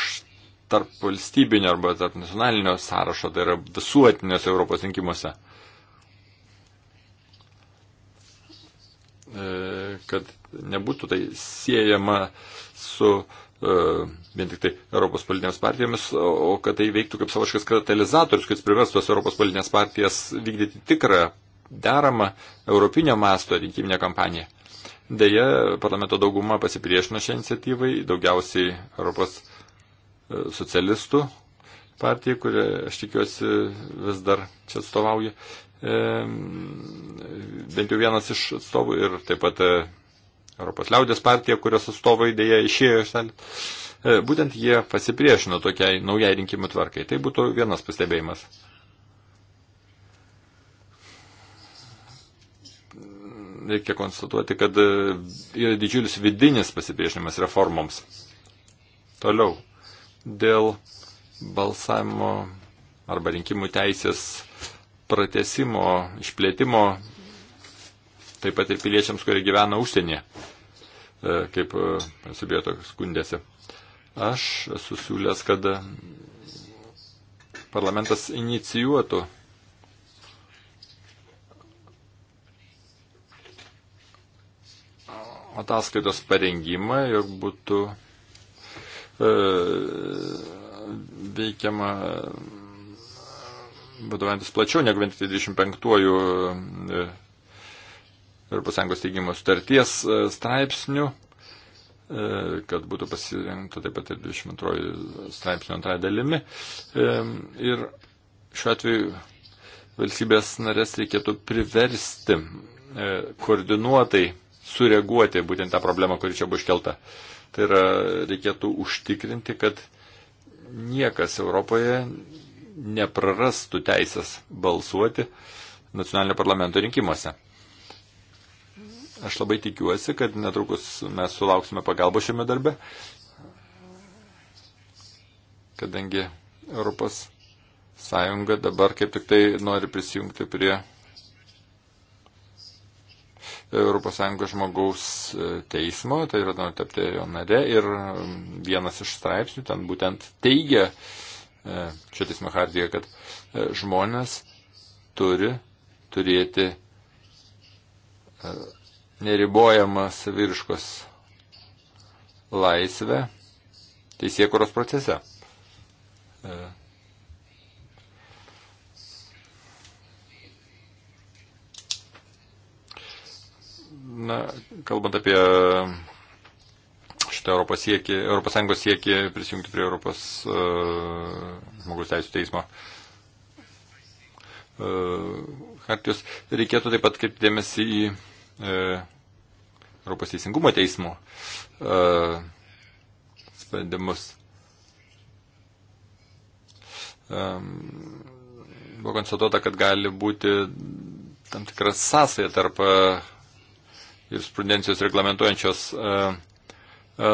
tarp valstybinio arba tarp nacionalinio sąrašo, tai yra visuotinės Europos rinkimuose. E, kad nebūtų tai siejama su e, vien tik tai Europos politinėms partijomis, o kad tai veiktų kaip savaškas katalizatorius, kuris priverstų Europos politinės partijas vykdyti tikrą deramą europinio masto rinkiminę kampaniją. Deja, parlamento dauguma pasipriešino šią iniciatyvai, daugiausiai Europos e, socialistų partija, kurią aš tikiuosi vis dar čia atstovauju, e, bent jau vienas iš atstovų ir taip pat e, Europos liaudės partija, kurios atstovai dėja išėjo iš ten. Būtent jie pasipriešino tokiai naujai rinkimų tvarkai. Tai būtų vienas pastebėjimas. reikia konstatuoti, kad e, yra didžiulis vidinis pasipriešinimas reformoms. Toliau, dėl balsavimo arba rinkimų teisės pratesimo, išplėtimo, taip pat ir piliečiams, kurie gyvena užsienyje, e, kaip e, subieto skundėsi. Aš esu siūlęs, kad parlamentas inicijuotų ataskaitos parengimą ir būtų e, veikiama vadovantis plačiau negu 25-ųjų Europos Sąjungos teigimo sutarties e, straipsnių, e, kad būtų pasirinkta taip pat ir 22 straipsnio antrąją dalimi. E, ir šiuo atveju valstybės narės reikėtų priversti koordinuotai sureaguoti būtent tą problemą, kuri čia buvo iškelta. Tai yra, reikėtų užtikrinti, kad niekas Europoje neprarastų teisės balsuoti nacionalinio parlamento rinkimuose. Aš labai tikiuosi, kad netrukus mes sulauksime pagalbos šiame darbe, kadangi Europos Sąjunga dabar kaip tik tai nori prisijungti prie ES žmogaus e, teismo, tai yra noriu tapti jo nare ir vienas iš straipsnių ten būtent teigia, čia e, teismo hardija, kad e, žmonės turi turėti neribojamą saviriškos laisvę teisėkuros procese. Na, kalbant apie šitą Europos siekį, Europos Sąjungos siekį prisijungti prie Europos e, žmogus uh, teisų teismo uh, hartijos, reikėtų taip pat kaip dėmesį į uh, Europos teisingumo teismo uh, sprendimus. Um, buvo konstatuota, kad gali būti tam tikras sąsaja tarp uh, jurisprudencijos reglamentuojančios e, e,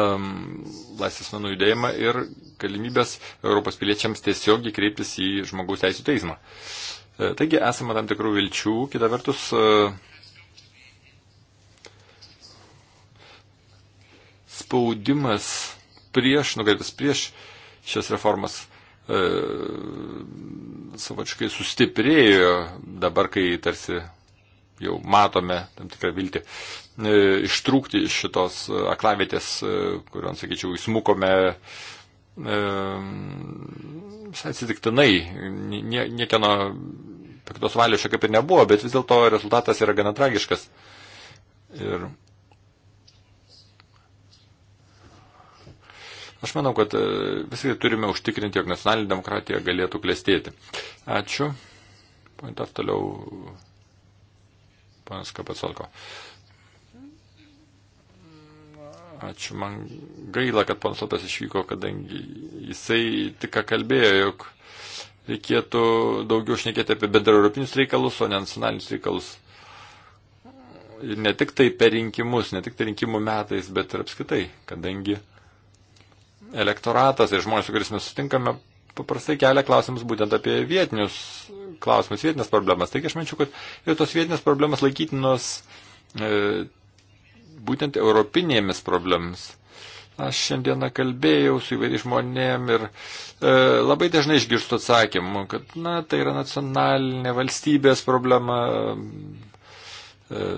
laisvės menų judėjimą ir galimybės Europos piliečiams tiesiogiai kreiptis į žmogaus teisų teismą. E, taigi esame tam tikrų vilčių, kita vertus. Spaudimas prieš, nukreiptas prieš šias reformas savačkai sustiprėjo dabar, kai tarsi jau matome tam tikrą viltį e, ištrūkti iš šitos e, aklavietės, e, kurion, sakyčiau, įsmukome atsitiktinai, nie, niekieno piktos valios čia kaip ir nebuvo, bet vis dėlto rezultatas yra gana tragiškas. Ir aš manau, kad visai turime užtikrinti, jog nacionalinė demokratija galėtų klestėti. Ačiū. Pointas toliau panas Kapacolko. Ačiū, man gaila, kad panas Lopes išvyko, kadangi jisai tik ką kalbėjo, jog reikėtų daugiau šnekėti apie bendra europinius reikalus, o ne nacionalinius reikalus. Ir ne tik tai per rinkimus, ne tik tai rinkimų metais, bet ir apskritai, kadangi elektoratas ir tai žmonės, su kuriais mes sutinkame, paprastai kelia klausimus būtent apie vietinius klausimus, vietinės problemas. Taigi aš manyčiau, kad ir tos vietinės problemas laikytinos e, būtent europinėmis problemas. Aš šiandieną kalbėjau su įvairiais žmonėm ir e, labai dažnai išgirstu atsakymų, kad na, tai yra nacionalinė valstybės problema. E,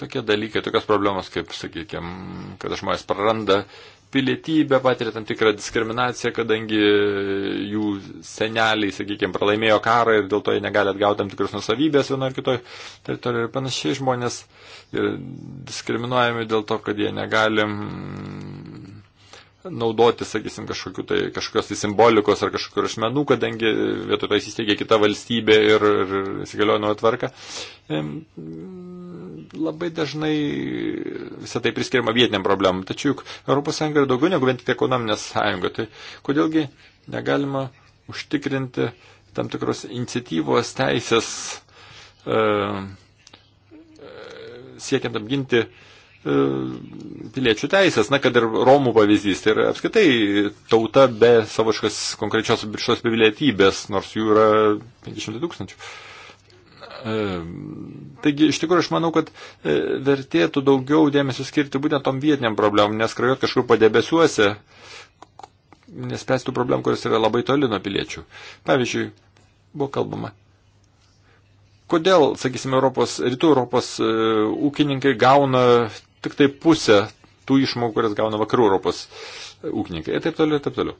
tokie dalykai, tokios problemos kaip, sakykime, kad žmonės praranda pilietybę, patiria tam tikrą diskriminaciją, kadangi jų seneliai, sakykime, pralaimėjo karą ir dėl to jie negali atgauti tam tikrus nusavybės vienoje ar kitoje teritorijoje ir panašiai žmonės ir diskriminuojami dėl to, kad jie negali mm, naudoti, sakysim, kažkokiu tai, kažkokios tai simbolikos ar kažkokių rašmenų, kadangi vietoj to įsisteigė kita valstybė ir, ir įsigaliojo nauja tvarka labai dažnai visą tai priskiriama vietiniam problemam. Tačiau juk ES yra daugiau negu vien tik ekonominė sąjunga. Tai kodėlgi negalima užtikrinti tam tikros iniciatyvos teisės e, e siekiant apginti e, piliečių teisės, na, kad ir Romų pavyzdys, tai yra apskaitai tauta be savoškas konkrečios biršos pilietybės, nors jų yra 500 tūkstančių. E, E, taigi, iš tikrųjų, aš manau, kad e, vertėtų daugiau dėmesio skirti būtent tom vietiniam problemom, nes krajot kažkur padebesiuose, nespręstų problemų, kurios yra labai toli nuo piliečių. Pavyzdžiui, buvo kalbama. Kodėl, sakysime, Europos, rytų Europos e, ūkininkai gauna tik tai pusę tų išmokų, kurias gauna vakarų Europos e, ūkininkai. Ir taip toliau, ir taip toliau.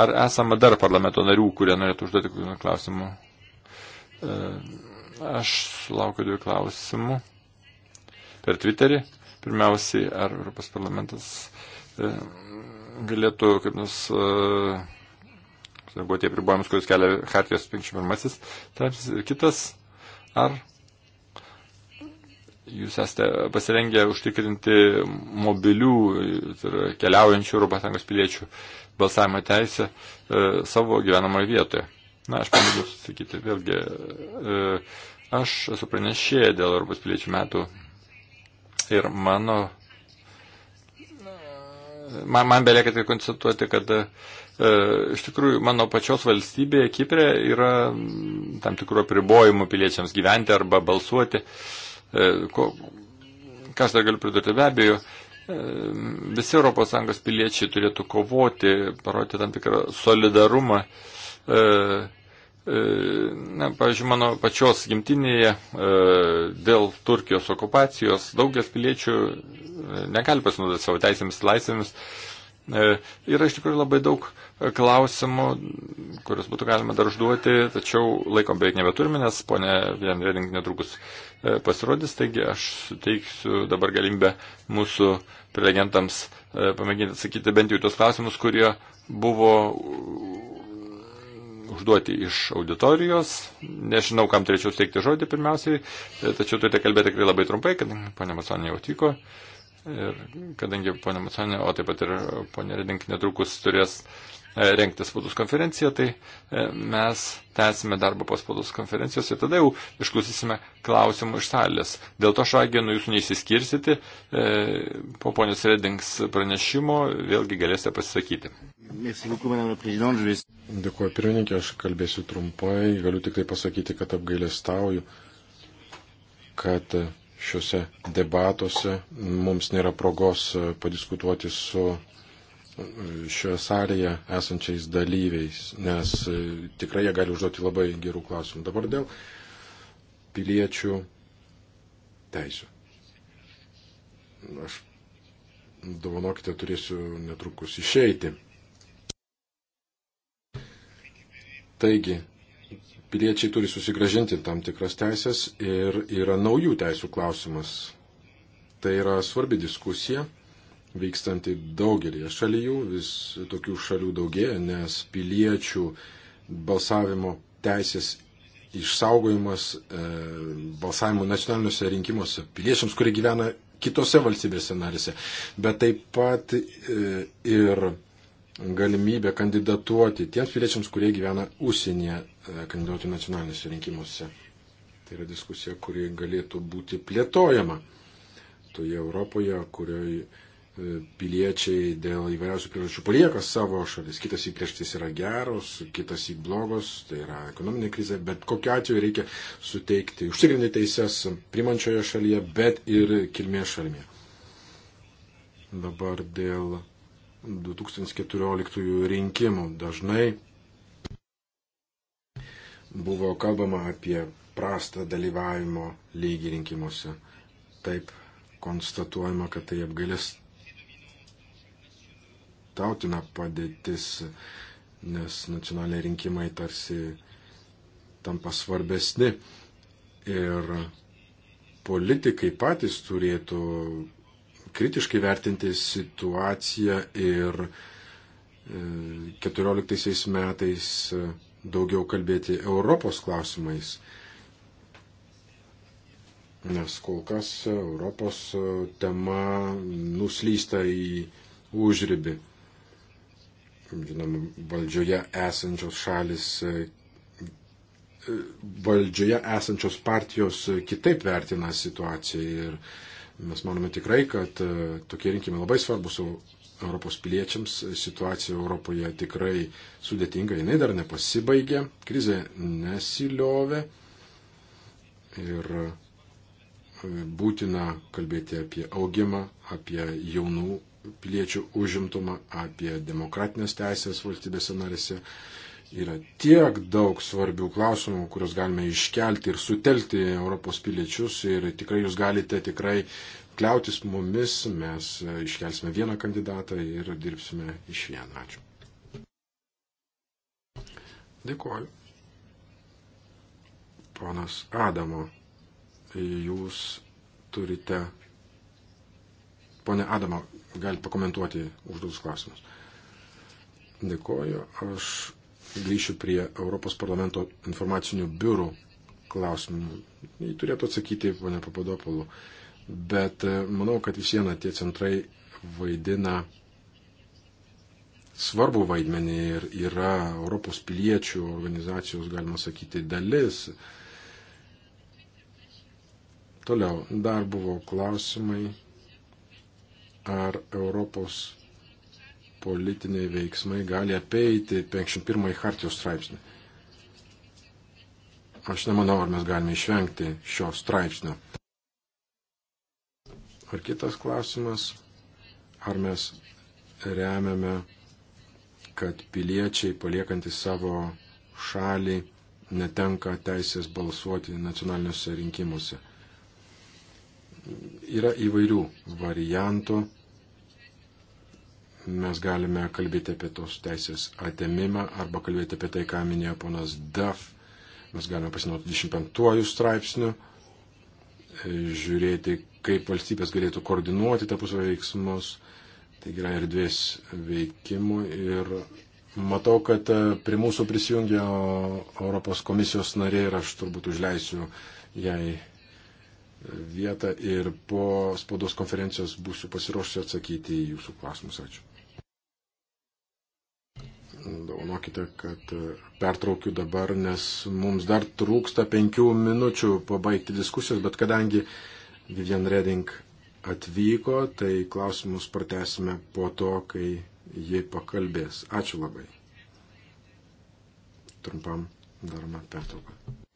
Ar esama dar parlamento narių, kurie norėtų užduoti kokių klausimų? E, aš sulaukiu dviejų klausimų per Twitterį. Pirmiausiai, ar Europos parlamentas e, galėtų, kaip nors, buvo e, tie pribojimus, kuris kelia Hartijos 51 straipsnis. Ir kitas, ar jūs esate pasirengę užtikrinti mobilių, tai yra keliaujančių ES piliečių balsavimo teisę e, savo gyvenamoje vietoje. Na, aš pamiršau sakyti, vėlgi, e, aš esu pranešėję dėl ES piliečių metų ir mano, man, man belieka tik konstatuoti, kad e, iš tikrųjų mano pačios valstybėje Kiprė yra tam tikrų apribojimų piliečiams gyventi arba balsuoti. E, E, ko, ką aš dar galiu pridurti? Be abejo, e, visi ES piliečiai turėtų kovoti, parodyti tam tikrą solidarumą. E, na, pavyzdžiui, mano pačios gimtinėje dėl Turkijos okupacijos daugelis piliečių negali pasinaudoti savo teisėmis laisvėmis. laisvėmis E, yra iš tikrųjų labai daug e, klausimų, kuriuos būtų galima dar užduoti, tačiau laikom beveik nebeturime, nes ponė Vien Reding netrukus e, pasirodys, taigi aš suteiksiu dabar galimybę mūsų prelegentams pamėginti atsakyti bent jau tos klausimus, kurie buvo užduoti iš auditorijos. Nežinau, kam turėčiau steigti žodį pirmiausiai, tačiau turite kalbėti tikrai labai trumpai, kad ponė Masonė jau atvyko. Ir kadangi ponė Matsonė, o taip pat ir ponė Redink netrukus turės e, rengti spaudos konferenciją, tai e, mes tęsime darbą po spaudos konferencijos ir tada jau išklausysime klausimų iš salės. Dėl to aš raginu jūsų neįsiskirsyti, e, po ponios Redings pranešimo vėlgi galėsite pasisakyti. Dėkuoju pirmininkė, aš kalbėsiu trumpai, galiu tik tai pasakyti, kad apgailestauju, kad šiuose debatuose. Mums nėra progos e, padiskutuoti su e, šioje salėje esančiais dalyviais, nes e, tikrai jie gali užduoti labai gerų klausimų. Dabar dėl piliečių teisų. Aš, dovanokite, turėsiu netrukus išeiti. Taigi, piliečiai turi susigražinti tam tikras teisės ir yra naujų teisų klausimas. Tai yra svarbi diskusija, vykstanti daugelį šalių, vis tokių šalių daugėja, nes piliečių balsavimo teisės išsaugojimas e, balsavimo nacionaliniuose rinkimuose piliečiams, kurie gyvena kitose valstybėse narėse, bet taip pat e, ir galimybę kandidatuoti tiems piliečiams, kurie gyvena užsienyje, e, kandidatuoti nacionaliniuose rinkimuose. Tai yra diskusija, kuri galėtų būti plėtojama toje Europoje, kurioje piliečiai dėl įvairiausių priežasčių palieka savo šalis. Kitas į priežastis yra geros, kitas į blogos, tai yra ekonominė krizė, bet kokiu atveju reikia suteikti užtikrinti teises primančioje šalyje, bet ir kilmės šalyje. Dabar dėl 2014 rinkimų. Dažnai buvo kalbama apie prastą dalyvavimo lygį rinkimuose. Taip konstatuojama, kad tai apgalės tautina padėtis, nes nacionaliniai rinkimai tarsi tampa svarbesni ir politikai patys turėtų kritiškai vertinti situaciją ir 14 e, metais e, daugiau kalbėti Europos klausimais. Nes kol kas e, Europos tema nuslysta į užribį. Žinoma, valdžioje esančios šalis valdžioje esančios partijos kitaip vertina situaciją ir Mes manome tikrai, kad e, tokie rinkimai labai svarbus Europos piliečiams. Situacija Europoje tikrai sudėtinga, jinai dar nepasibaigė, krizė nesiliovė ir e, būtina kalbėti apie augimą, apie jaunų piliečių užimtumą, apie demokratinės teisės valstybėse narėse. Yra tiek daug svarbių klausimų, kuriuos galime iškelti ir sutelkti Europos piliečius ir tikrai jūs galite tikrai kliautis mumis, mes iškelsime vieną kandidatą ir dirbsime iš vieną. Ačiū. Dėkuoju. Ponas Adamo, jūs turite. Pone Adamo, gali pakomentuoti užduotus klausimus. Dėkuoju. Aš grįšiu prie Europos parlamento informacinių biurų klausimų. Jį turėtų atsakyti ponia Papadopolų. Bet e, manau, kad vis viena tie centrai vaidina svarbų vaidmenį ir yra Europos piliečių organizacijos, galima sakyti, dalis. Toliau, dar buvo klausimai, ar Europos politiniai veiksmai gali apeiti 51 hartijos straipsnį. Aš nemanau, ar mes galime išvengti šio straipsnio. Ar kitas klausimas, ar mes remiame, kad piliečiai paliekantys savo šalį netenka teisės balsuoti nacionaliniuose rinkimuose. Yra įvairių variantų mes galime kalbėti apie tos teisės atėmimą arba kalbėti apie tai, ką minėjo ponas Daf. Mes galime pasinaudoti 25 straipsniu, e, žiūrėti, kaip valstybės galėtų koordinuoti tarpusavio veiksmus. Tai yra erdvės veikimų ir matau, kad e, prie mūsų prisijungia Europos komisijos narė ir aš turbūt užleisiu jai e, vietą ir po spaudos konferencijos būsiu pasiruošęs atsakyti į jūsų klausimus. Ačiū. žinokite, kad e, pertraukiu dabar, nes mums dar trūksta penkių minučių pabaigti diskusijos, bet kadangi Vivian Reding atvyko, tai klausimus pratesime po to, kai ji pakalbės. Ačiū labai. Trumpam darome pertrauką.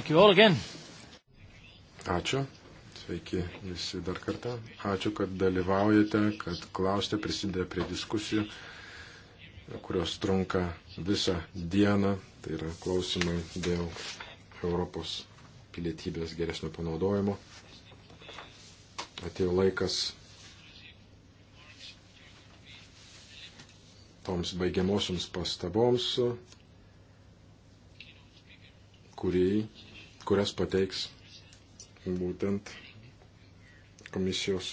Thank you all again. Ačiū. Sveiki visi dar kartą. Ačiū, kad dalyvaujate, kad klausite, prisidėjote prie diskusijų, kurios trunka visą dieną. Tai yra klausimai dėl Europos pilietybės geresnio panaudojimo. Atėjo laikas toms baigiamosioms pastaboms, kurį kurias pateiks būtent komisijos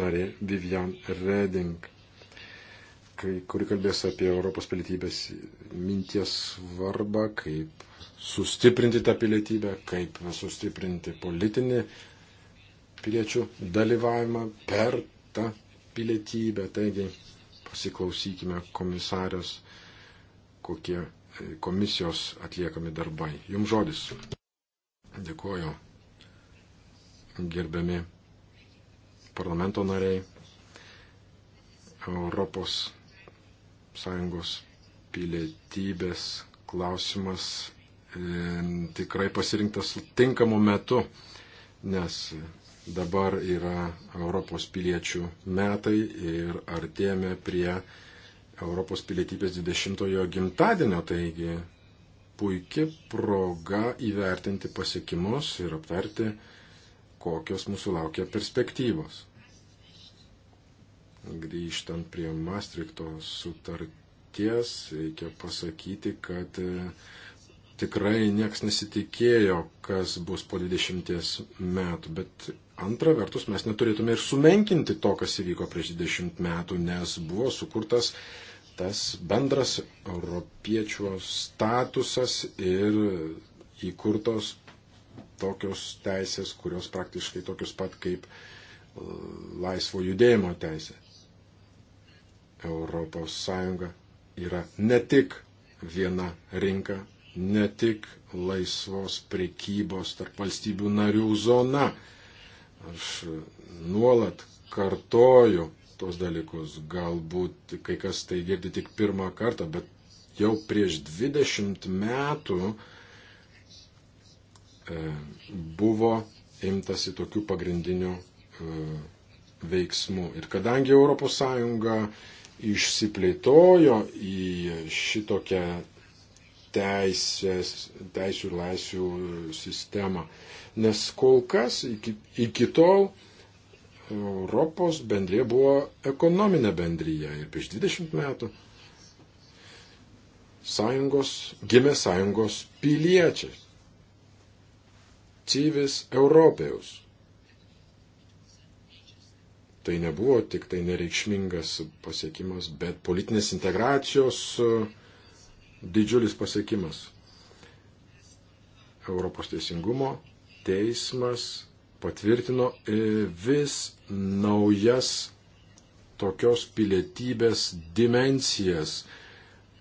narė Vivian Reding, kuri kalbės apie Europos pilietybės minties svarbą, kaip sustiprinti tą pilietybę, kaip sustiprinti politinį piliečių dalyvavimą per tą pilietybę. Taigi pasiklausykime komisarios, kokie komisijos atliekami darbai. Jums žodis. Dėkuoju, gerbiami parlamento nariai, Europos Sąjungos pilietybės klausimas e, tikrai pasirinktas tinkamu metu, nes dabar yra Europos piliečių metai ir artėjame prie Europos pilietybės 20-ojo gimtadienio, taigi puikia proga įvertinti pasiekimus ir aptarti, kokios mūsų laukia perspektyvos. Grįžtant prie Maastrichto sutarties, reikia pasakyti, kad tikrai nieks nesitikėjo, kas bus po 20 metų, bet antra vertus mes neturėtume ir sumenkinti to, kas įvyko prieš 20 metų, nes buvo sukurtas tas bendras europiečio statusas ir įkurtos tokios teisės, kurios praktiškai tokios pat kaip laisvo judėjimo teisė. Europos Sąjunga yra ne tik viena rinka, ne tik laisvos prekybos tarp valstybių narių zona. Aš nuolat kartoju tos dalykus, galbūt kai kas tai girdi tik pirmą kartą, bet jau prieš 20 metų e, buvo imtasi tokių pagrindinių e, veiksmų. Ir kadangi ES išsiplėtojo į šitokią teisės, teisų ir laisvių sistemą. Nes kol kas iki, iki tol Europos bendrė buvo ekonominė bendryje ir prieš 20 metų sąjungos, gimė sąjungos piliečiai. Civis Europėjus. Tai nebuvo tik tai nereikšmingas pasiekimas, bet politinės integracijos uh, didžiulis pasiekimas. Europos teisingumo teismas patvirtino e, vis naujas tokios pilietybės dimensijas,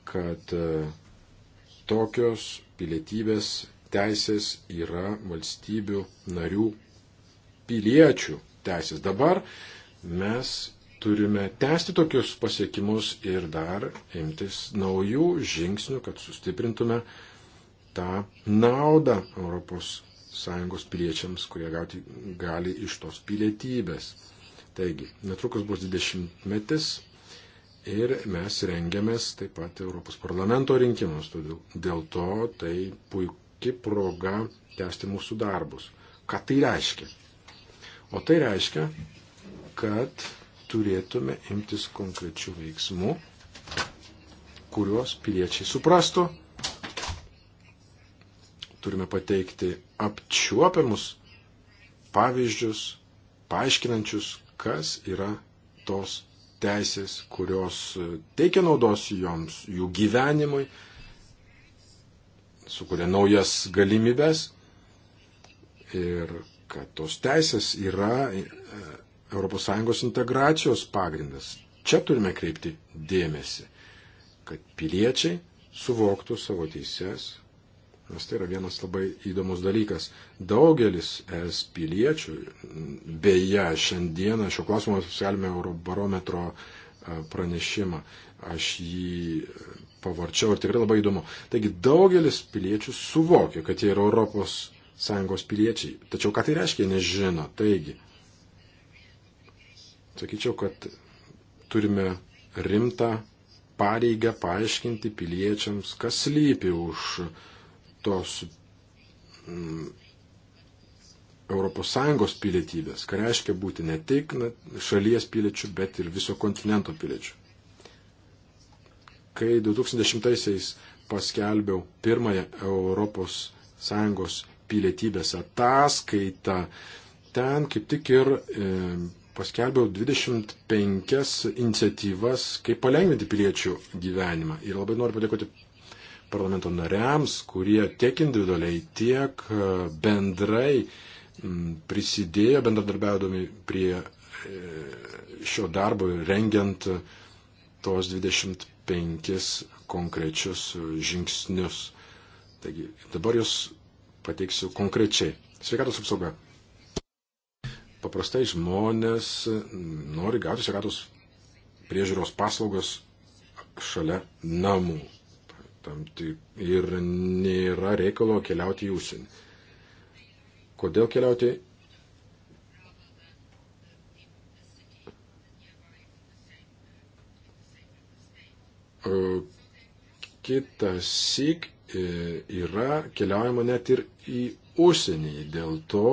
kad e, tokios pilietybės teisės yra valstybių narių piliečių teisės. Dabar mes turime tęsti tokius pasiekimus ir dar imtis naujų žingsnių, kad sustiprintume tą naudą ES piliečiams, kurie gauti gali iš tos pilietybės. Taigi, netrukus bus 20 metis ir mes rengiamės taip pat Europos parlamento rinkimus. Dėl to tai puikiai proga tęsti mūsų darbus. Ką tai reiškia? O tai reiškia, kad turėtume imtis konkrečių veiksmų, kuriuos piliečiai suprastų. Turime pateikti apčiuopiamus pavyzdžius, paaiškinančius, kas yra tos teisės, kurios teikia naudos joms, jų gyvenimui, sukuria naujas galimybės ir kad tos teisės yra ES integracijos pagrindas. Čia turime kreipti dėmesį, kad piliečiai suvoktų savo teises, nes tai yra vienas labai įdomus dalykas. Daugelis es piliečių, beje, šiandieną šio klausimo skelbėme Eurobarometro e, pranešimą. Aš jį pavarčiau ir tikrai labai įdomu. Taigi daugelis piliečių suvokia, kad jie yra Europos Sąjungos piliečiai. Tačiau ką tai reiškia, nežino. Taigi, Sakyčiau, kad turime rimtą pareigą paaiškinti piliečiams, kas lypi už tos mm, ES pilietybės, ką reiškia būti ne tik na, šalies piliečių, bet ir viso kontinento piliečių. Kai 2010-aisiais paskelbiau pirmąją ES pilietybės ataskaitą, ten kaip tik ir e, paskelbiau 25 iniciatyvas, kaip palengvinti piliečių gyvenimą. Ir labai noriu padėkoti parlamento nariams, kurie tiek individualiai, tiek e, bendrai prisidėjo bendradarbiaudami prie e, šio darbo ir rengiant tos 25 konkrečius žingsnius. Taigi dabar jūs pateiksiu konkrečiai. Sveikatos apsauga paprastai žmonės mm, nori gauti sveikatos priežiūros paslaugas šalia namų. Tam tik ir nėra reikalo keliauti į užsienį. Kodėl keliauti kitas syk e, yra keliaujama net ir į užsienį. Dėl to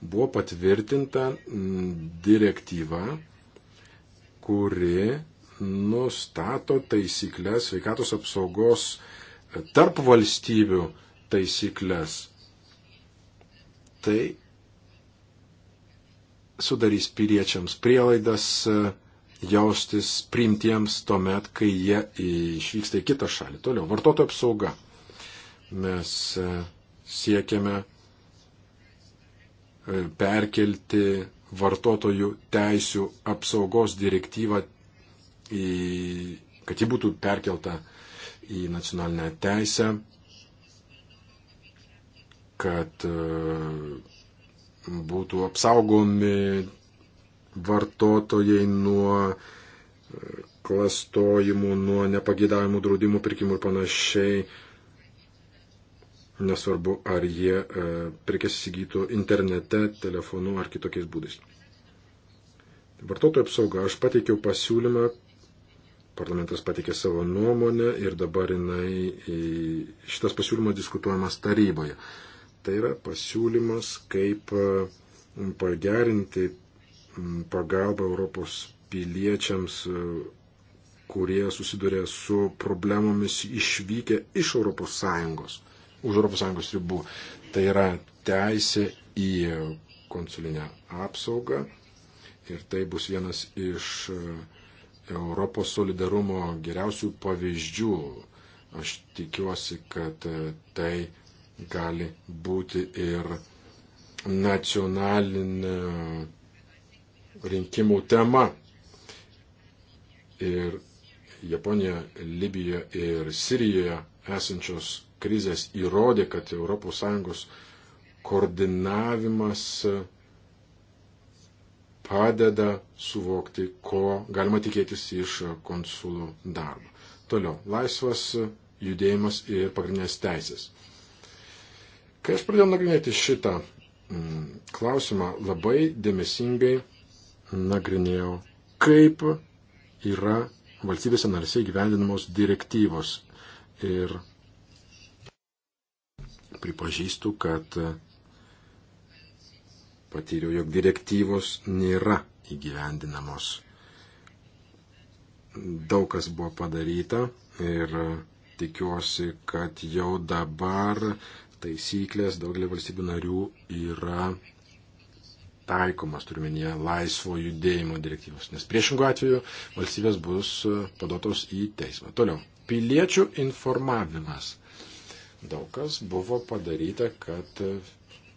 buvo patvirtinta mm, direktyva, kuri nustato taisyklės, sveikatos apsaugos e, tarp valstybių taisyklės. Tai sudarys piliečiams prielaidas e, jaustis priimtiems tuomet, kai jie išvyksta į kitą šalį. Toliau, vartotojų apsauga. Mes e, siekiame E, perkelti vartotojų teisų apsaugos direktyvą, į, kad ji būtų perkelta į nacionalinę teisę, kad e, būtų apsaugomi vartotojai nuo e, klastojimų, nuo nepagėdavimų draudimų pirkimų ir panašiai nesvarbu, ar jie e, prekes įsigytų internete, telefonu ar kitokiais būdais. Vartotojų apsauga. Aš pateikiau pasiūlymą, parlamentas pateikė savo nuomonę ir dabar jinai, šitas pasiūlymas diskutuojamas taryboje. Tai yra pasiūlymas, kaip e, pagerinti pagalbą Europos piliečiams, e, kurie susiduria su problemomis išvykę iš ES už ES ribų. Tai yra teisė į konsulinę apsaugą ir tai bus vienas iš e, Europos solidarumo geriausių pavyzdžių. Aš tikiuosi, kad e, tai gali būti ir nacionalinė rinkimų tema. Ir Japonija, Libija ir Sirijoje esančios krizės įrodė, kad ES koordinavimas padeda suvokti, ko galima tikėtis iš konsulų darbo. Toliau, laisvas judėjimas ir pagrindinės teisės. Kai aš pradėjau nagrinėti šitą mm, klausimą, labai dėmesingai nagrinėjau, kaip yra valstybėse narsiai gyvendinamos direktyvos ir Pripažįstu, kad patyriau, jog direktyvos nėra įgyvendinamos. Daug kas buvo padaryta ir tikiuosi, kad jau dabar taisyklės daugelį valstybių narių yra taikomas, turiuomenyje, laisvo judėjimo direktyvos, nes priešingų atveju valstybės bus padotos į teismą. Toliau. Piliečių informavimas. Daug kas buvo padaryta, kad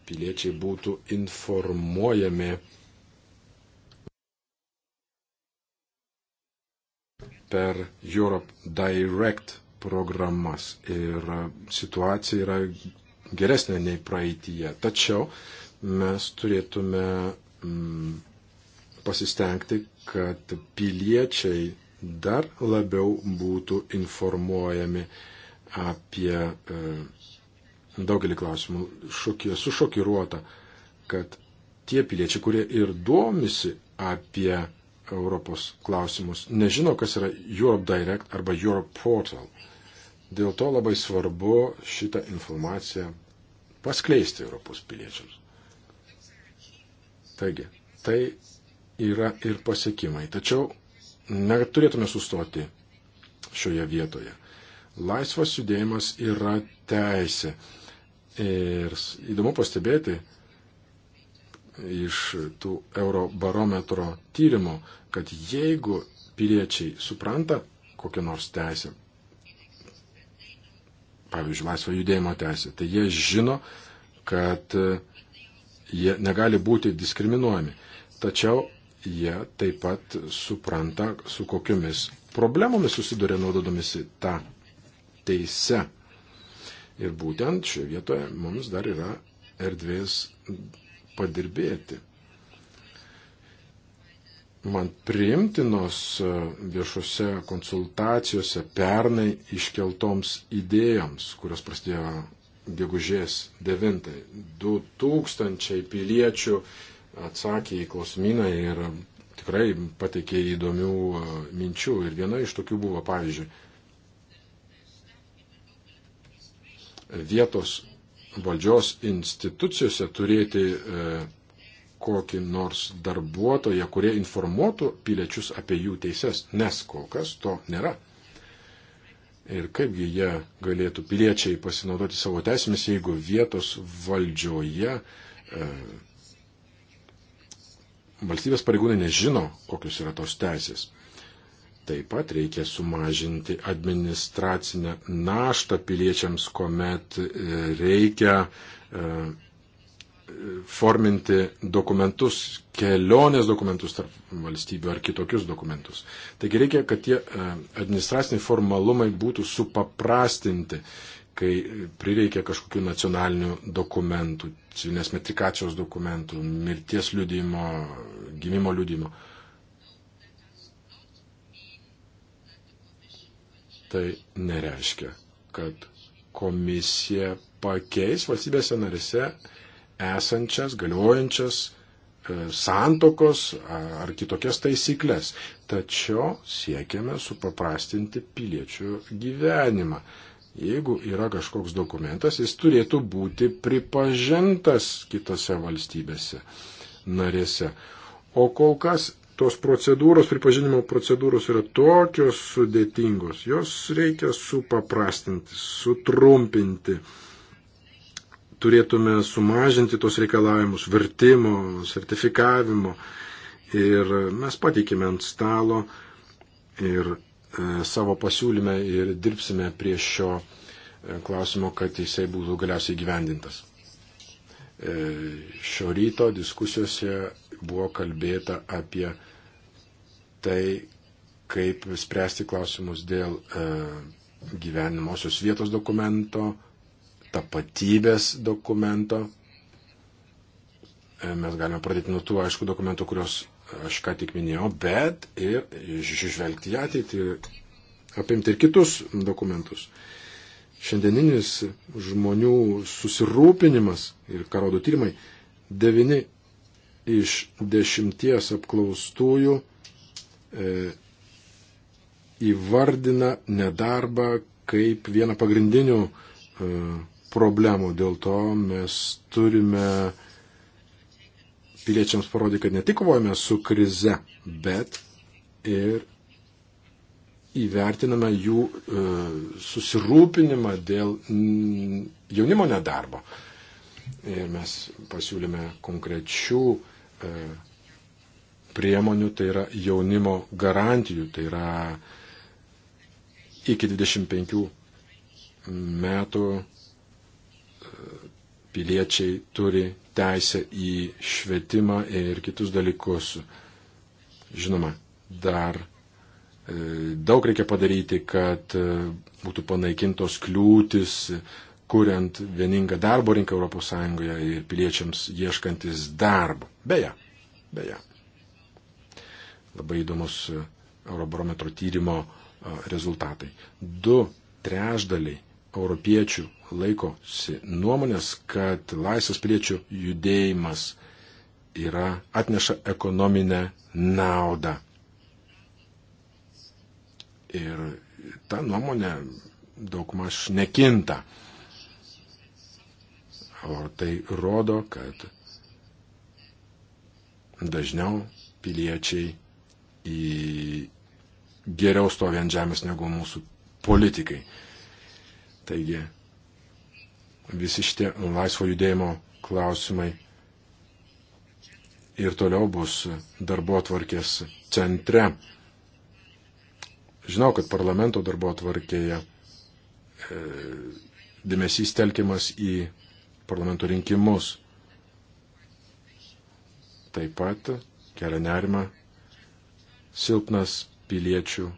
piliečiai būtų informuojami per Europe Direct programas ir situacija yra geresnė nei praeityje. Tačiau mes turėtume mm, pasistengti, kad piliečiai dar labiau būtų informuojami apie e, daugelį klausimų. Šokė, sušokiruota, kad tie piliečiai, kurie ir domisi apie Europos klausimus, nežino, kas yra Europe Direct arba Europe Portal. Dėl to labai svarbu šitą informaciją paskleisti Europos piliečiams. Taigi, tai yra ir pasiekimai. Tačiau neturėtume sustoti šioje vietoje laisvas judėjimas yra teisė. Ir įdomu pastebėti iš tų eurobarometro tyrimo, kad jeigu piliečiai supranta kokią nors teisę, pavyzdžiui, laisvo judėjimo teisę, tai jie žino, kad e, jie negali būti diskriminuojami. Tačiau jie taip pat supranta, su kokiomis problemomis susiduria naudodamisi tą teise. Ir būtent šioje vietoje mums dar yra erdvės padirbėti. Man priimtinos e, viešose konsultacijose pernai iškeltoms idėjoms, kurios prasidėjo gegužės 9. 2000 piliečių atsakė į klausimyną ir tikrai pateikė įdomių e, minčių. Ir viena iš tokių buvo, pavyzdžiui, vietos valdžios institucijose turėti e, kokį nors darbuotoją, kurie informuotų piliečius apie jų teises, nes kol kas to nėra. Ir kaipgi jie galėtų piliečiai pasinaudoti savo teisėmis, jeigu vietos valdžioje e, valstybės pareigūnai nežino, kokius yra tos teisės. Taip pat reikia sumažinti administracinę naštą piliečiams, kuomet e, reikia e, forminti dokumentus, kelionės dokumentus tarp valstybių ar kitokius dokumentus. Taigi reikia, kad tie e, administraciniai formalumai būtų supaprastinti, kai prireikia kažkokių nacionalinių dokumentų, civilinės metrikacijos dokumentų, mirties liudymo, gimimo liudymo. tai nereiškia, kad komisija pakeis valstybėse narise esančias, galiojančias e, santokos ar kitokias taisyklės. Tačiau siekiame supaprastinti piliečių gyvenimą. Jeigu yra kažkoks dokumentas, jis turėtų būti pripažintas kitose valstybėse narėse. O kol kas tos procedūros, pripažinimo procedūros yra tokios sudėtingos, jos reikia supaprastinti, sutrumpinti. Turėtume sumažinti tos reikalavimus vertimo, sertifikavimo. Ir mes pateikėme ant stalo ir e, savo pasiūlyme ir dirbsime prie šio e, klausimo, kad jisai būtų galiausiai gyvendintas. E, šio ryto diskusijose buvo kalbėta apie tai, kaip spręsti klausimus dėl e, gyvenimosios vietos dokumento, tapatybės dokumento. E, mes galime pradėti nuo tų, aišku, dokumentų, kuriuos aš ką tik minėjau, bet ir žvelgti į ateitį, apimti ir kitus dokumentus. Šiandieninis žmonių susirūpinimas ir ką rodo tyrimai, devini iš dešimties apklaustųjų E, įvardina nedarbą kaip vieną pagrindinių e, problemų. Dėl to mes turime piliečiams parodyti, kad ne tik kovojame su krize, bet ir įvertiname jų e, susirūpinimą dėl jaunimo nedarbo. Ir mes pasiūlėme konkrečių priemonių, tai yra jaunimo garantijų, tai yra iki 25 metų e, piliečiai turi teisę į švietimą ir kitus dalykus. Žinoma, dar e, daug reikia padaryti, kad e, būtų panaikintos kliūtis, kuriant vieningą darbo rinką ES ir piliečiams ieškantis darbo. Beje, beje, labai įdomus e, Eurobarometro tyrimo e, rezultatai. Du trešdaliai europiečių laikosi nuomonės, kad laisvas piliečių judėjimas yra, atneša ekonominę naudą. Ir ta nuomonė daugmaž nekinta. O tai rodo, kad dažniau piliečiai į geriau stovi ant žemės negu mūsų politikai. Taigi visi šitie laisvo judėjimo klausimai ir toliau bus darbo atvarkės centre. Žinau, kad parlamento darbo atvarkėje e, dėmesys telkiamas į parlamento rinkimus. Taip pat kelia nerima silpnas piliečių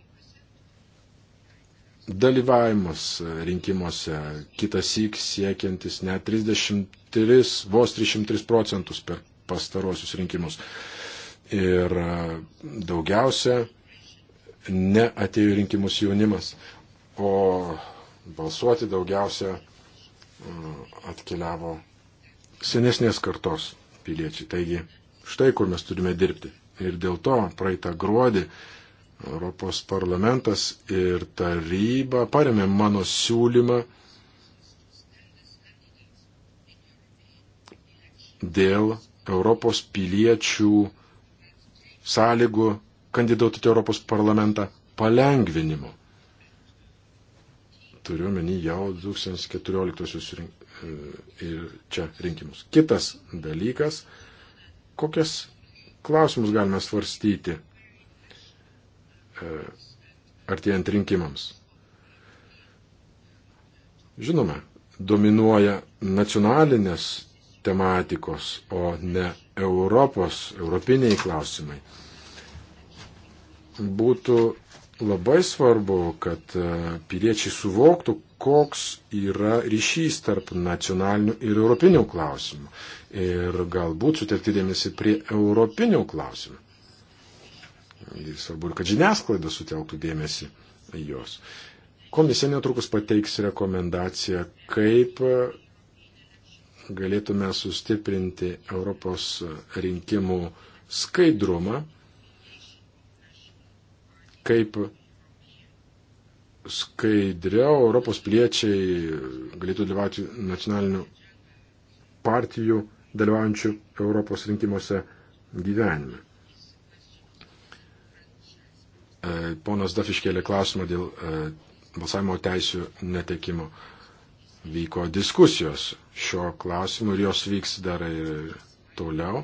dalyvavimas rinkimuose, kitas įk siekiantis net 33, vos 303 procentus per pastarosius rinkimus. Ir e, daugiausia neatėjo rinkimus jaunimas, o balsuoti daugiausia e, atkeliavo senesnės kartos piliečiai. Taigi, štai kur mes turime dirbti. Ir dėl to praeitą gruodį Europos parlamentas ir taryba paremė mano siūlymą dėl Europos piliečių sąlygų kandidatuoti Europos parlamentą palengvinimo. Turiu menį jau 2014 rink... ir čia rinkimus. Kitas dalykas, kokias klausimus galime svarstyti e, artėjant rinkimams. Žinoma, dominuoja nacionalinės tematikos, o ne Europos, europiniai klausimai. Būtų labai svarbu, kad e, piliečiai suvoktų, koks yra ryšys tarp nacionalinių ir europinių klausimų. Ir galbūt sutelkti dėmesį prie europinių klausimų. Ir svarbu, kad žiniasklaida sutelktų dėmesį į juos. Komisija netrukus pateiks rekomendaciją, kaip galėtume sustiprinti Europos rinkimų skaidrumą, kaip skaidriau Europos piliečiai galėtų dalyvauti nacionalinių partijų dalyvaujančių Europos rinkimuose gyvenime. E, ponas Dafiškėlė klausimą dėl e, balsavimo teisų netekimo. Vyko diskusijos šio klausimu ir jos vyks dar ir toliau.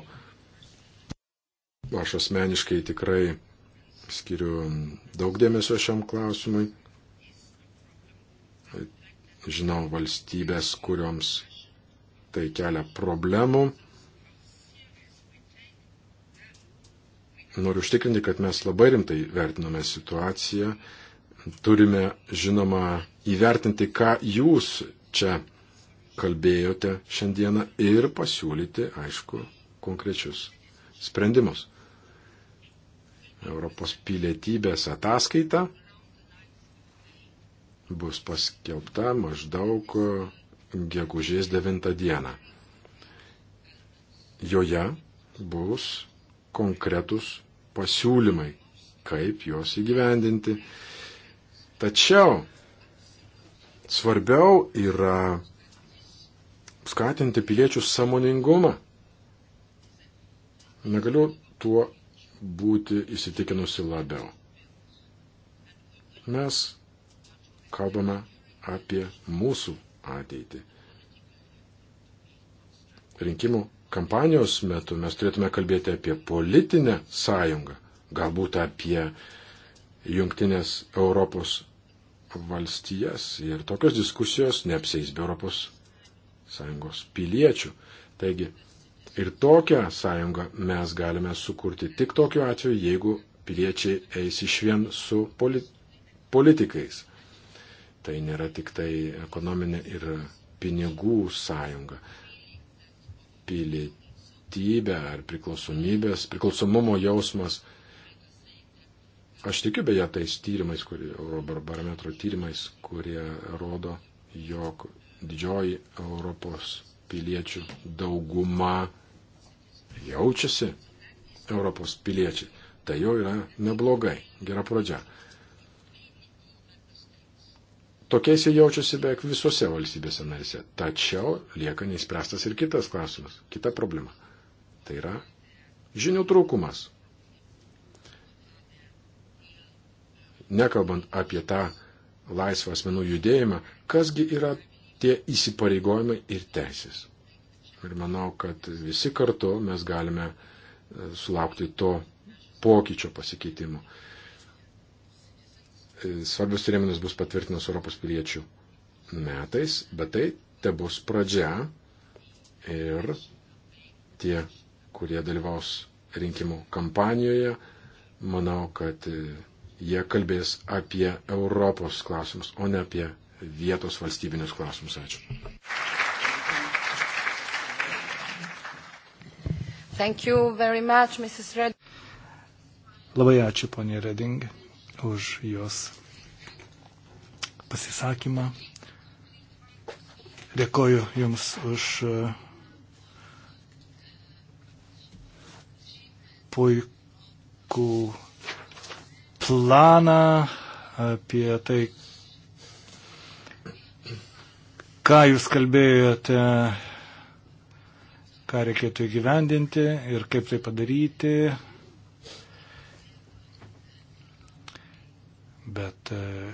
Aš asmeniškai tikrai skiriu daug dėmesio šiam klausimui Žinau valstybės, kurioms tai kelia problemų. Noriu užtikrinti, kad mes labai rimtai vertiname situaciją. Turime, žinoma, įvertinti, ką jūs čia kalbėjote šiandieną ir pasiūlyti, aišku, konkrečius sprendimus. Europos pilietybės ataskaita bus paskelbta maždaug gegužės 9 dieną. Joje bus konkretus pasiūlymai, kaip juos įgyvendinti. Tačiau svarbiau yra skatinti piliečių samoningumą. Negaliu tuo būti įsitikinusi labiau. Mes kalbame apie mūsų ateitį. Rinkimų kampanijos metu mes turėtume kalbėti apie politinę sąjungą, galbūt apie jungtinės Europos valstijas ir tokios diskusijos neapsiais be Europos sąjungos piliečių. Taigi ir tokią sąjungą mes galime sukurti tik tokiu atveju, jeigu piliečiai eis iš vien su poli politikais. Tai nėra tik tai ekonominė ir pinigų sąjunga. Pilietybė ar priklausomybės, priklausomumo jausmas. Aš tikiu beje tais tyrimais, Eurobarometro tyrimais, kurie rodo, jog didžioji Europos piliečių dauguma jaučiasi Europos piliečiai. Tai jau yra neblogai, gera pradžia. Tokiais jie jaučiasi beveik visose valstybėse narėse. Tačiau lieka neįspręstas ir kitas klausimas, kita problema. Tai yra žinių trūkumas. Nekalbant apie tą laisvą asmenų judėjimą, kasgi yra tie įsipareigojimai ir teisės. Ir manau, kad visi kartu mes galime e, sulaukti to pokyčio pasikeitimo svarbius terminus bus patvirtinus Europos piliečių metais, bet tai te bus pradžia ir tie, kurie dalyvaus rinkimų kampanijoje, manau, kad e, jie kalbės apie Europos klausimus, o ne apie vietos valstybinius klausimus. Ačiū. Much, Labai ačiū, ponė Reding už jos pasisakymą. Dėkoju Jums už e, puikų planą apie tai, ką Jūs kalbėjote, ką reikėtų įgyvendinti ir kaip tai padaryti.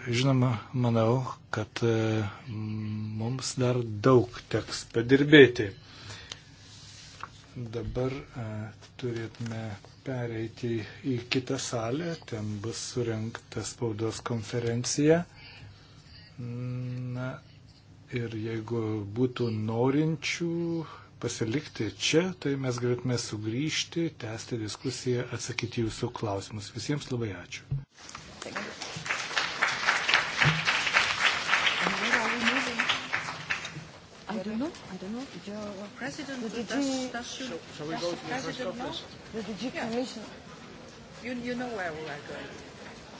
Žinoma, manau, kad e, mums dar daug teks padirbėti. Dabar e, turėtume pereiti į kitą salę, ten bus surinkta spaudos konferencija. Na, ir jeigu būtų norinčių pasilikti čia, tai mes galėtume sugrįžti, tęsti diskusiją, atsakyti jūsų klausimus. Visiems labai ačiū. don't know. I don't know. Your president, the DG, that's, that's shall, shall we go to the president press conference? No? The DG yeah. commission. You, you know where we are going.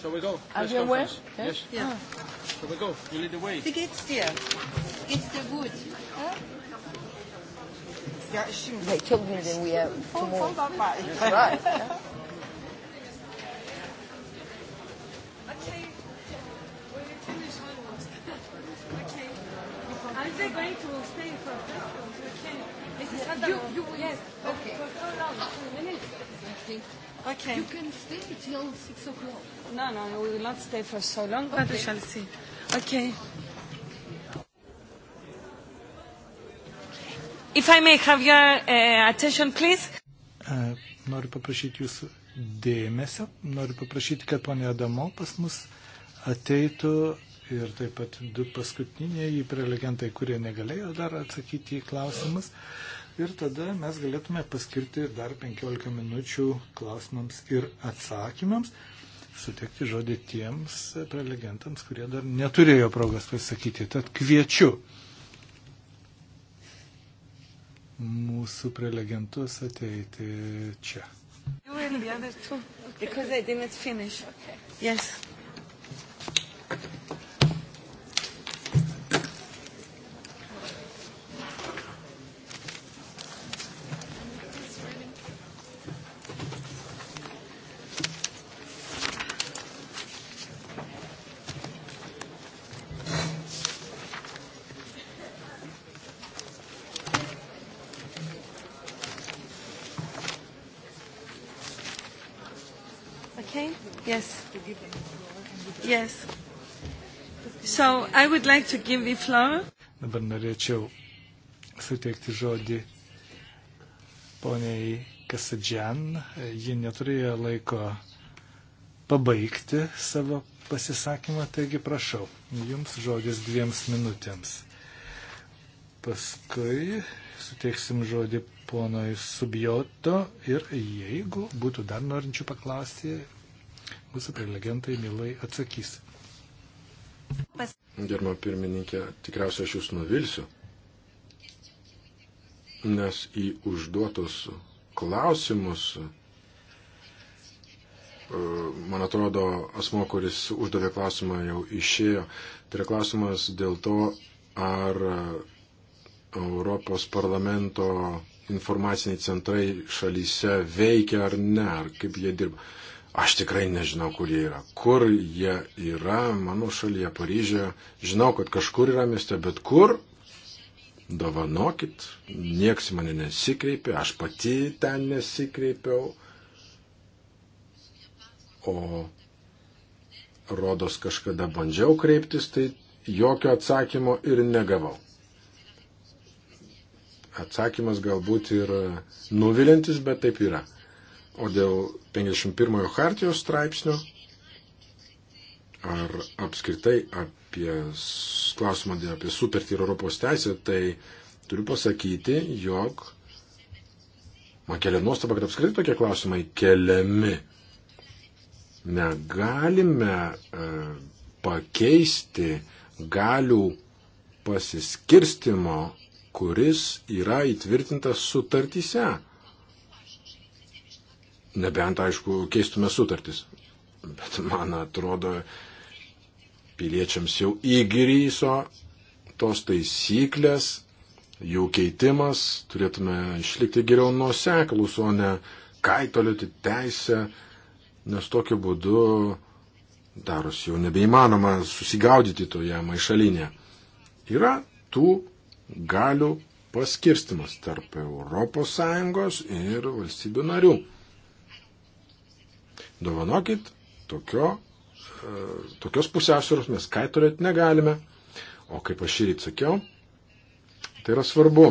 Shall we go? Are press you aware? Yes. yes. Yeah. Ah. Shall we go? You lead the way. Wie geht's dir? Geht's dir gut? Huh? Ja, stimmt. They told me that we have. Voll, voll dabei. That's right. If they're going to stay for festivals, we can. Mrs. Yeah, you, you will. Yes. Okay. For how long? Ah, Two minutes, I think. Okay. You can stay till six o'clock. No, no, we will not stay for so long, okay. but we shall see. Okay. If I may have your uh, attention, please. Uh, noriu paprašyti jūsų dėmesio, noriu paprašyti, kad ponė Adamo pas mus ateitų ir taip pat du paskutiniai prelegentai, kurie negalėjo dar atsakyti į klausimus. Ir tada mes galėtume paskirti dar 15 minučių klausimams ir atsakymams, sutekti žodį tiems prelegentams, kurie dar neturėjo progos pasakyti. Tad kviečiu mūsų prelegentus ateiti čia. You and the other two, okay. because I didn't finish. Okay. Yes. like Dabar norėčiau suteikti žodį poniai Kasadžian. Ji neturėjo laiko pabaigti savo pasisakymą, taigi prašau, jums žodis dviems minutėms. Paskui suteiksim žodį ponoj Subjoto ir jeigu būtų dar norinčių paklausti, mūsų prelegentai mielai atsakys. Germa pirmininkė, tikriausiai aš jūs nuvilsiu, nes į užduotus klausimus, e, man atrodo, asmo, kuris uždavė klausimą, jau išėjo. Tai yra klausimas dėl to, ar Europos parlamento informaciniai centrai šalyse veikia ar ne, ar kaip jie dirba. Aš tikrai nežinau, kur jie yra. Kur jie yra mano šalyje, Paryžioje. Žinau, kad kažkur yra mieste, bet kur? Dovanokit, nieks mane nesikreipė, aš pati ten nesikreipiau. O rodos kažkada bandžiau kreiptis, tai jokio atsakymo ir negavau. Atsakymas galbūt ir nuvilintis, bet taip yra. O dėl 51 hartijos straipsnio ar apskritai apie klausimą dėl apie sutartį ir Europos teisę, tai turiu pasakyti, jog man kelia nuostaba, kad apskritai tokie klausimai keliami. Negalime e, pakeisti galių pasiskirstimo, kuris yra įtvirtintas sutartyse. Nebent, aišku, keistume sutartis. Bet man atrodo, piliečiams jau įgyryso tos taisyklės, jų keitimas, turėtume išlikti geriau nuoseklus, o ne kaitoliuoti teisę, nes tokiu būdu darosi jau nebeįmanoma susigaudyti toje maišalinėje. Yra tų galių paskirstimas tarp ES ir valstybių narių. Dovanokit, tokio, e, tokios pusiausvėros mes kaiturėti negalime. O kaip aš ir įsakiau, tai yra svarbu.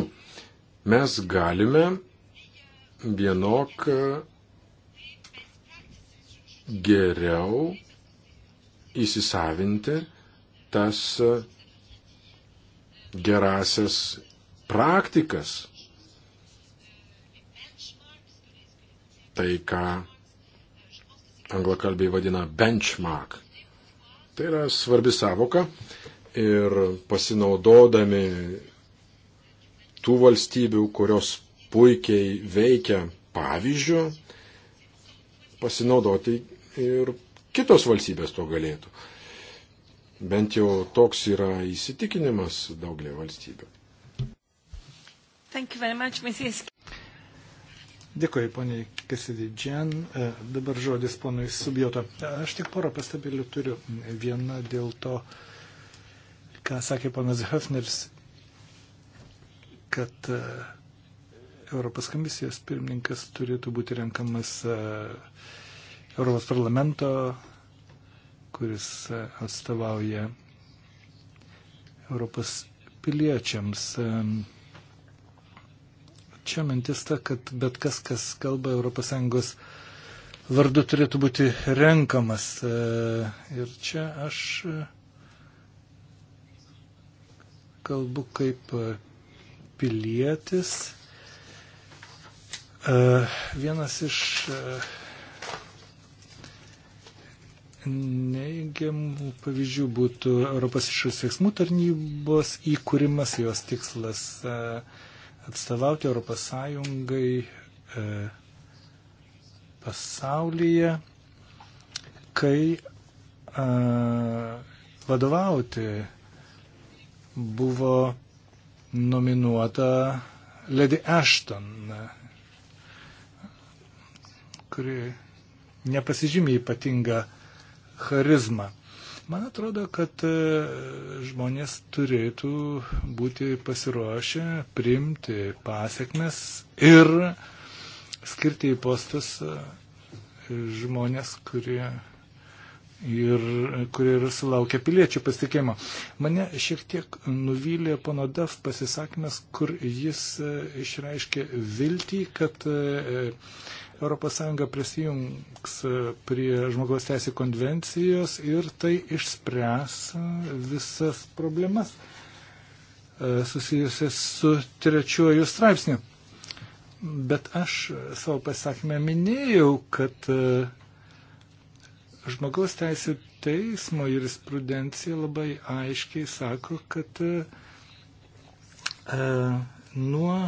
Mes galime vienok geriau įsisavinti tas gerasias praktikas. Tai, ką anglakalbiai vadina benchmark. Tai yra svarbi savoka ir pasinaudodami tų valstybių, kurios puikiai veikia pavyzdžių, pasinaudoti ir kitos valstybės to galėtų. Bent jau toks yra įsitikinimas daugelį valstybių. Much, Mrs. Dėkuoju, poniai Kasidį Džian. E, dabar žodis ponui Subjoto. E, aš tik porą pastabėlių turiu. Viena dėl to, ką sakė ponas Hefneris, kad e, Europos komisijos pirmininkas turėtų būti renkamas Europos parlamento, kuris atstovauja Europos piliečiams. Um, čia mintis ta, kad bet kas, kas kalba ES vardu, turėtų būti renkamas. E, ir čia aš e, kalbu kaip e, pilietis. Vienas iš neigiamų pavyzdžių būtų Europos išorės veiksmų tarnybos įkūrimas, jos tikslas uh, atstovauti Europos Sąjungai e, pasaulyje, kai a, e, vadovauti buvo nominuota Lady Ashton, kuri nepasižymė ypatingą charizmą. Man atrodo, kad e, žmonės turėtų būti pasiruošę priimti pasiekmes ir skirti į postus e, žmonės, kurie, ir, kurie ir sulaukia piliečių pasitikėjimo. Mane šiek tiek nuvylė pono Daf pasisakymas, kur jis e, išreiškė viltį, kad e, ES prisijungs e, prie žmogaus teisų konvencijos ir tai išspręs e, visas problemas e, susijusias su trečiuoju straipsniu. Bet aš savo pasakymę minėjau, kad žmogaus teisų teismo jurisprudencija labai aiškiai sako, kad nuo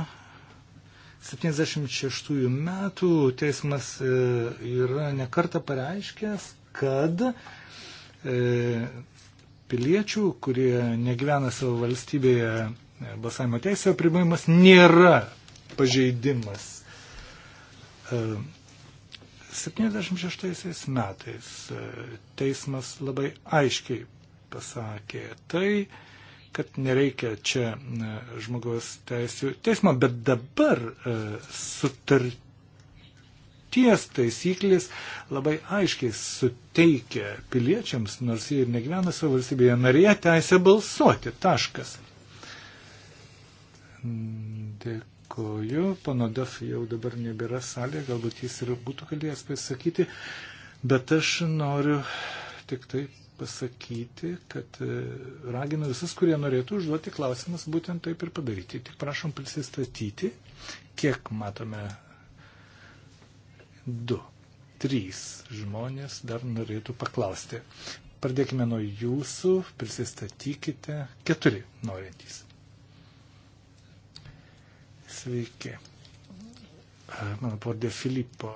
76 metų teismas e, yra nekarta pareiškęs, kad e, piliečių, kurie negyvena savo valstybėje, e, balsavimo teisė apribojimas nėra pažeidimas. 76 metais teismas labai aiškiai pasakė tai, kad nereikia čia e, žmogaus teisų teismo, bet dabar e, sutarties taisyklės labai aiškiai suteikia piliečiams, nors jie ir negyvena savo valstybėje narėje, teisę balsuoti. Taškas. Dėkoju. Pono Daf jau dabar nebėra salė, galbūt jis ir būtų galėjęs pasakyti, bet aš noriu tik taip pasakyti, kad e, raginu visus, kurie norėtų užduoti klausimus, būtent taip ir padaryti. Tik prašom prisistatyti, kiek matome du, trys žmonės dar norėtų paklausti. Pradėkime nuo jūsų, prisistatykite keturi norintys. Sveiki. Mano pavardė Filipo.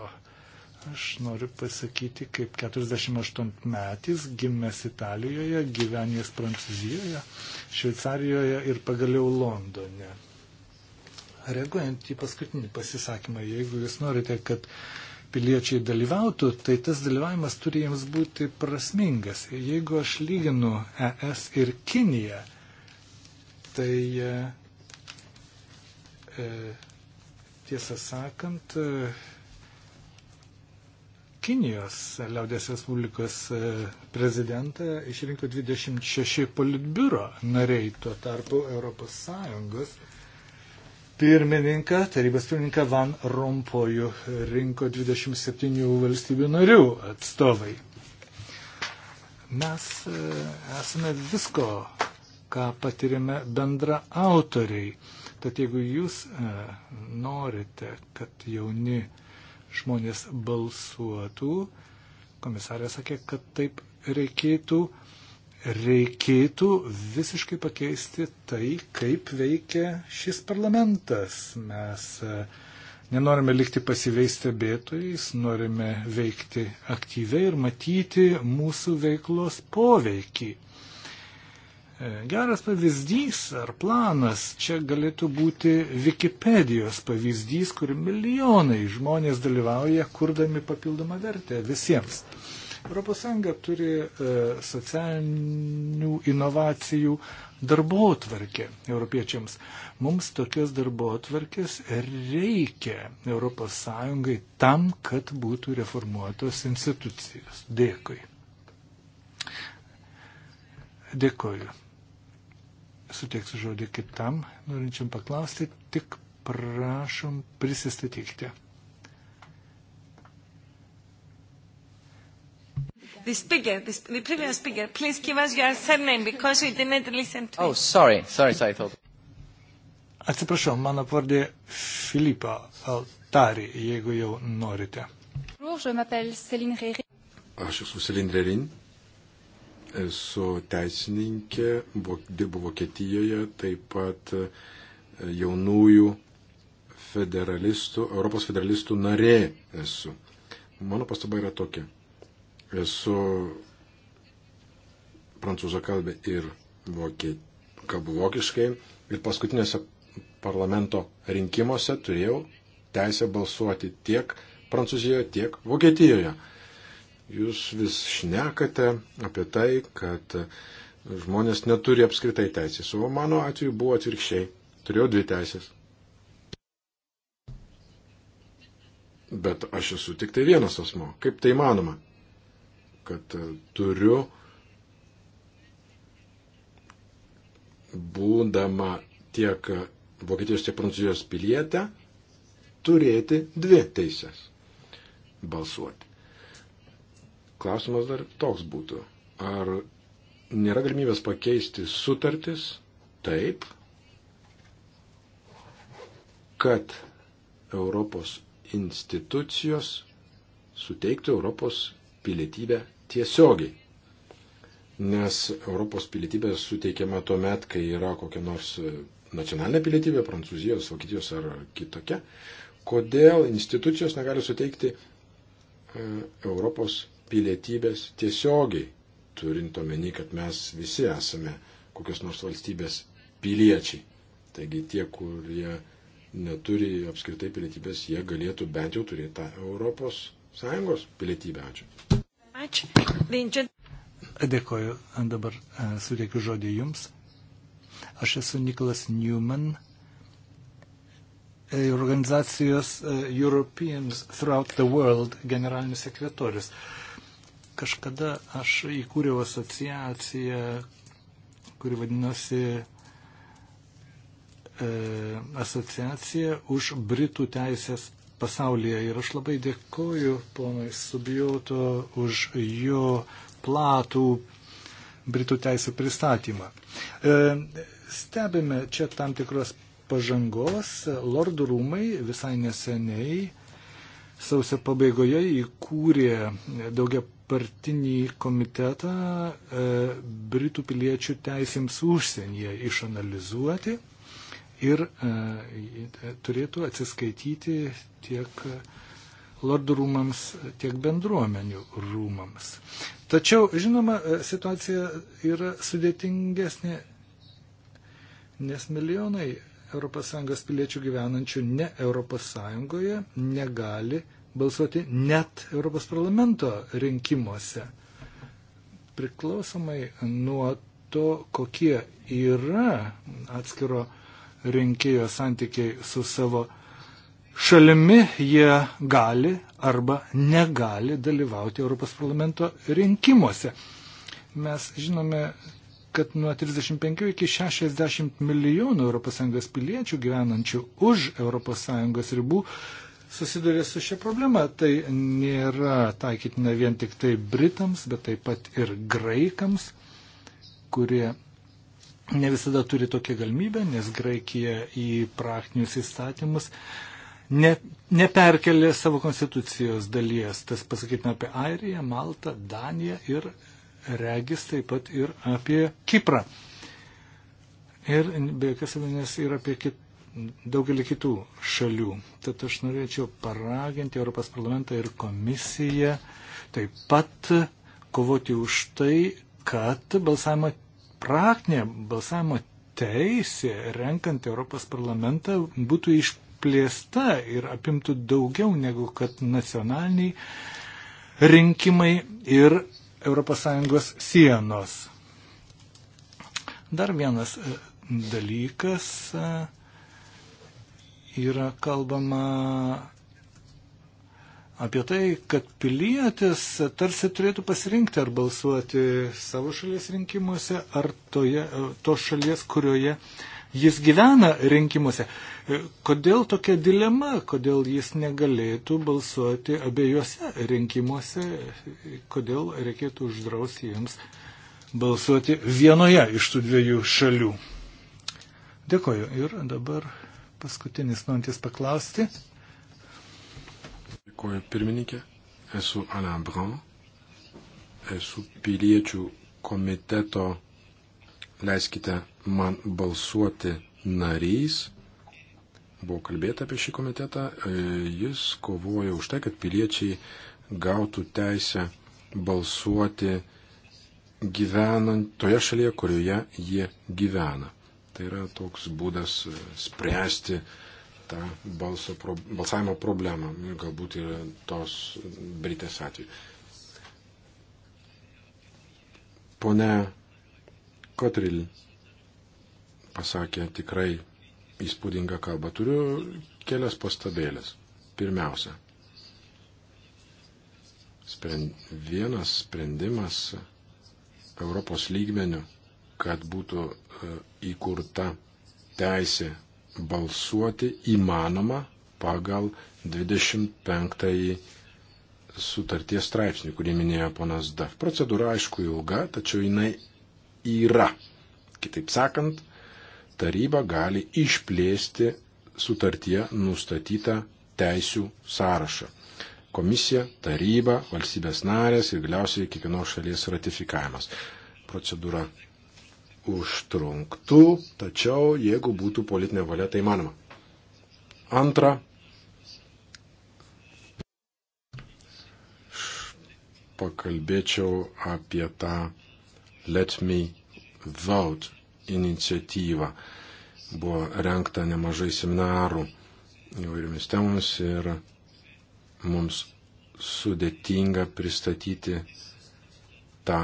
Aš noriu pasakyti, kaip 48 metys gimęs Italijoje, gyvenęs Prancūzijoje, Šveicarijoje ir pagaliau Londone. Reaguojant į paskutinį pasisakymą, jeigu jūs norite, kad piliečiai dalyvautų, tai tas dalyvavimas turi jiems būti prasmingas. Jeigu aš lyginu ES ir Kiniją, tai e, e tiesą sakant, e, Kinijos liaudės Respublikos e, prezidentą išrinko 26 politbiuro nariai, tuo tarpu ES pirmininką, tarybos pirmininką Van Rompojų rinko 27 valstybių narių atstovai. Mes e, esame visko, ką patirime bendra autoriai. Tad jeigu jūs e, norite, kad jauni žmonės balsuotų. Komisarė sakė, kad taip reikėtų, reikėtų visiškai pakeisti tai, kaip veikia šis parlamentas. Mes e, nenorime likti pasyviai stebėtojais, norime veikti aktyviai ir matyti mūsų veiklos poveikį. E, geras pavyzdys ar planas čia galėtų būti Wikipedijos pavyzdys, kur milijonai žmonės dalyvauja, kurdami papildomą vertę visiems. ES turi e, socialinių inovacijų darbo atvarkė europiečiams. Mums tokios darbo atvarkės reikia ES tam, kad būtų reformuotos institucijos. Dėkui. Dėkoju suteiksiu žodį kitam, norinčiam paklausti, tik prašom prisistatykite. The speaker, the, the previous speaker, please give us your surname because we didn't listen to. Oh, sorry, sorry, sorry, I thought. Atsiprašau, mano pavardė Filipa Altari, jeigu jau norite. Aš esu Selin Rerin. Esu teisininkė, dirbu Vokietijoje, taip pat e, jaunųjų federalistų, Europos federalistų narė esu. Mano pastaba yra tokia. Esu prancūzą kalbę ir vokie, kalbu vokiškai. Ir paskutinėse parlamento rinkimuose turėjau teisę balsuoti tiek Prancūzijoje, tiek Vokietijoje. Jūs vis šnekate apie tai, kad žmonės neturi apskritai teisės, o mano atveju buvo atvirkščiai. Turėjau dvi teisės. Bet aš esu tik tai vienas asmo. Kaip tai manoma? Kad e, turiu, būdama tiek Vokietijos, tiek Prancūzijos pilietę, turėti dvi teisės balsuoti. Klausimas dar toks būtų. Ar nėra galimybės pakeisti sutartis taip, kad Europos institucijos suteiktų Europos pilietybę tiesiogiai. Nes Europos pilietybė suteikiama tuo met, kai yra kokia nors nacionalinė pilietybė, Prancūzijos, Vokietijos ar kitokia. Kodėl institucijos negali suteikti e, Europos pilietybės tiesiogiai, turint omeny, kad mes visi esame kokios nors valstybės piliečiai. Taigi tie, kurie neturi apskritai pilietybės, jie galėtų bent jau turėti tą Europos Sąjungos pilietybę. Ačiū. Ačiū. Tai Dėkoju. Dabar e, suteikiu žodį Jums. Aš esu Niklas Newman, e, organizacijos e, Europeans Throughout the World generalinis sekretorius. Uh, Kažkada aš įkūriau asociaciją, kuri vadinosi e, asociacija už Britų teisės pasaulyje. Ir aš labai dėkoju ponui Subijoto už jo platų Britų teisų pristatymą. E, stebime čia tam tikros pažangos. Lordų rūmai visai neseniai sausio pabaigoje įkūrė daugia partinį komitetą e, Britų piliečių teisėms užsienyje išanalizuoti ir e, e, turėtų atsiskaityti tiek lordų rūmams, tiek bendruomenių rūmams. Tačiau, žinoma, e, situacija yra sudėtingesnė, nes milijonai ES piliečių gyvenančių ne ES negali balsuoti net Europos parlamento rinkimuose. Priklausomai nuo to, kokie yra atskiro rinkėjo santykiai su savo šalimi, jie gali arba negali dalyvauti Europos parlamento rinkimuose. Mes žinome, kad nuo 35 iki 60 milijonų ES piliečių gyvenančių už ES ribų susiduria su šia problema. Tai nėra taikytina vien tik tai Britams, bet taip pat ir Graikams, kurie ne visada turi tokią galimybę, nes Graikija į praktinius įstatymus ne, neperkelė savo konstitucijos dalies. Tas pasakytina apie Airiją, Maltą, Daniją ir regis taip pat ir apie Kiprą. Ir be jokios abejonės ir apie kit, daugelį kitų šalių. Tad aš norėčiau paraginti Europos parlamentą ir komisiją taip pat kovoti už tai, kad balsavimo praktinė balsavimo teisė renkant Europos parlamentą būtų išplėsta ir apimtų daugiau negu kad nacionaliniai rinkimai ir ES sienos. Dar vienas e, dalykas e, yra kalbama apie tai, kad pilietis tarsi turėtų pasirinkti ar balsuoti savo šalies rinkimuose, ar toje, to šalies, kurioje jis gyvena rinkimuose. Kodėl tokia dilema, kodėl jis negalėtų balsuoti abiejose rinkimuose, kodėl reikėtų uždrausti jiems balsuoti vienoje iš tų dviejų šalių. Dėkoju ir dabar paskutinis norintis paklausti. Dėkuoju pirmininkė, esu Alain Bran, esu piliečių komiteto, leiskite man balsuoti narys. Buvo kalbėta apie šį komitetą, e, jis kovoja už tai, kad piliečiai gautų teisę balsuoti gyvenant toje šalyje, kurioje jie gyvena. Tai yra toks būdas e, spręsti tą balso, pro, balsavimo problemą, galbūt ir tos Britės atveju. Pone Kotril pasakė tikrai įspūdingą kalbą. Turiu kelias pastabėlės. Pirmiausia, sprend, vienas sprendimas Europos lygmenių kad būtų e, įkurta teisė balsuoti įmanoma pagal 25 sutarties straipsnį, kurį minėjo ponas Daf. Procedūra aišku ilga, tačiau jinai yra. Kitaip sakant, taryba gali išplėsti sutartie nustatytą teisių sąrašą. Komisija, taryba, valstybės narės ir galiausiai kiekvienos šalies ratifikavimas. Procedūra užtrunktų, tačiau jeigu būtų politinė valia, tai manoma. Antra, pakalbėčiau apie tą Let Me Vote iniciatyvą. Buvo renkta nemažai seminarų įvairiomis temomis ir mums sudėtinga pristatyti tą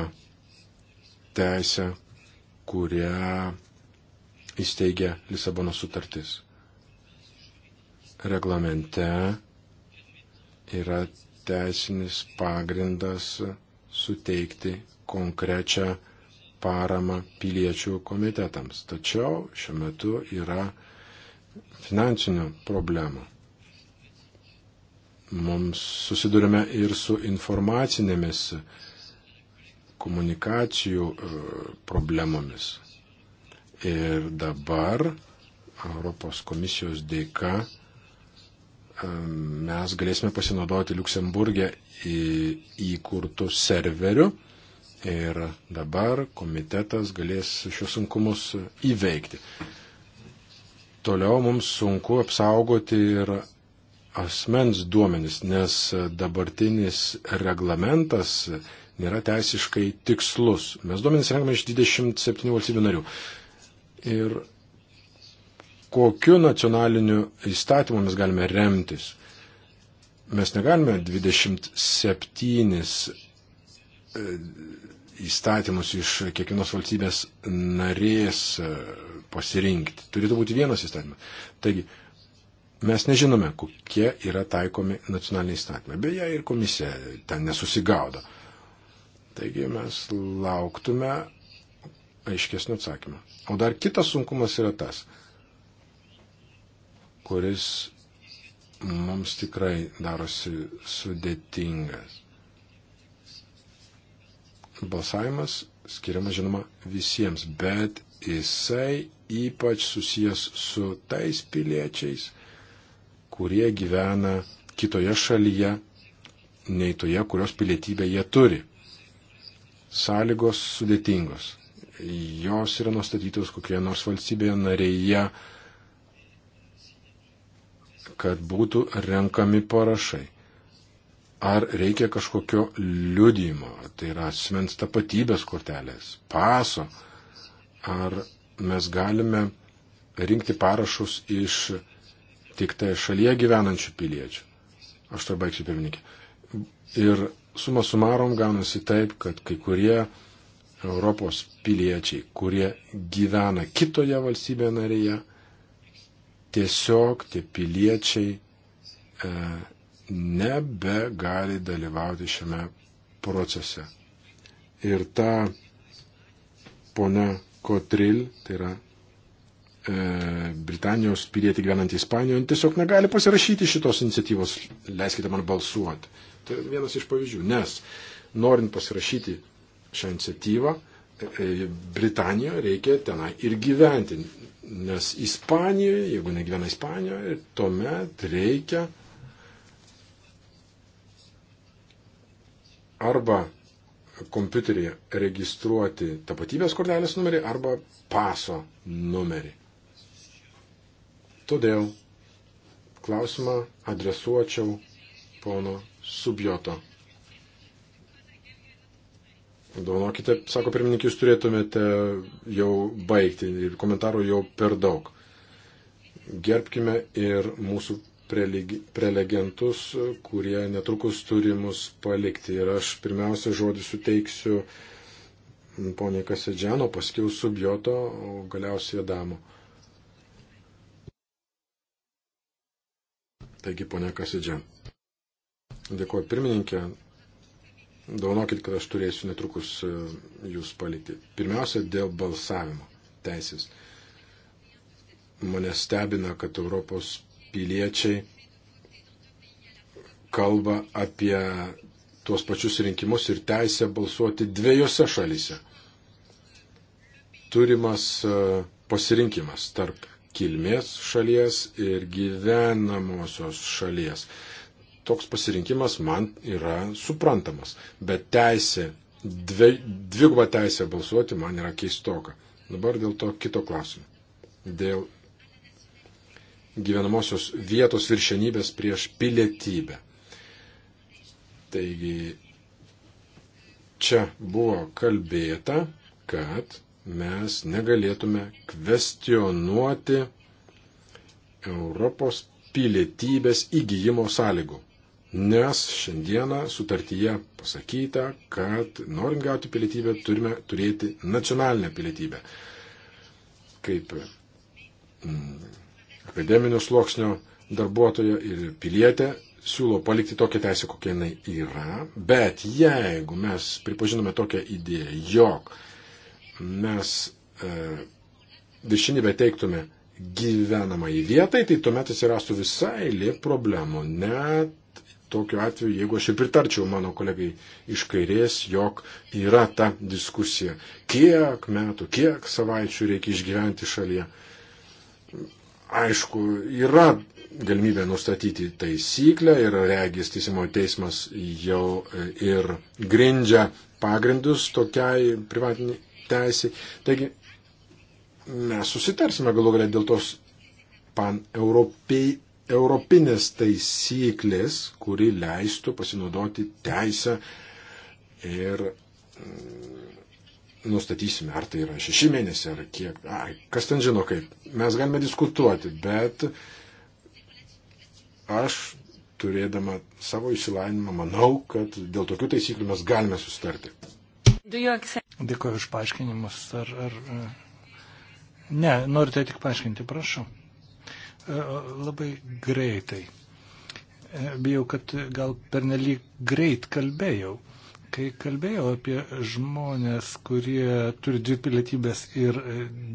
teisę, kurią įsteigia Lisabono sutartis. Reglamente yra teisinis pagrindas suteikti konkrečią paramą piliečių komitetams. Tačiau šiuo metu yra finansinių problemų. Mums susidurime ir su informacinėmis komunikacijų e, problemomis. Ir dabar Europos komisijos dėka e, mes galėsime pasinaudoti Luksemburgė įkurtų serverių ir dabar komitetas galės šios sunkumus įveikti. Toliau mums sunku apsaugoti ir asmens duomenis, nes dabartinis reglamentas nėra teisiškai tikslus. Mes duomenys renkame iš 27 valstybių narių. Ir kokiu nacionaliniu įstatymu mes galime remtis? Mes negalime 27 e, įstatymus iš kiekvienos valstybės narės e, pasirinkti. Turėtų būti vienas įstatymas. Taigi, mes nežinome, kokie yra taikomi nacionaliniai įstatymai. Beje, ir komisija ten nesusigaudo. Taigi mes lauktume aiškesnių atsakymų. O dar kitas sunkumas yra tas, kuris mums tikrai darosi sudėtingas. Balsavimas skiriamas, žinoma, visiems, bet jisai ypač susijęs su tais piliečiais, kurie gyvena kitoje šalyje, nei toje, kurios pilietybę jie turi sąlygos sudėtingos. Jos yra nustatytos kokioje nors valstybėje narėje, kad būtų renkami parašai. Ar reikia kažkokio liudymo, tai yra asmens tapatybės kortelės, paso, ar mes galime rinkti parašus iš tik tai šalyje gyvenančių piliečių. Aš to baigsiu pirmininkė. Ir Suma sumarom gaunasi taip, kad kai kurie Europos piliečiai, kurie gyvena kitoje valstybėje narėje, tiesiog tie piliečiai e, nebegali dalyvauti šiame procese. Ir ta ponia Kotril, tai yra e, Britanijos pilietį gyvenantį Ispanijoje, tiesiog negali pasirašyti šitos iniciatyvos, leiskite man balsuoti. Tai vienas iš pavyzdžių, nes norint pasirašyti šią iniciatyvą, e, e, Britanijoje reikia tenai ir gyventi, nes Ispanijoje, jeigu negyvena Ispanijoje, tuomet reikia arba kompiuteryje registruoti tapatybės kortelės numerį arba paso numerį. Todėl klausimą adresuočiau pono Subjoto. Dovanokite, sako pirmininkė, jūs turėtumėte jau baigti ir komentarų jau per daug. Gerbkime ir mūsų prelegentus, kurie netrukus turi mus palikti. Ir aš pirmiausia žodį suteiksiu poniai Kasedžiano, paskiau Subjoto, o galiausiai Adamo. Taigi, ponia Kasidžian. Dėkuoju pirmininkė. Daunokit, kad aš turėsiu netrukus e, jūs palikti. Pirmiausia, dėl balsavimo teisės. Mane stebina, kad Europos piliečiai kalba apie tuos pačius rinkimus ir teisę balsuoti dviejose šalyse. Turimas e, pasirinkimas tarp kilmės šalies ir gyvenamosios šalies toks pasirinkimas man yra suprantamas, bet teisė, dvi, dviguba teisė balsuoti man yra keistoka. Dabar dėl to kito klausimo. Dėl gyvenamosios vietos viršenybės prieš pilietybę. Taigi čia buvo kalbėta, kad mes negalėtume kvestionuoti Europos pilietybės įgyjimo sąlygų nes šiandieną sutartyje pasakyta, kad norint gauti pilietybę turime turėti nacionalinę pilietybę. Kaip mm, akademinio sluoksnio darbuotoja ir pilietė siūlau palikti tokią teisę, kokia jinai yra, bet jeigu mes pripažinome tokią idėją, jog mes e, viršinybę teiktume gyvenamai vietai, tai tuomet atsirastų visai lė problemų, net tokiu atveju, jeigu aš ir pritarčiau mano kolegai iš kairės, jog yra ta diskusija, kiek metų, kiek savaičių reikia išgyventi šalyje. Aišku, yra galimybė nustatyti taisyklę ir regis teisimo teismas jau e, ir grindžia pagrindus tokiai privatiniai teisiai. Taigi mes susitarsime galų galę dėl tos paneuropei, europinės taisyklės, kuri leistų pasinaudoti teisę ir mm, nustatysime, ar tai yra šeši mėnesiai, ar kiek, ai, kas ten žino kaip. Mes galime diskutuoti, bet aš turėdama savo išsilavinimą manau, kad dėl tokių taisyklių mes galime sustarti. Dėkuoju už paaiškinimus. Ar, ar... E, ne, norite tik paaiškinti, prašau. E, labai greitai. E, bijau, kad gal pernelyg greit kalbėjau. Kai kalbėjau apie žmonės, kurie turi dvi pilietybės ir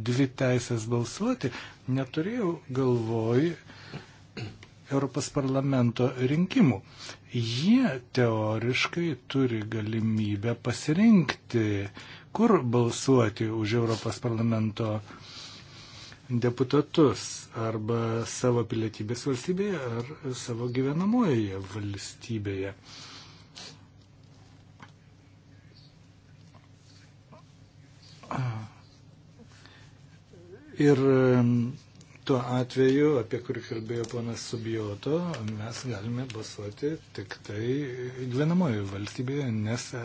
dvi teisės balsuoti, neturėjau galvoj Europos parlamento rinkimų. Jie teoriškai turi galimybę pasirinkti, kur balsuoti už Europos parlamento rinkimų deputatus arba savo pilietybės valstybėje ar savo gyvenamojoje valstybėje. Ir tuo atveju, apie kurį kalbėjo ponas Subijoto, mes galime balsuoti tik tai gyvenamojoje valstybėje, nes e,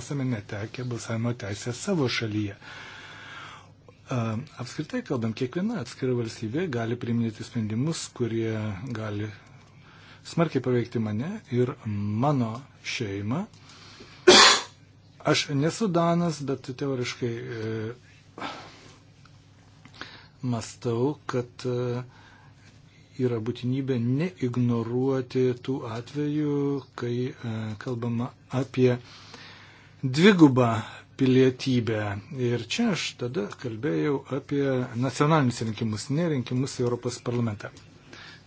esame netekę balsavimo teisę savo šalyje. Uh, Apskritai kalbant, kiekviena atskira valstybė gali priminėti sprendimus, kurie gali smarkiai paveikti mane ir mano šeimą. Aš nesu Danas, bet teoriškai e, mastau, kad e, yra būtinybė neignoruoti tų atvejų, kai e, kalbama apie dvigubą pilietybę. Ir čia aš tada kalbėjau apie nacionalinius rinkimus, ne rinkimus į Europos parlamentą.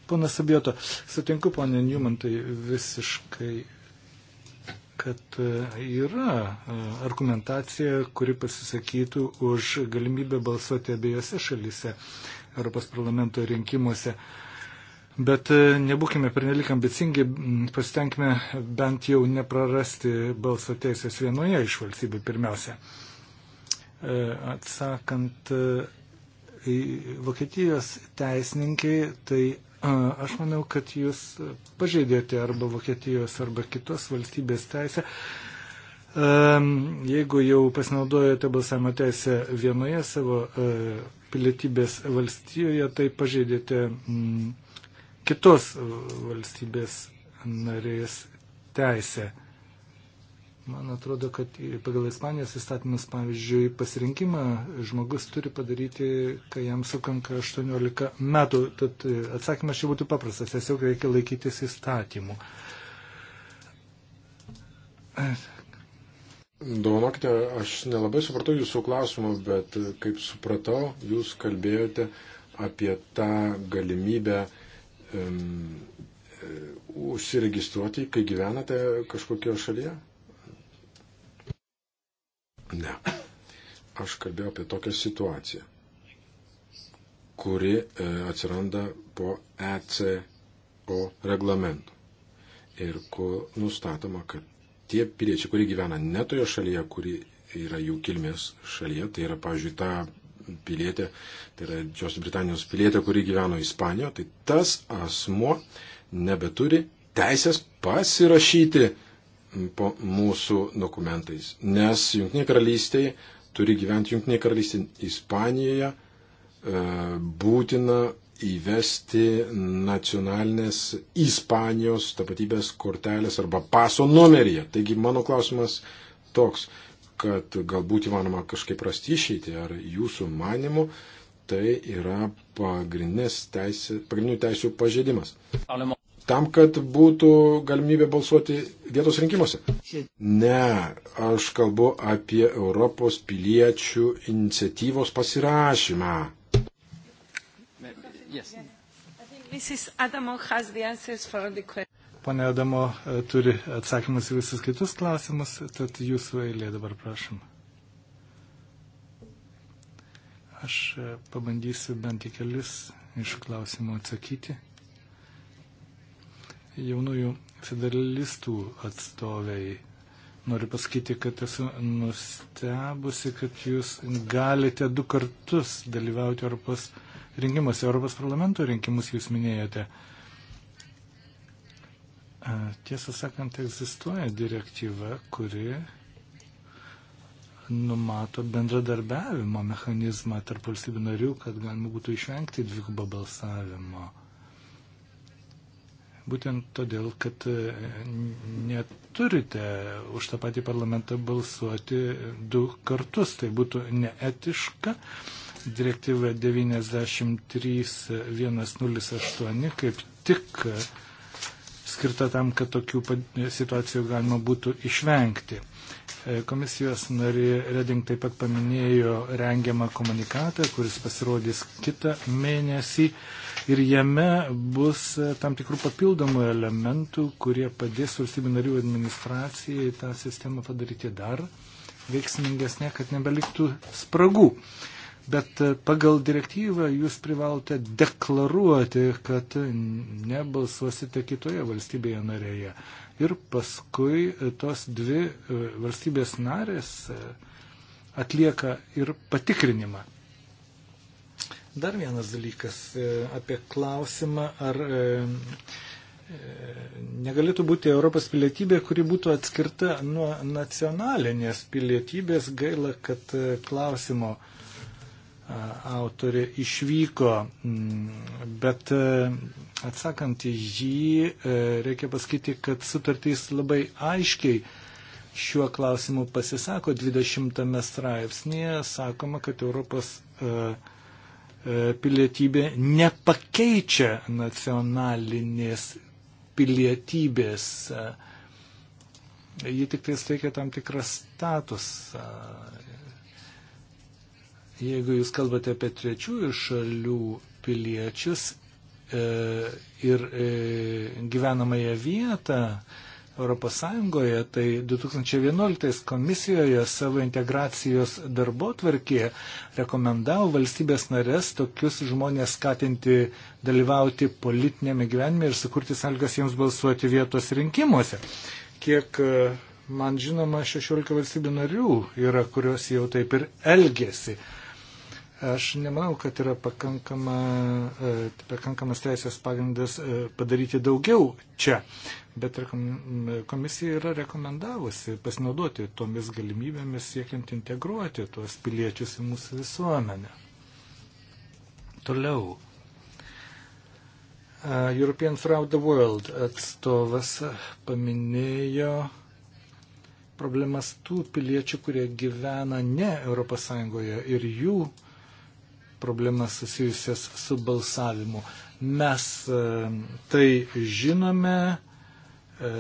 Pana Sabieto, sutinku, ponė Newmantai, visiškai, kad e, yra e, argumentacija, kuri pasisakytų už galimybę balsuoti abiejose šalyse Europos parlamento rinkimuose. Uh, Bet e, nebūkime pernelik ambicingi, pasitenkime bent jau neprarasti balso teisės vienoje iš valstybių pirmiausia. E, atsakant e, į Vokietijos teisininkai, tai aš manau, kad jūs pažeidėte arba Vokietijos, arba kitos valstybės teisę. Jeigu jau pasinaudojate balsavimo teisę vienoje savo pilietybės valstijoje, tai pažeidėte. Mm, kitos valstybės narės teisę. Man atrodo, kad pagal Ispanijos įstatymus, pavyzdžiui, pasirinkimą žmogus turi padaryti, kai jam sukanka 18 metų. Tad e, atsakymas čia būtų paprastas, tiesiog reikia laikytis įstatymų. Dovanokite, aš nelabai supratau jūsų klausimą, bet e, kaip supratau, jūs kalbėjote apie tą galimybę E, užsiregistruoti, kai gyvenate kažkokioje šalyje? Ne. Aš kalbėjau apie tokią situaciją, kuri e, atsiranda po ECO reglamentu ir kur nustatoma, kad tie piliečiai, kurie gyvena ne toje šalyje, kuri yra jų kilmės šalyje, tai yra, pavyzdžiui, ta pilietė, tai yra Didžiosios Britanijos pilietė, kuri gyveno Ispanijoje, tai tas asmuo nebeturi teisės pasirašyti po mūsų dokumentais, nes Junktinėje karalystėje turi gyventi Junktinėje karalystėje, Ispanijoje e, būtina įvesti nacionalinės Ispanijos tapatybės kortelės arba paso numeryje. Taigi mano klausimas toks, kad galbūt įmanoma kažkaip rasti išeitį, ar jūsų manimu tai yra teisė, pagrindinių teisų pažeidimas. Tam, kad būtų galimybė balsuoti vietos rinkimuose. Ne, aš kalbu apie Europos piliečių iniciatyvos pasirašymą. Yes. Mrs. Adamo has the answers for the question. Pone Adamo e, turi atsakymus į visus kitus klausimus, tad jūsų eilė dabar prašom. Aš e, pabandysiu bent į kelis iš klausimų atsakyti. Jaunųjų federalistų atstoviai Noriu pasakyti, kad esu nustebusi, kad jūs galite du kartus dalyvauti Europos rinkimuose. Europos parlamento rinkimus jūs minėjote. Tiesą sakant, egzistuoja direktyva, kuri numato bendradarbiavimo mechanizmą tarp valstybių narių, kad galima būtų išvengti dvigubo balsavimo. Būtent todėl, kad e, neturite už tą patį parlamentą balsuoti du kartus, tai būtų neetiška. Direktyva 93108 kaip tik skirta tam, kad tokių situacijų galima būtų išvengti. E, komisijos nari Reding taip pat paminėjo rengiamą komunikatą, kuris pasirodys kitą mėnesį ir jame bus e, tam tikrų papildomų elementų, kurie padės valstybių narių administracijai tą sistemą padaryti dar veiksmingesnė, kad nebeliktų spragų. E, Bet e, pagal direktyvą jūs privalote deklaruoti, kad nebalsuosite kitoje valstybėje narėje. Ir paskui e, tos dvi e, valstybės narės atlieka ir patikrinimą. Dar vienas dalykas apie klausimą, ar negalėtų būti Europos pilietybė, kuri būtų atskirta nuo nacionalinės pilietybės. Gaila, kad klausimo autorė išvyko, mm, bet e, atsakant į jį, e, reikia pasakyti, kad sutartys labai aiškiai šiuo klausimu pasisako 20 straipsnėje, sakoma, kad Europos e, pilietybė nepakeičia nacionalinės pilietybės. Ji tik tai steikia tam tikrą statusą jeigu jūs kalbate apie trečiųjų šalių piliečius e, ir e, gyvenamąją vietą ES, tai 2011 komisijoje savo integracijos darbo tvarkėje rekomendavo valstybės narės tokius žmonės skatinti dalyvauti politinėme gyvenime ir sukurti sąlygas jiems balsuoti vietos rinkimuose. Kiek e, man žinoma, 16 valstybių narių yra, kurios jau taip ir elgėsi. Aš nemanau, kad yra pakankama, e, pakankamas teisės pagrindas e, padaryti daugiau čia, bet komisija yra rekomendavusi pasinaudoti tomis galimybėmis siekiant integruoti tuos piliečius į mūsų visuomenę. Toliau. E, European Fraud the World atstovas paminėjo problemas tų piliečių, kurie gyvena ne ES ir jų problemas susijusias su balsavimu. Mes e, tai žinome, e,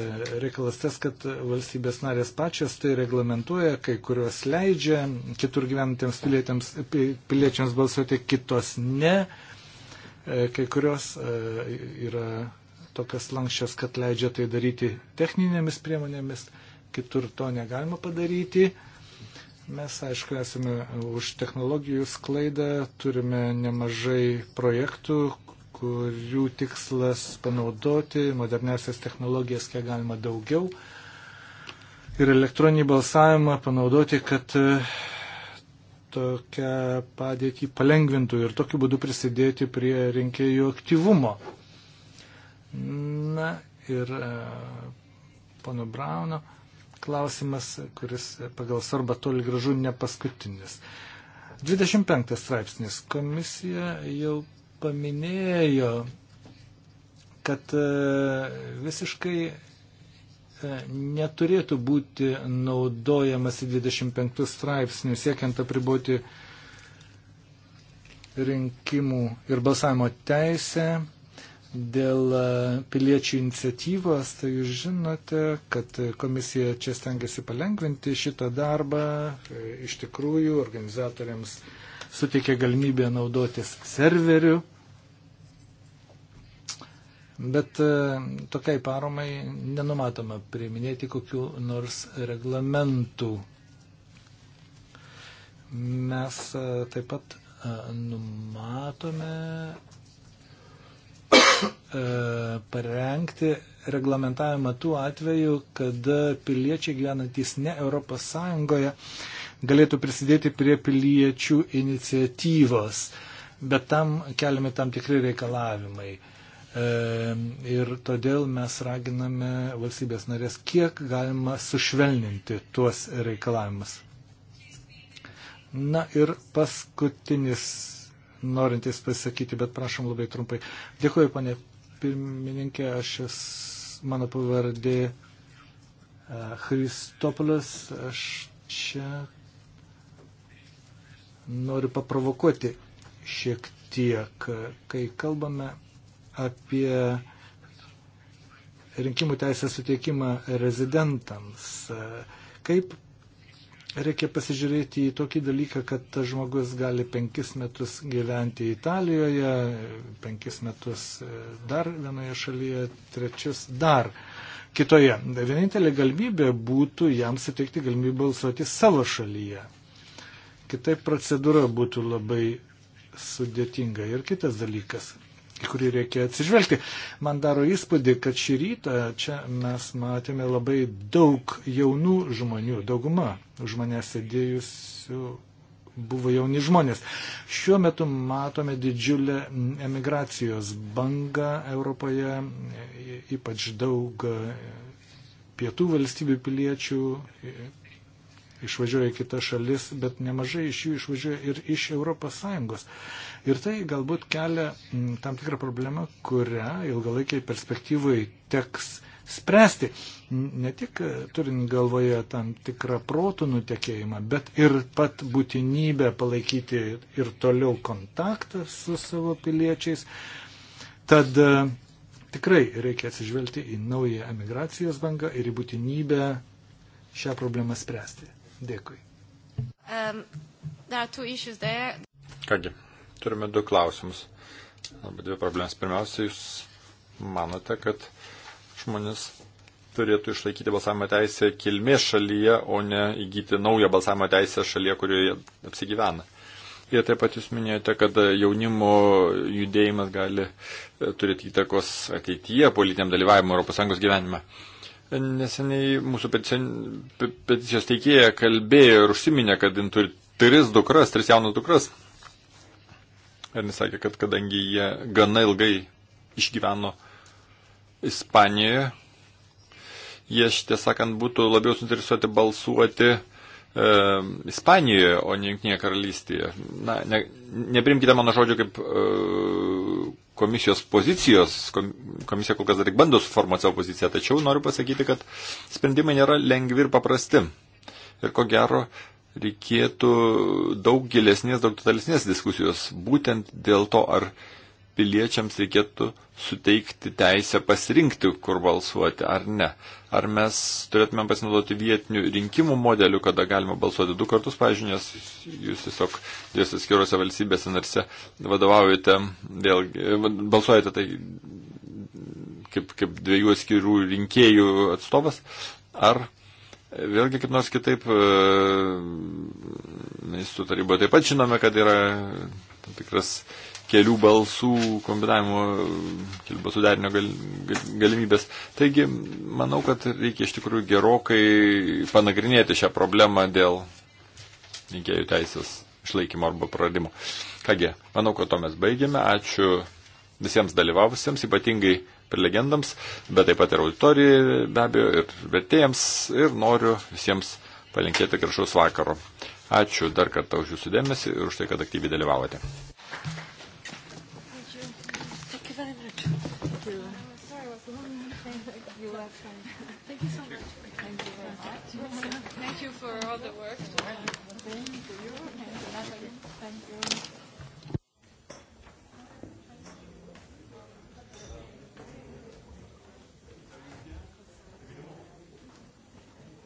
reikalas tas, kad valstybės narės pačios tai reglamentuoja, kai kurios leidžia kitur gyventiems piliečiams balsuoti, kitos ne. E, kai kurios yra tokios lankščios, kad leidžia tai daryti techninėmis priemonėmis, kitur to negalima padaryti. Mes, aišku, esame už technologijų sklaidą, turime nemažai projektų, kurių tikslas panaudoti moderniasias technologijas kiek galima daugiau ir elektroninį balsavimą panaudoti, kad e, tokią padėtį palengvintų ir tokiu būdu prisidėti prie rinkėjų aktyvumo. Na ir e, pono Brauno klausimas, kuris pagal svarbą toli gražu ne paskutinis. 25 straipsnis. Komisija jau paminėjo, kad e, visiškai e, neturėtų būti naudojamas 25 straipsnių siekiant apriboti rinkimų ir balsavimo teisę Dėl e, piliečių iniciatyvos, tai jūs žinote, kad komisija čia stengiasi palengventi šitą darbą. E, iš tikrųjų, organizatoriams suteikia galimybę naudotis serveriu. Bet e, tokiai paromai nenumatoma priiminėti kokiu nors reglamentų. Mes taip pat numatome E, parengti reglamentavimą tuo atveju, kada piliečiai gyvenantis ne Europos Sąjungoje galėtų prisidėti prie piliečių iniciatyvos, bet tam keliami tam tikri reikalavimai. E, ir todėl mes raginame valstybės narės, kiek galima sušvelninti tuos reikalavimus. Na ir paskutinis norintys pasakyti, bet prašom labai trumpai. Dėkuoju, ponė pirmininkė, aš esu, mano pavardė Kristopolis, e, aš čia noriu paprovokuoti šiek tiek, kai kalbame apie rinkimų teisės suteikimą rezidentams. E, kaip reikia pasižiūrėti į tokį dalyką, kad tas žmogus gali penkis metus gyventi Italijoje, penkis metus e, dar vienoje šalyje, trečius dar kitoje. Vienintelė galimybė būtų jam suteikti galimybę balsuoti savo šalyje. Kitaip procedūra būtų labai sudėtinga. Ir kitas dalykas į kurį reikia atsižvelgti. Man daro įspūdį, kad šį rytą čia mes matėme labai daug jaunų žmonių, dauguma už mane sėdėjusių buvo jauni žmonės. Šiuo metu matome didžiulę emigracijos bangą Europoje, ypač daug pietų valstybių piliečių išvažiuoja kita šalis, bet nemažai iš jų išvažiuoja ir iš ES. Ir tai galbūt kelia mm, tam tikrą problemą, kurią ilgalaikiai perspektyvai teks spręsti. Ne tik e, turint galvoje tam tikrą protų nutekėjimą, bet ir pat būtinybę palaikyti ir toliau kontaktą su savo piliečiais. Tad e, tikrai reikia atsižvelgti į naują emigracijos bangą ir į būtinybę šią problemą spręsti. Dėkui. Um, Kągi, Turime du klausimus. Arba dvi problemas. Pirmiausia, jūs manote, kad žmonės turėtų išlaikyti balsavimo teisę kilmės šalyje, o ne įgyti naują balsavimo teisę šalyje, kurioje apsigyvena. Ir taip pat jūs minėjote, kad jaunimo judėjimas gali e, turėti įtakos ateityje politiniam dalyvavimui ES gyvenime. Neseniai mūsų peticijos teikėja kalbėjo ir užsiminė, kad jin turi tris dukras, tris jaunas dukras. Ir jis sakė, kad kadangi jie gana ilgai išgyveno Ispanijoje, jie, tiesą sakant, būtų labiau suinteresuoti balsuoti e, Ispanijoje, o ne Junktinėje karalystėje. Na, ne, neprimkite mano žodžio kaip e, komisijos pozicijos, kom, komisija kol kas dar tik bando suformuoti savo poziciją, tačiau noriu pasakyti, kad sprendimai nėra lengvi ir paprasti. Ir ko gero, reikėtų daug gilesnės, daug totalesnės diskusijos, būtent dėl to, ar piliečiams reikėtų suteikti teisę pasirinkti, kur balsuoti ar ne. Ar mes turėtume pasinaudoti vietinių rinkimų modelių, kada galima balsuoti du kartus, pavyzdžiui, nes jūs tiesiog dviese skiriuose valstybėse narse vadovaujate, vėlgi, balsuojate tai kaip, kaip dviejų skirų rinkėjų atstovas, ar Vėlgi kaip nors kitaip, e, ministrų taryboje taip pat žinome, kad yra tam tikras kelių balsų kombinavimo, kelių balsų derinio gal, gal, galimybės. Taigi, manau, kad reikia iš tikrųjų gerokai panagrinėti šią problemą dėl rinkėjų teisės išlaikymo arba praradimo. Kągi, manau, kad to mes baigėme. Ačiū visiems dalyvavusiems, ypatingai prelegendams, bet taip pat ir auditorijai be abejo ir vertėjams ir noriu visiems palinkėti gražaus vakaro. Ačiū dar kartą už jūsų dėmesį ir už tai, kad aktyviai dalyvavote.